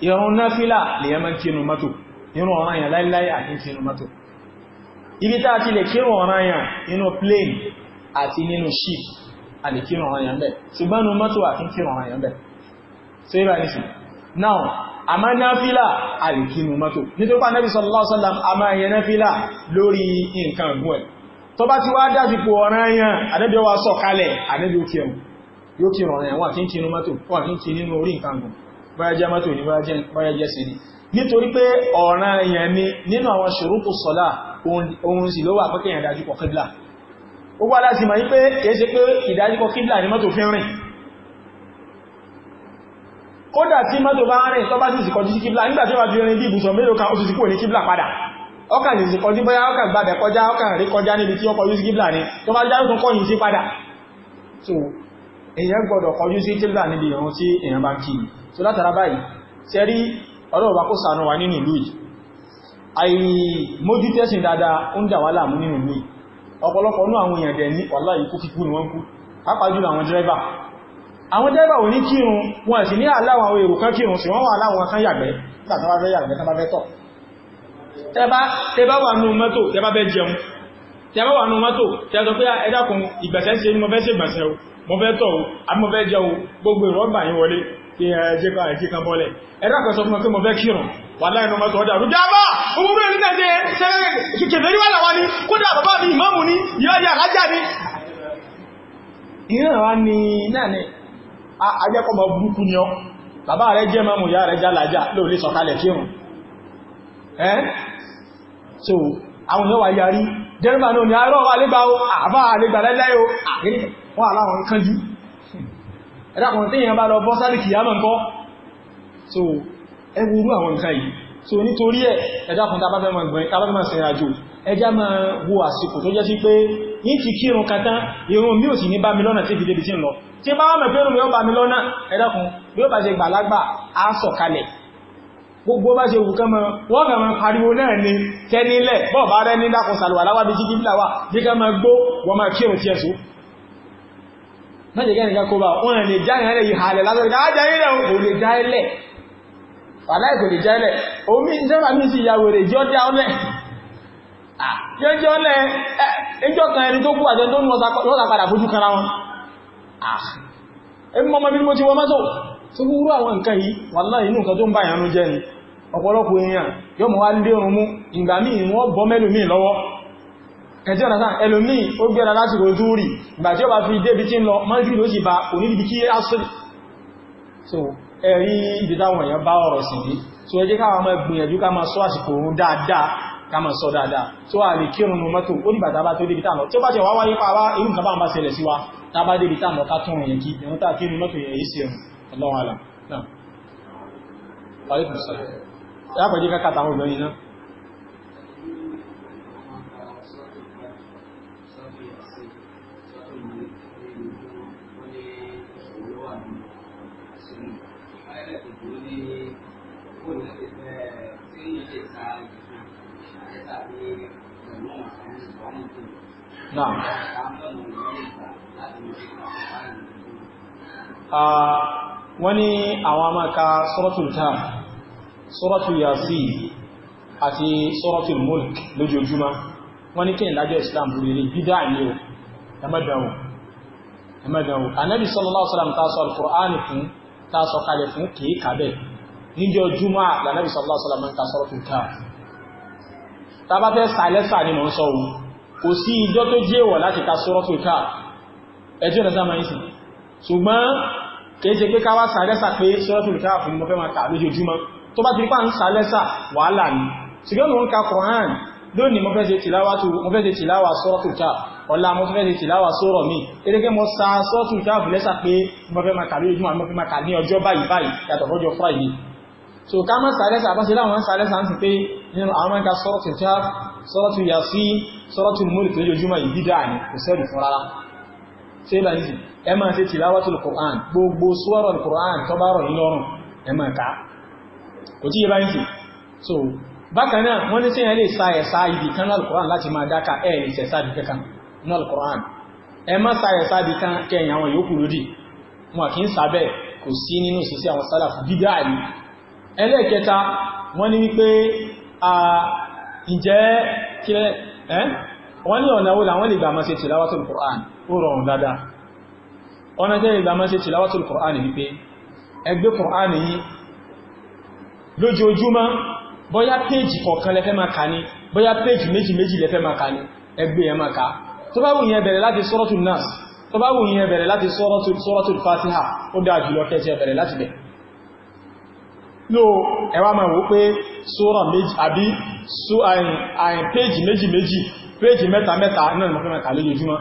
ìrun náfílà lèyàn máa ń kí nínú mọ́tò ìrun ọ̀ràn àyàn láíláí àti ń kí nínú mọ́tò ibi tá a ti lè kírun ọ̀ranyàn nínú plane àti nínú ship a lè kírun ọ̀ranyàn bẹ́ẹ̀ ṣùgbọ́n nínú mọ́tò àti kírun ọ̀ranyàn bẹ́ẹ̀ so yíra ní sí now a máa náfílà a lè kírun mọ́tò nítorí pa Ànábì sallallahu alaihi wasallam a máa yẹ náfílà lórí nǹkan gùn ẹ̀ tó bá ti wá dásìkò ọ̀ranyàn Ànábì wa sọ kalẹ̀ Ànábì ó kírun yóò kírun ọ̀ranyàn wọn àti ń kírun mọ́tò wọn àti ni nítorí pé ọ̀ranyàn ni ohun sì ló wà pé kẹ́yàn dájú kọ kíblà ó wá láti ma yí pé kèése pé ìdájúkọ kíblà ní mọ́tò fi rìn kódà tí mọ́tò bá rìn tọ́bá sì kọjú sí kíblà nígbà tí wà fi rìn bí ibùsọ̀ mélòó kan ó sì kúrò ní kíblà padà ọkàn sì kọjú bóyá ọkàn gbàbẹ̀ kọjá ọkàn rí kọjá níbi tí ó kọjú sí kíblà ní tó àì mójú tẹ́sìn dáadáa ó ń dà wá láàmú nínú ìlú ọ̀pọ̀lọpọ̀ ní àwọn èèyàn dẹ̀ ní ọ̀lá ikú kíkú ni wọ́n kú pápájúlọ àwọn dẹ́rẹ́bà àwọn dẹ́rẹ́bà ò ní kírun wọn sì ní àláwọn àwọn èrò kan kírun sí wọ́n wà láwọn kan yàgbẹ́ tẹ́bá wà nú mọ́tò tẹ́bá bẹ́ jẹun tẹ́bá wà nú mọ́tò tẹ́bá pé ah, ẹ̀dàkùn ìgbẹ̀sẹ̀ pé ẹjẹ́kà ìkíkan bọ́lẹ̀ ẹ̀dá kan sọ fún ọkọ́ mọ̀ fẹ́ kírùn wà láìnà ọmọ tọ́dá rú dábà ogúnrú ẹni tẹ́jẹ́ kèfèrí láwá ní kódà bàbá mi ìmáàmù ní ìyá ni náà ni ajẹ́kọ́ mọ̀ burúkú ni ọ bàbá rẹ̀ jẹ́ mọ́mù ìyá rẹ̀ jálájá ló lè sọ̀kalẹ̀ kírùn ẹ́ so àwọn yọ́wà yarí jẹ́rìmà náà ni arọ́ àlégbà àbá ẹ̀dàkùn tí èyàn bá lọ bọ́ sáré kìyàmọ̀ ńkọ́ so ẹwúrú àwọn nǹkan yìí so nítorí ẹ̀ ẹ̀dàkùn tá bá fẹ́ máa sẹ̀rìn àjò ẹjá máa wo àsìkò tó jẹ́ sí pé ní ti kírun kátán irun mi ò sì ní bá mi lọ́nà tí fi débi tí ń lọ tí bá wà mẹ́pẹ́ rùn bá mi lọ́nà ẹ̀dàkùn bí bá ṣe gbàlágbà á sọ̀kalẹ̀ gbogbo bá ṣe wù kánmọ́ wọ́n kàn pariwo náà ni tẹ́nílẹ̀ bọ́ọ̀ bá rẹ́ ní dákùn sàlùwà láwábi jígí bíláwà bí kánmọ́ gbó mẹ́jẹ̀gẹ́ nìkan kó bá wọn lè já ìrìnlẹ̀ ìhàlẹ̀ látọ̀rọ̀ ajá ìrẹ̀ kò lè já ilẹ̀ fàdáì kò lè já ilẹ̀ omi ìjọba mi sì ya wèrè jọ já ọlẹ̀ jọjọ ọlẹ̀ ẹjọ́ kan ẹni tó kú àjọ tó ń lọ́ta padà fojú kan wọn ẹmú ọmọ bí mo ti wọ́n mọ́tò tó kúrú àwọn nǹkan yìí wàláhì inú nǹkan tó ń bá ìyanu jẹ́ ni ọ̀pọ̀lọpọ̀ èèyàn yóò mọ̀ ẹ̀tí ọ̀nà sáà ẹlòmí ó gbẹ́ra láti rojú rí ìgbà tí ó bá fi débi tí ń lọ mọ́jú ló sì bá oníbi kí ásìrì so ẹ̀rí ìdítáwọn èèyàn bá ọ̀rọ̀ sí bí so ẹ jẹ́ ká máa gbìyànjú ká máa sọ àsìkò oòrùn dáadáa ká máa sọ dáadáa tó à lè kírun nu mọ́tò ó dìgbà tábà tó débi táàmọ́ tó bá ṣe wá wáyé pa wá irú nǹkan bá ń bá ṣẹlẹ̀ sí wa tábà débi táàmọ́ ká tún èèyàn kí ìrún tá kírun mọ́tò yẹn yìí sí ẹ̀rùn ọlọ́run àlà náà òun ni bóòlù ẹ̀ àwọn ìfọ̀mù tó náà kámọ́nù lè gbà suratul Taha suratul Yasin àti suratul Mulk lójoojúmọ́ wọ́n ní kí ìlàjọ́ Islam lórí bídá ní o ẹmẹ́dànwò ẹmẹ́dànwò Ànábì sallallahu alaihi wasallam ta sọ al-Qur'ani fún tá a sọ kalẹ̀ fún kìí kàbẹ̀ níjọ́ júmọ́ lànàbí sallallahu alaihi wasallam ń ka sọ́rọ̀ tún káà tá a bá fẹ́ sàlẹ́sà ni mò ń sọ òun kò sí ìjọ tó pé ká wá pé sọ́rọ̀ káà fún mo fẹ́ máa kà lójoojúmọ́ tó bá ti pa ń sàlẹ́sà wàhálà ni ṣùgbọ́n mò ń ka Qur'an lónìí mo ṣe tìláwà sọ́rọ̀ káà ọ̀la mo tún fẹ́ ṣe tìláwà sọ́rọ̀ mi erékẹ́ mo sa sọ́ọ̀tù káàbù lẹ́sà pé mo fẹ́ máa kà lórí ìjùmọ̀ mo fẹ́ máa kà ní ọjọ́ báyìí báyìí yàtọ̀ fọ́jọ́ friday so ká má sa lẹ́sà bá ṣe láwọn ń sa lẹ́sà ń sì pé nínú àwọn máa ń ka sọ́ọ̀tù káàbù sọ́ọ̀tù yàsí sọ́ọ̀tù múlùkì lójoojúmọ́ yìí dídá ni kò sẹ́rù fún rárá wọ́n ní sí ẹ lè sa ẹ̀sà ibì láti máa dáka ẹ̀ lè sẹ̀sà ní alukoran ẹ má sáyẹ̀ sábi kan kẹyìn àwọn yòókù lódì wọn kì í sábẹ̀ kò sí nínú ìṣesí àwọn sálàfù bídá ni ẹlẹ́ẹ̀kẹta wọ́n ní wípé a ìjẹ́ kílẹ̀ ẹ́ wọ́n ní ọ̀nà wo làwọn lè gbà máa ṣe tìláwàtòlù Qur'an ó rọrùn dáadáa ọ̀nà tẹ́ lè gbà máa ṣe tìláwàtòlù Qur'an wípé ẹgbẹ́ Qur'an yìí lójoojúmọ́ bóyá péjì kọ̀ọ̀kan lẹ́fẹ́ máa ka bóyá péjì méjì méjì lẹ́fẹ́ máa ẹgbẹ́ yẹn tó bá wù yẹn bẹ̀rẹ̀ láti sọ́rọ̀tù nas tó bá wù yẹn bẹ̀rẹ̀ láti sọ́rọ̀tù fatiha ó dá jùlọ kẹjẹ bẹ̀rẹ̀ láti bẹ̀ ló ẹwà máa wó pé sọ́rọ̀ méjì àbí péjì méjì méjì péjì mẹ́ta mẹ́ta náà mọ́fẹ́ mẹ́ta lójoojúmọ́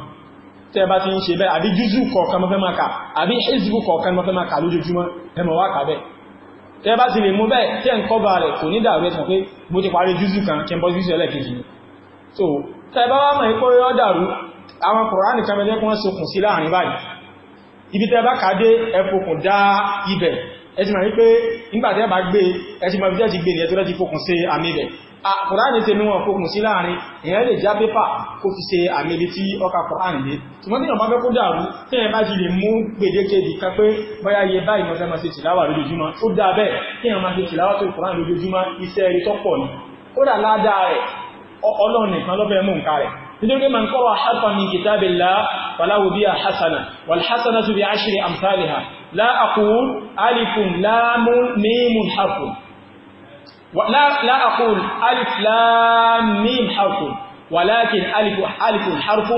tẹ́ bá ti ń ṣe bẹ́ẹ̀ àbí júzù kọ̀ọ̀kan mọ́fẹ́ máa kà àbí hizbu kọ̀ọ̀kan mọ́fẹ́ máa kà lójoojúmọ́ ẹmọ̀ wá kà bẹ́ẹ̀ tẹ́ bá ti lè mú bẹ́ẹ̀ tẹ́ ń kọ́ bá rẹ̀ kò ní dàrú ẹ̀sàn pé mo tẹbá wá mọ̀ ipò yọ́ dàrú àwọn kòránì kan mẹ́lẹ́kún wọ́n sokùn sí láàrin báyìí ibi tẹbá kàdé ẹfòkùn dá ibẹ̀ ẹjì máa wípé nígbàtẹ́ bá gbé ẹjì máa fíjẹ́ ti gbé ní ẹ̀tọ́lẹ́ ti fòkùn sí àmì ibẹ̀ kòránì tẹ níwọ̀n fòkùn sí láàrin èyàn lè já pépà kó fi ṣe àmì tí ọkà kòránì lé ṣùgbọ́n tí ìyọ̀mọ́ fẹ́ kó tí ẹ bá ti lè mú gbèdéke di kan pé bóyá iye báyìí mọ́sẹ́ máa ṣe tìláwà lójoojúmọ́ ó dá bẹ́ẹ̀ kí ẹ máa ọlọ́run nìkan lọ́fẹ́ mú nǹkan rẹ̀ nítorí man qara'a harfan min kitabillah falahu biha hasana wal hasanatu bi ashri amthaliha la aqul alifun lamun mimun harfun لا أقول ألف لام ميم حرف ولكن ألف ألف حرف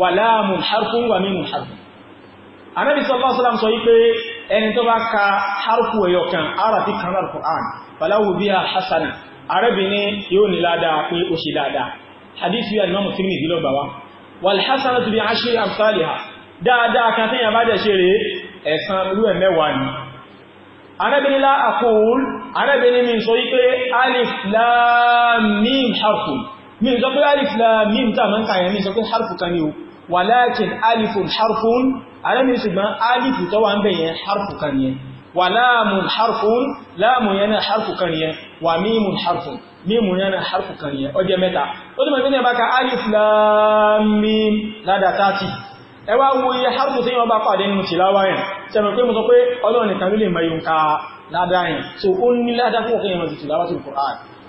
ولام arábìnrin yóò ní ládàá pé ó ṣe dáadáa hadith yóò alimọ́mù tí ní ìdílọ́gbà wa wàlhásánà tó bí aṣí àmsálìhà dáadáa kan tí yàmá jẹ́ ṣe rẹ̀ ẹ̀sán irú ẹ̀ mẹ́wàá ni arábìnrin lá àkóhùn arábìnrin mi sọ wípé alif lam mim harfu mi sọ pé alif lam mim tá mọ́ ń kàyẹ̀ mi sọ pé harfu wa láàmùn harfún láàmùn yana harfù kan yẹn wa mímùn harfún mímùn yana harfù kan yẹn ó jẹ́ mẹ́ta ó dí mẹ́ta ní ẹbá ka alif lam mim ládà 30 ẹwà wo iye harfù tí wọ́n bá pàdé nínú tìláwà yẹn sẹ́mọ̀ pé mo sọ pé ọlọ́run nìkan ló lè mọ yunka ládà yẹn so ó ní ládà fún òkè yẹn mọ̀ sí tìláwà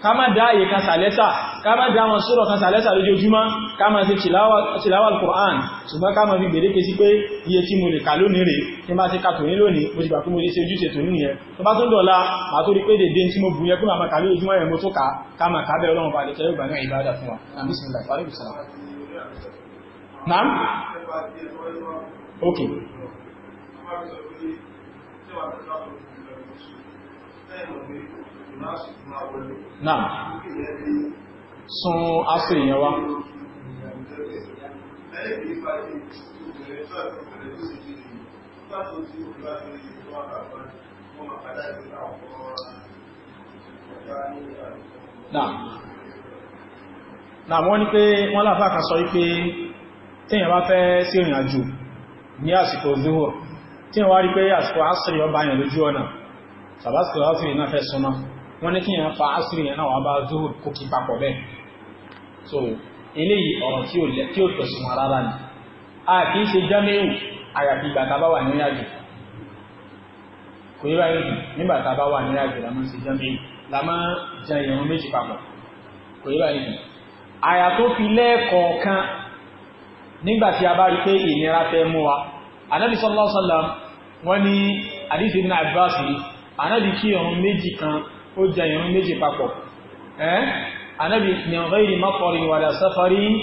ká má dá àyè kan sàlẹ́sà ká má dá wọn sọ́rọ̀ kan sàlẹ́sà lójoojúmọ́ ká má ṣe tìláwà al-Qur'an ṣùgbọ́n ká má fi gbèdéke sí pé iye tí mo lè kà lónìí rè tí má ti ka tòní lónìí mo ti gbà pé mo ti ṣe ojúṣe tòní yẹn tó bá tún dọ̀la màá tó rí pé dèdè tí mo bù yẹ pé màá máa kà lójoojúmọ́ yẹn mo tó kà ká má kà bẹ́ẹ̀ ọlọ́run balẹ̀ kẹ́rù ìbànú ìbádà fún wa Naam? Okay. Thank you náà sun aṣọ èèyàn wá náà wọ́n ní pé wọ́n láfáà kan sọ wípé tíyàn bá fẹ́ sí ìrìn àjò ní àsìkò zuhur tíyàn wá rí pé àsìkò asìrì ọba yẹn lójú ọ̀nà sàbásìkò ọ́fìn náà fẹ́ súnmọ́ wọ́n ní kí yẹn fa asiri yẹn náà wọ́n bá zuhur kó kí papọ̀ bẹ́ẹ̀ so eléyìí ọ̀rọ̀ tí ó lẹ tí ó tẹ̀sùn wọn rárá ni a kì í ṣe jámẹ́wò àyàfi ìgbà tá a bá wà ní ìrìnàjò kò yẹ báyìí jù nígbà tá a bá wà ní ìrìnàjò la ṣe jámẹ́wò la máa ń méjì papọ̀ kò yẹ báyìí jù àyà tó fi lẹ́ẹ̀kọ̀ọ̀kan nígbà tí a bá rí pé ìnira fẹ́ mú wa anábì sallallahu alaihi wasallam wọ́n ní àdìsí ibn ó jẹ ìrún méjì papọ̀ ẹ́ anábi min ghairi matarin wala safarin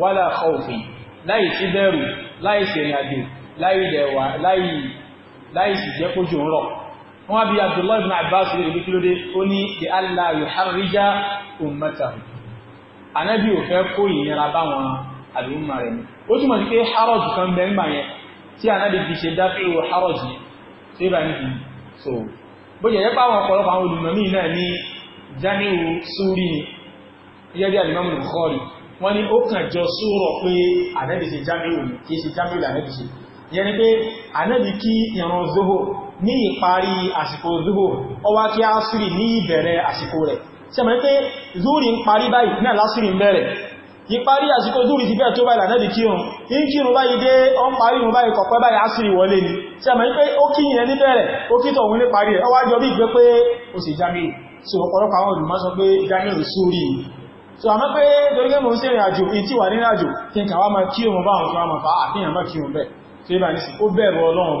wala khawfin láì sí bẹ̀rù láì sí ìrìnàjò láì dẹ̀wà láì sì jẹ́ kójú ń rọ̀ wọ́n bí Abdullahi ibn Abbas lè rí kílódé ó ní di Allah yuharrija ummatahu anábi ò fẹ́ kó ìnira báwọn àlùmọ̀ rẹ̀ ni ó túnmọ̀ sí so bó jẹ́ yẹ́pá àwọn ọ̀pọ̀lọpọ̀ àwọn olùmọ̀mí náà ní jamiu suri ni gẹ́gẹ́ bí alimami bukhari wọ́n ní ó kàn jọ sóòrọ̀ pé ànábì ṣe jamiu ni kì í ṣe jamiu ni ànábì ṣe ìyẹn ni pé ànábì kí ìran zoho ní ìparí àsìkò zoho ọwá kí á ní ìbẹ̀rẹ̀ àsìkò rẹ̀ ṣe pé zuri ń parí báyìí náà lásìrì ń bẹ̀rẹ̀ ìparí àsìkò dúrì ti fẹ́ tó báyìí lànẹ́bì kírun in kírun báyìí dé ọ ń parí ìrun báyìí kọ̀pẹ́ báyìí àṣírí wọlé ni tí a mọ̀ pé ó kí yẹn ní bẹ̀rẹ̀ ó kí tọ̀hún ní parí ẹ̀ ọwá jọ bí ìgbé pé ó sì jáde so ọ̀pọ̀lọpọ̀ àwọn olùmọ̀ sọ pé Daniel sórí so àmọ́ pé dorige mo ń ṣe ìrìnàjò in tí wà nínú àjò kí n kàwá máa kírun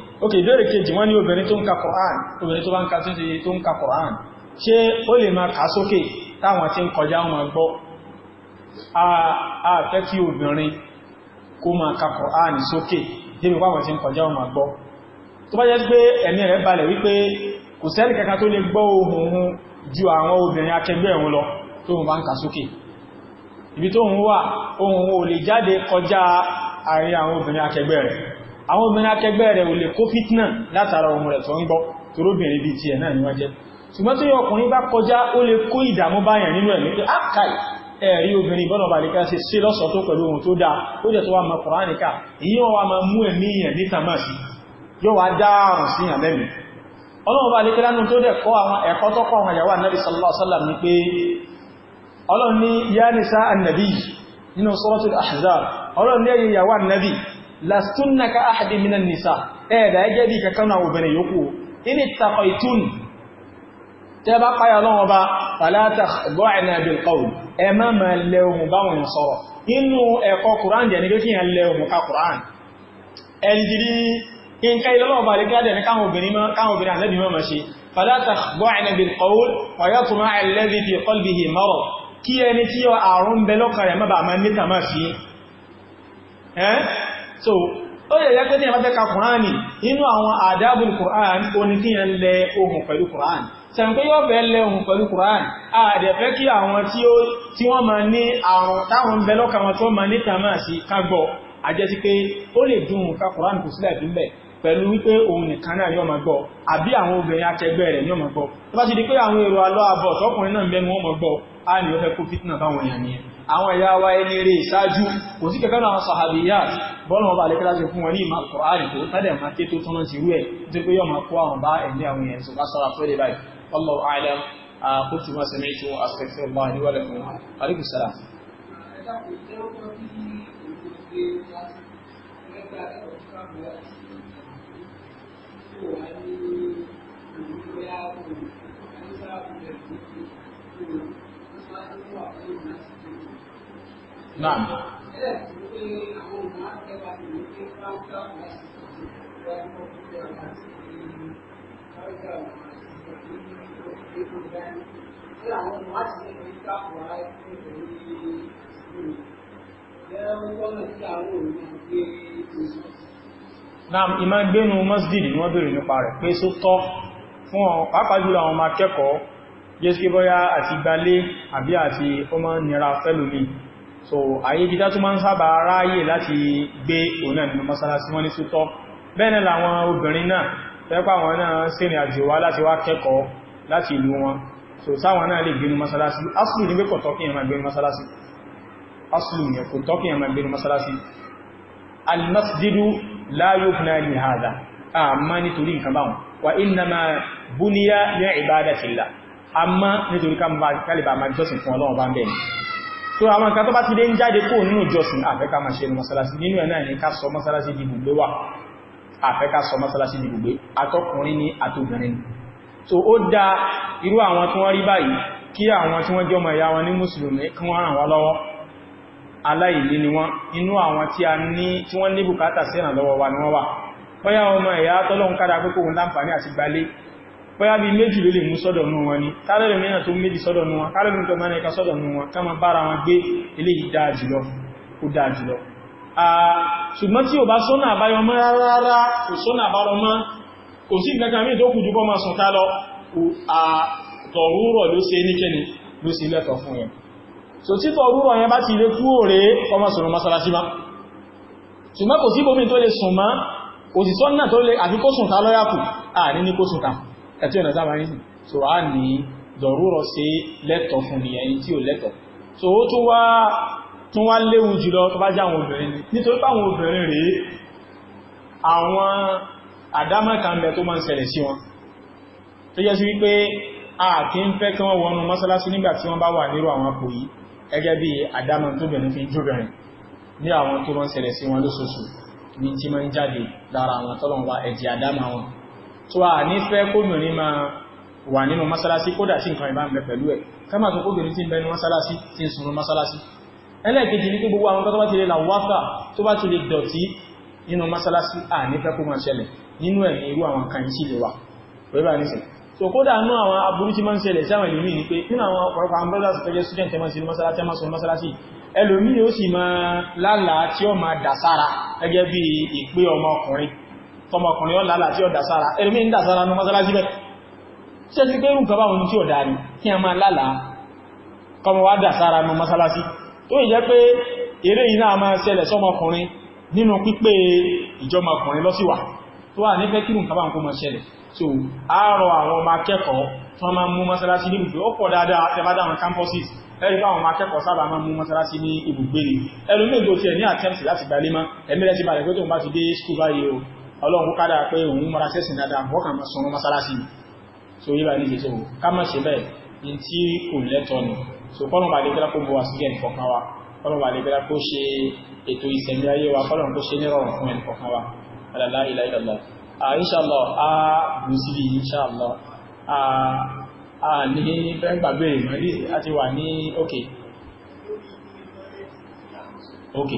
ok ìbéèrè kejì wọ́n ní obìnrin tó ń ka Qur'an obìnrin tó bá ń ka tó ń ka Qur'an ṣé ó lè máa kà sókè táwọn tí ń kọjá wọn gbọ́ a fẹ́ kí obìnrin kó máa ka Qur'an sókè débi wáwọn tí ń kọjá wọn gbọ́ tó bá jẹ́ pé ẹ̀mí rẹ̀ balẹ̀ wípé kò sẹ́lì kankan tó lè gbọ́ ohùn ju àwọn obìnrin akẹgbẹ́ ẹ̀hún lọ tó hun bá ń kà sókè ibi tó hun wà ohùn ò lè jáde kọjá àárín àwọn obìnrin akẹgbẹ́ rẹ̀ àwọn obìnrin akẹgbẹ́ rẹ̀ ò lè kó fitna látara ohun rẹ̀ tó ń gbọ́ torobìnrin bíi tiẹ̀ náà ni wọ́n jẹ́ ṣùgbọ́n tí ọkùnrin bá kọjá ó lè kó ìdààmú báyàn nínú ẹ̀mí pé ákàì ah, ẹ̀rí obìnrin bọ́nà bá lè ká ṣe ṣe lọ́sọ̀ tó pẹ̀lú ohun tó dáa ó jẹ́ tó wá mọ kùránìkà ìyẹn wá máa mú ẹ̀mí yẹn níta máa sí yóò wá dáàrùn lastunna ka ahadi minan nisa ẹ̀ẹ̀dà ẹgẹ́ bí kankan àwọn obìnrin yòókù inì takọ̀ìtún tẹ́ bá páyà lọ́wọ́ bá falata gbọ́ẹ̀nà bil qawl ẹ má ma lẹ́ọ̀mù báwọn yàn sọ̀rọ̀ inú ẹ̀kọ́ kùrán jẹ́ ní pé kíyàn lẹ́ọ̀mù ká kùrán ẹnjìrí nǹkan ilọ́lọ́wọ́ bá lè kí adẹ̀ ní káwọn obìnrin àlẹ́bí mọ́ ṣe falata gbọ́ẹ̀nà bil qawl ọ̀yọ́tùmá alladhi fi qalbihi marad kí ẹni tí àrùn bẹ lọ́kàn rẹ̀ má bàa máa níta máa fi so ó yẹ yẹ́ pé ní ẹ̀mọ́fẹ́ ka kùránì nínú àwọn àdábùn kùránì oní kí yẹn lẹ ohun pẹ̀lú kùránì sẹ̀m pé yóò fẹ́ lẹ ohun pẹ̀lú kùránì àdẹ̀fẹ́ kí àwọn tí wọ́n ma ní àrùn táwọn bẹ lọ́kà wọn tó ma ní tàmà sí kágbọ́ àjẹ́sí pé ó lè dùn ka kùránì kò sílẹ̀ bí mẹ́ pẹ̀lú wípé òun nìkan náà yóò máa gbọ́ àbí àwọn obìnrin àwọn ẹ̀yà wa ẹni rẹ̀ ìṣáájú kò sí kẹfẹ́ àwọn sahabiyat bọ́ọ̀lù wọn bá lè kíláṣẹ fún wọn ní ìmọ̀ Kùránì tó tẹ́lẹ̀ máa ké tó tọ́nà sí rú ẹ̀ tó pé yọ máa kó àwọn bá ẹ̀mí àwọn èèyàn tó bá sọ́ra tó báyìí Thank you. Naam. Naam, ìmá gbénu masjid ni wọ́n bèèrè nípa rẹ̀ pé só tọ́ fún ọ̀n pàápàá jùlọ àwọn ọmọ akẹ́kọ̀ọ́, Jésù kí bọ́yá àti gbalé àbí àti ọmọ nira fẹ́lú ní so ayé bí dátú máa ń sábà ráyè láti gbé òun náà nínú mọ́sálásí wọ́n ní sútọ́ bẹ́ẹ̀ náà làwọn obìnrin náà tẹ́pà wọn náà sínrin àjò wá láti wá kẹ́kọ̀ọ́ láti ìlú wọn so sáwọn náà lè gbénu mọ́sálásí asùlù ní pé kò tọ́kì ẹ̀mà gbénu mọ́sálásí asùlù ní kò tọ́kì ẹ̀mà gbénu mọ́sálásí almasjidu la yubna li hadha àmá nítorí nǹkan báwọn wà innama buniya ní ibadatillah àmá nítorí ká lè bá so àwọn nǹkan tó bá ti dé ń jáde kó nínú ìjọsìn àfẹ́ká máa ṣe mọ́sálásí nínú ẹ̀ náà ní ká sọ mọ́sálásí di ibùgbé wà àfẹ́ká sọ mọ́sálásí di ibùgbé àtọkùnrin ní àtobìnrin so ó dá irú àwọn tí wọ́n rí báyìí kí àwọn tí wọ́n jẹ́ ọmọ ìyá wọn ní mùsùlùmí kí wọ́n ràn wá lọ́wọ́ aláìlé a ní tí wọ́n ní bùkátà sí ìrànlọ́wọ́ wa ni wọ́n wà bóyá ọmọ ìyá tọ́lọ́hun kára pé kóhun bóyá bí méjì ló lè mú sọ́dọ̀ nú wọn ni kálẹ̀lẹ̀ mìíràn tó méjì sọ́dọ̀ nú wọn kálẹ̀lẹ̀ tó mẹ́rin ka sọ́dọ̀ nú wọn ká ma bára wọn gbé eléyìí dáa jùlọ ó dáa jùlọ ṣùgbọ́n tí ò bá sọ́nà àbáyọ mọ́ rárá kò sọ́nà àbárọ mọ́ kò sí nǹkan mí tó kù jù bọ́ ma sùn ká masalasi ma ṣùgbọ́n kò sí bómi tó lè sùn mọ́ kò sì sọ́nà tó lè àfikósùn ká lọ́yàkù àní ní kó sùn ká ẹ̀tí ọ̀nà sábà ní so a ní dọ̀rúrọ̀ sí lẹ́tọ̀ fún ní ẹni tí ò lẹ́tọ̀ so ó tún wá tún wá léwu jùlọ tó bá jẹ́ àwọn obìnrin nítorí páwọn obìnrin rèé àwọn àdámẹ́kànbẹ̀ tó máa ń ṣẹlẹ̀ sí wọn tó jẹ́ sí wípé a kì ń fẹ́ kí wọ́n wọnú mọ́sálásí nígbà tí wọ́n bá wà nírò àwọn àpò yìí gẹ́gẹ́ bí àdámọ̀ tó bẹ̀rẹ̀ fi jóbẹ̀rẹ̀ ní àwọn tó máa ń ṣẹlẹ̀ sí wọn lóṣooṣù ní tí máa ń jáde lára àwọn tọ́lọ̀wà ẹ̀jẹ̀ àdámọ̀ wọn tó a ní fẹ́ kóbìnrin máa wà nínú mọ́sálásí kódà sí nǹkan ìbá ń bẹ pẹ̀lú ẹ̀ kama tó kóbìnrin tí ń bẹnu mọ́sálásí tí ń sunú mọ́sálásí ẹlẹ́ẹ̀kejì ní gbogbo àwọn tó bá ti lè làwáfà tó bá ti lè dọ̀tí nínú mọ́sálásí à ní fẹ́ kó máa ṣẹlẹ̀ nínú ẹ̀ irú àwọn kan sí lè wà wẹ́bà ní sìn so kódà nú àwọn aburú tọmọkùnrin ọ lálà tí ó dására ẹ̀rùmí ń dására ní mọ́sálásí bẹ́ ṣe ti gbérùn kọba ohun tí ó dárí kí a máa lálà kọmọ wá dására ní mọ́sálásí tó ìjẹ́ pé eré iná a máa ṣẹlẹ̀ sọmọkùnrin nínú pípé ìjọmọkùnrin lọ́síwà tó wà ní pé kírùn kọba ohun ṣẹlẹ̀ àwọn akẹ́kọ̀ọ́ campuses ẹ̀rí bá àwọn akẹ́kọ̀ọ́ sábà máa mú mọ́sálásí ní ibùgbé ni ẹlòmíì tó tiẹ̀ ní attempt láti gbalé mọ́ ẹ̀mí rẹ̀ balẹ̀ pé tó ń bá ti dé school báyìí o ọlọ́run kádà pé òun mara sẹ́sìn dáadáa wọ́n kà máa sọnú mọ́sálásí so yíba ní ìgbésẹ̀ òun ká má ṣe bẹ́ẹ̀ ní tí kò lẹ́tọ̀ ni so kọ́nà bá lè gẹ́lá kó bọ́ wá sí ẹnì kọ̀ọ̀kan wa kọ́nà bá lè gẹ́lá kó ṣe ètò ìsẹ̀mí ayé wa kọ́nà kó ṣe nírọ̀rùn fún ẹnì kọ̀ọ̀kan wa alàlá inshallah a bù síbi inshallah a ní fẹ́ gbàgbé ìmọ̀lẹ́ àti wà ní òkè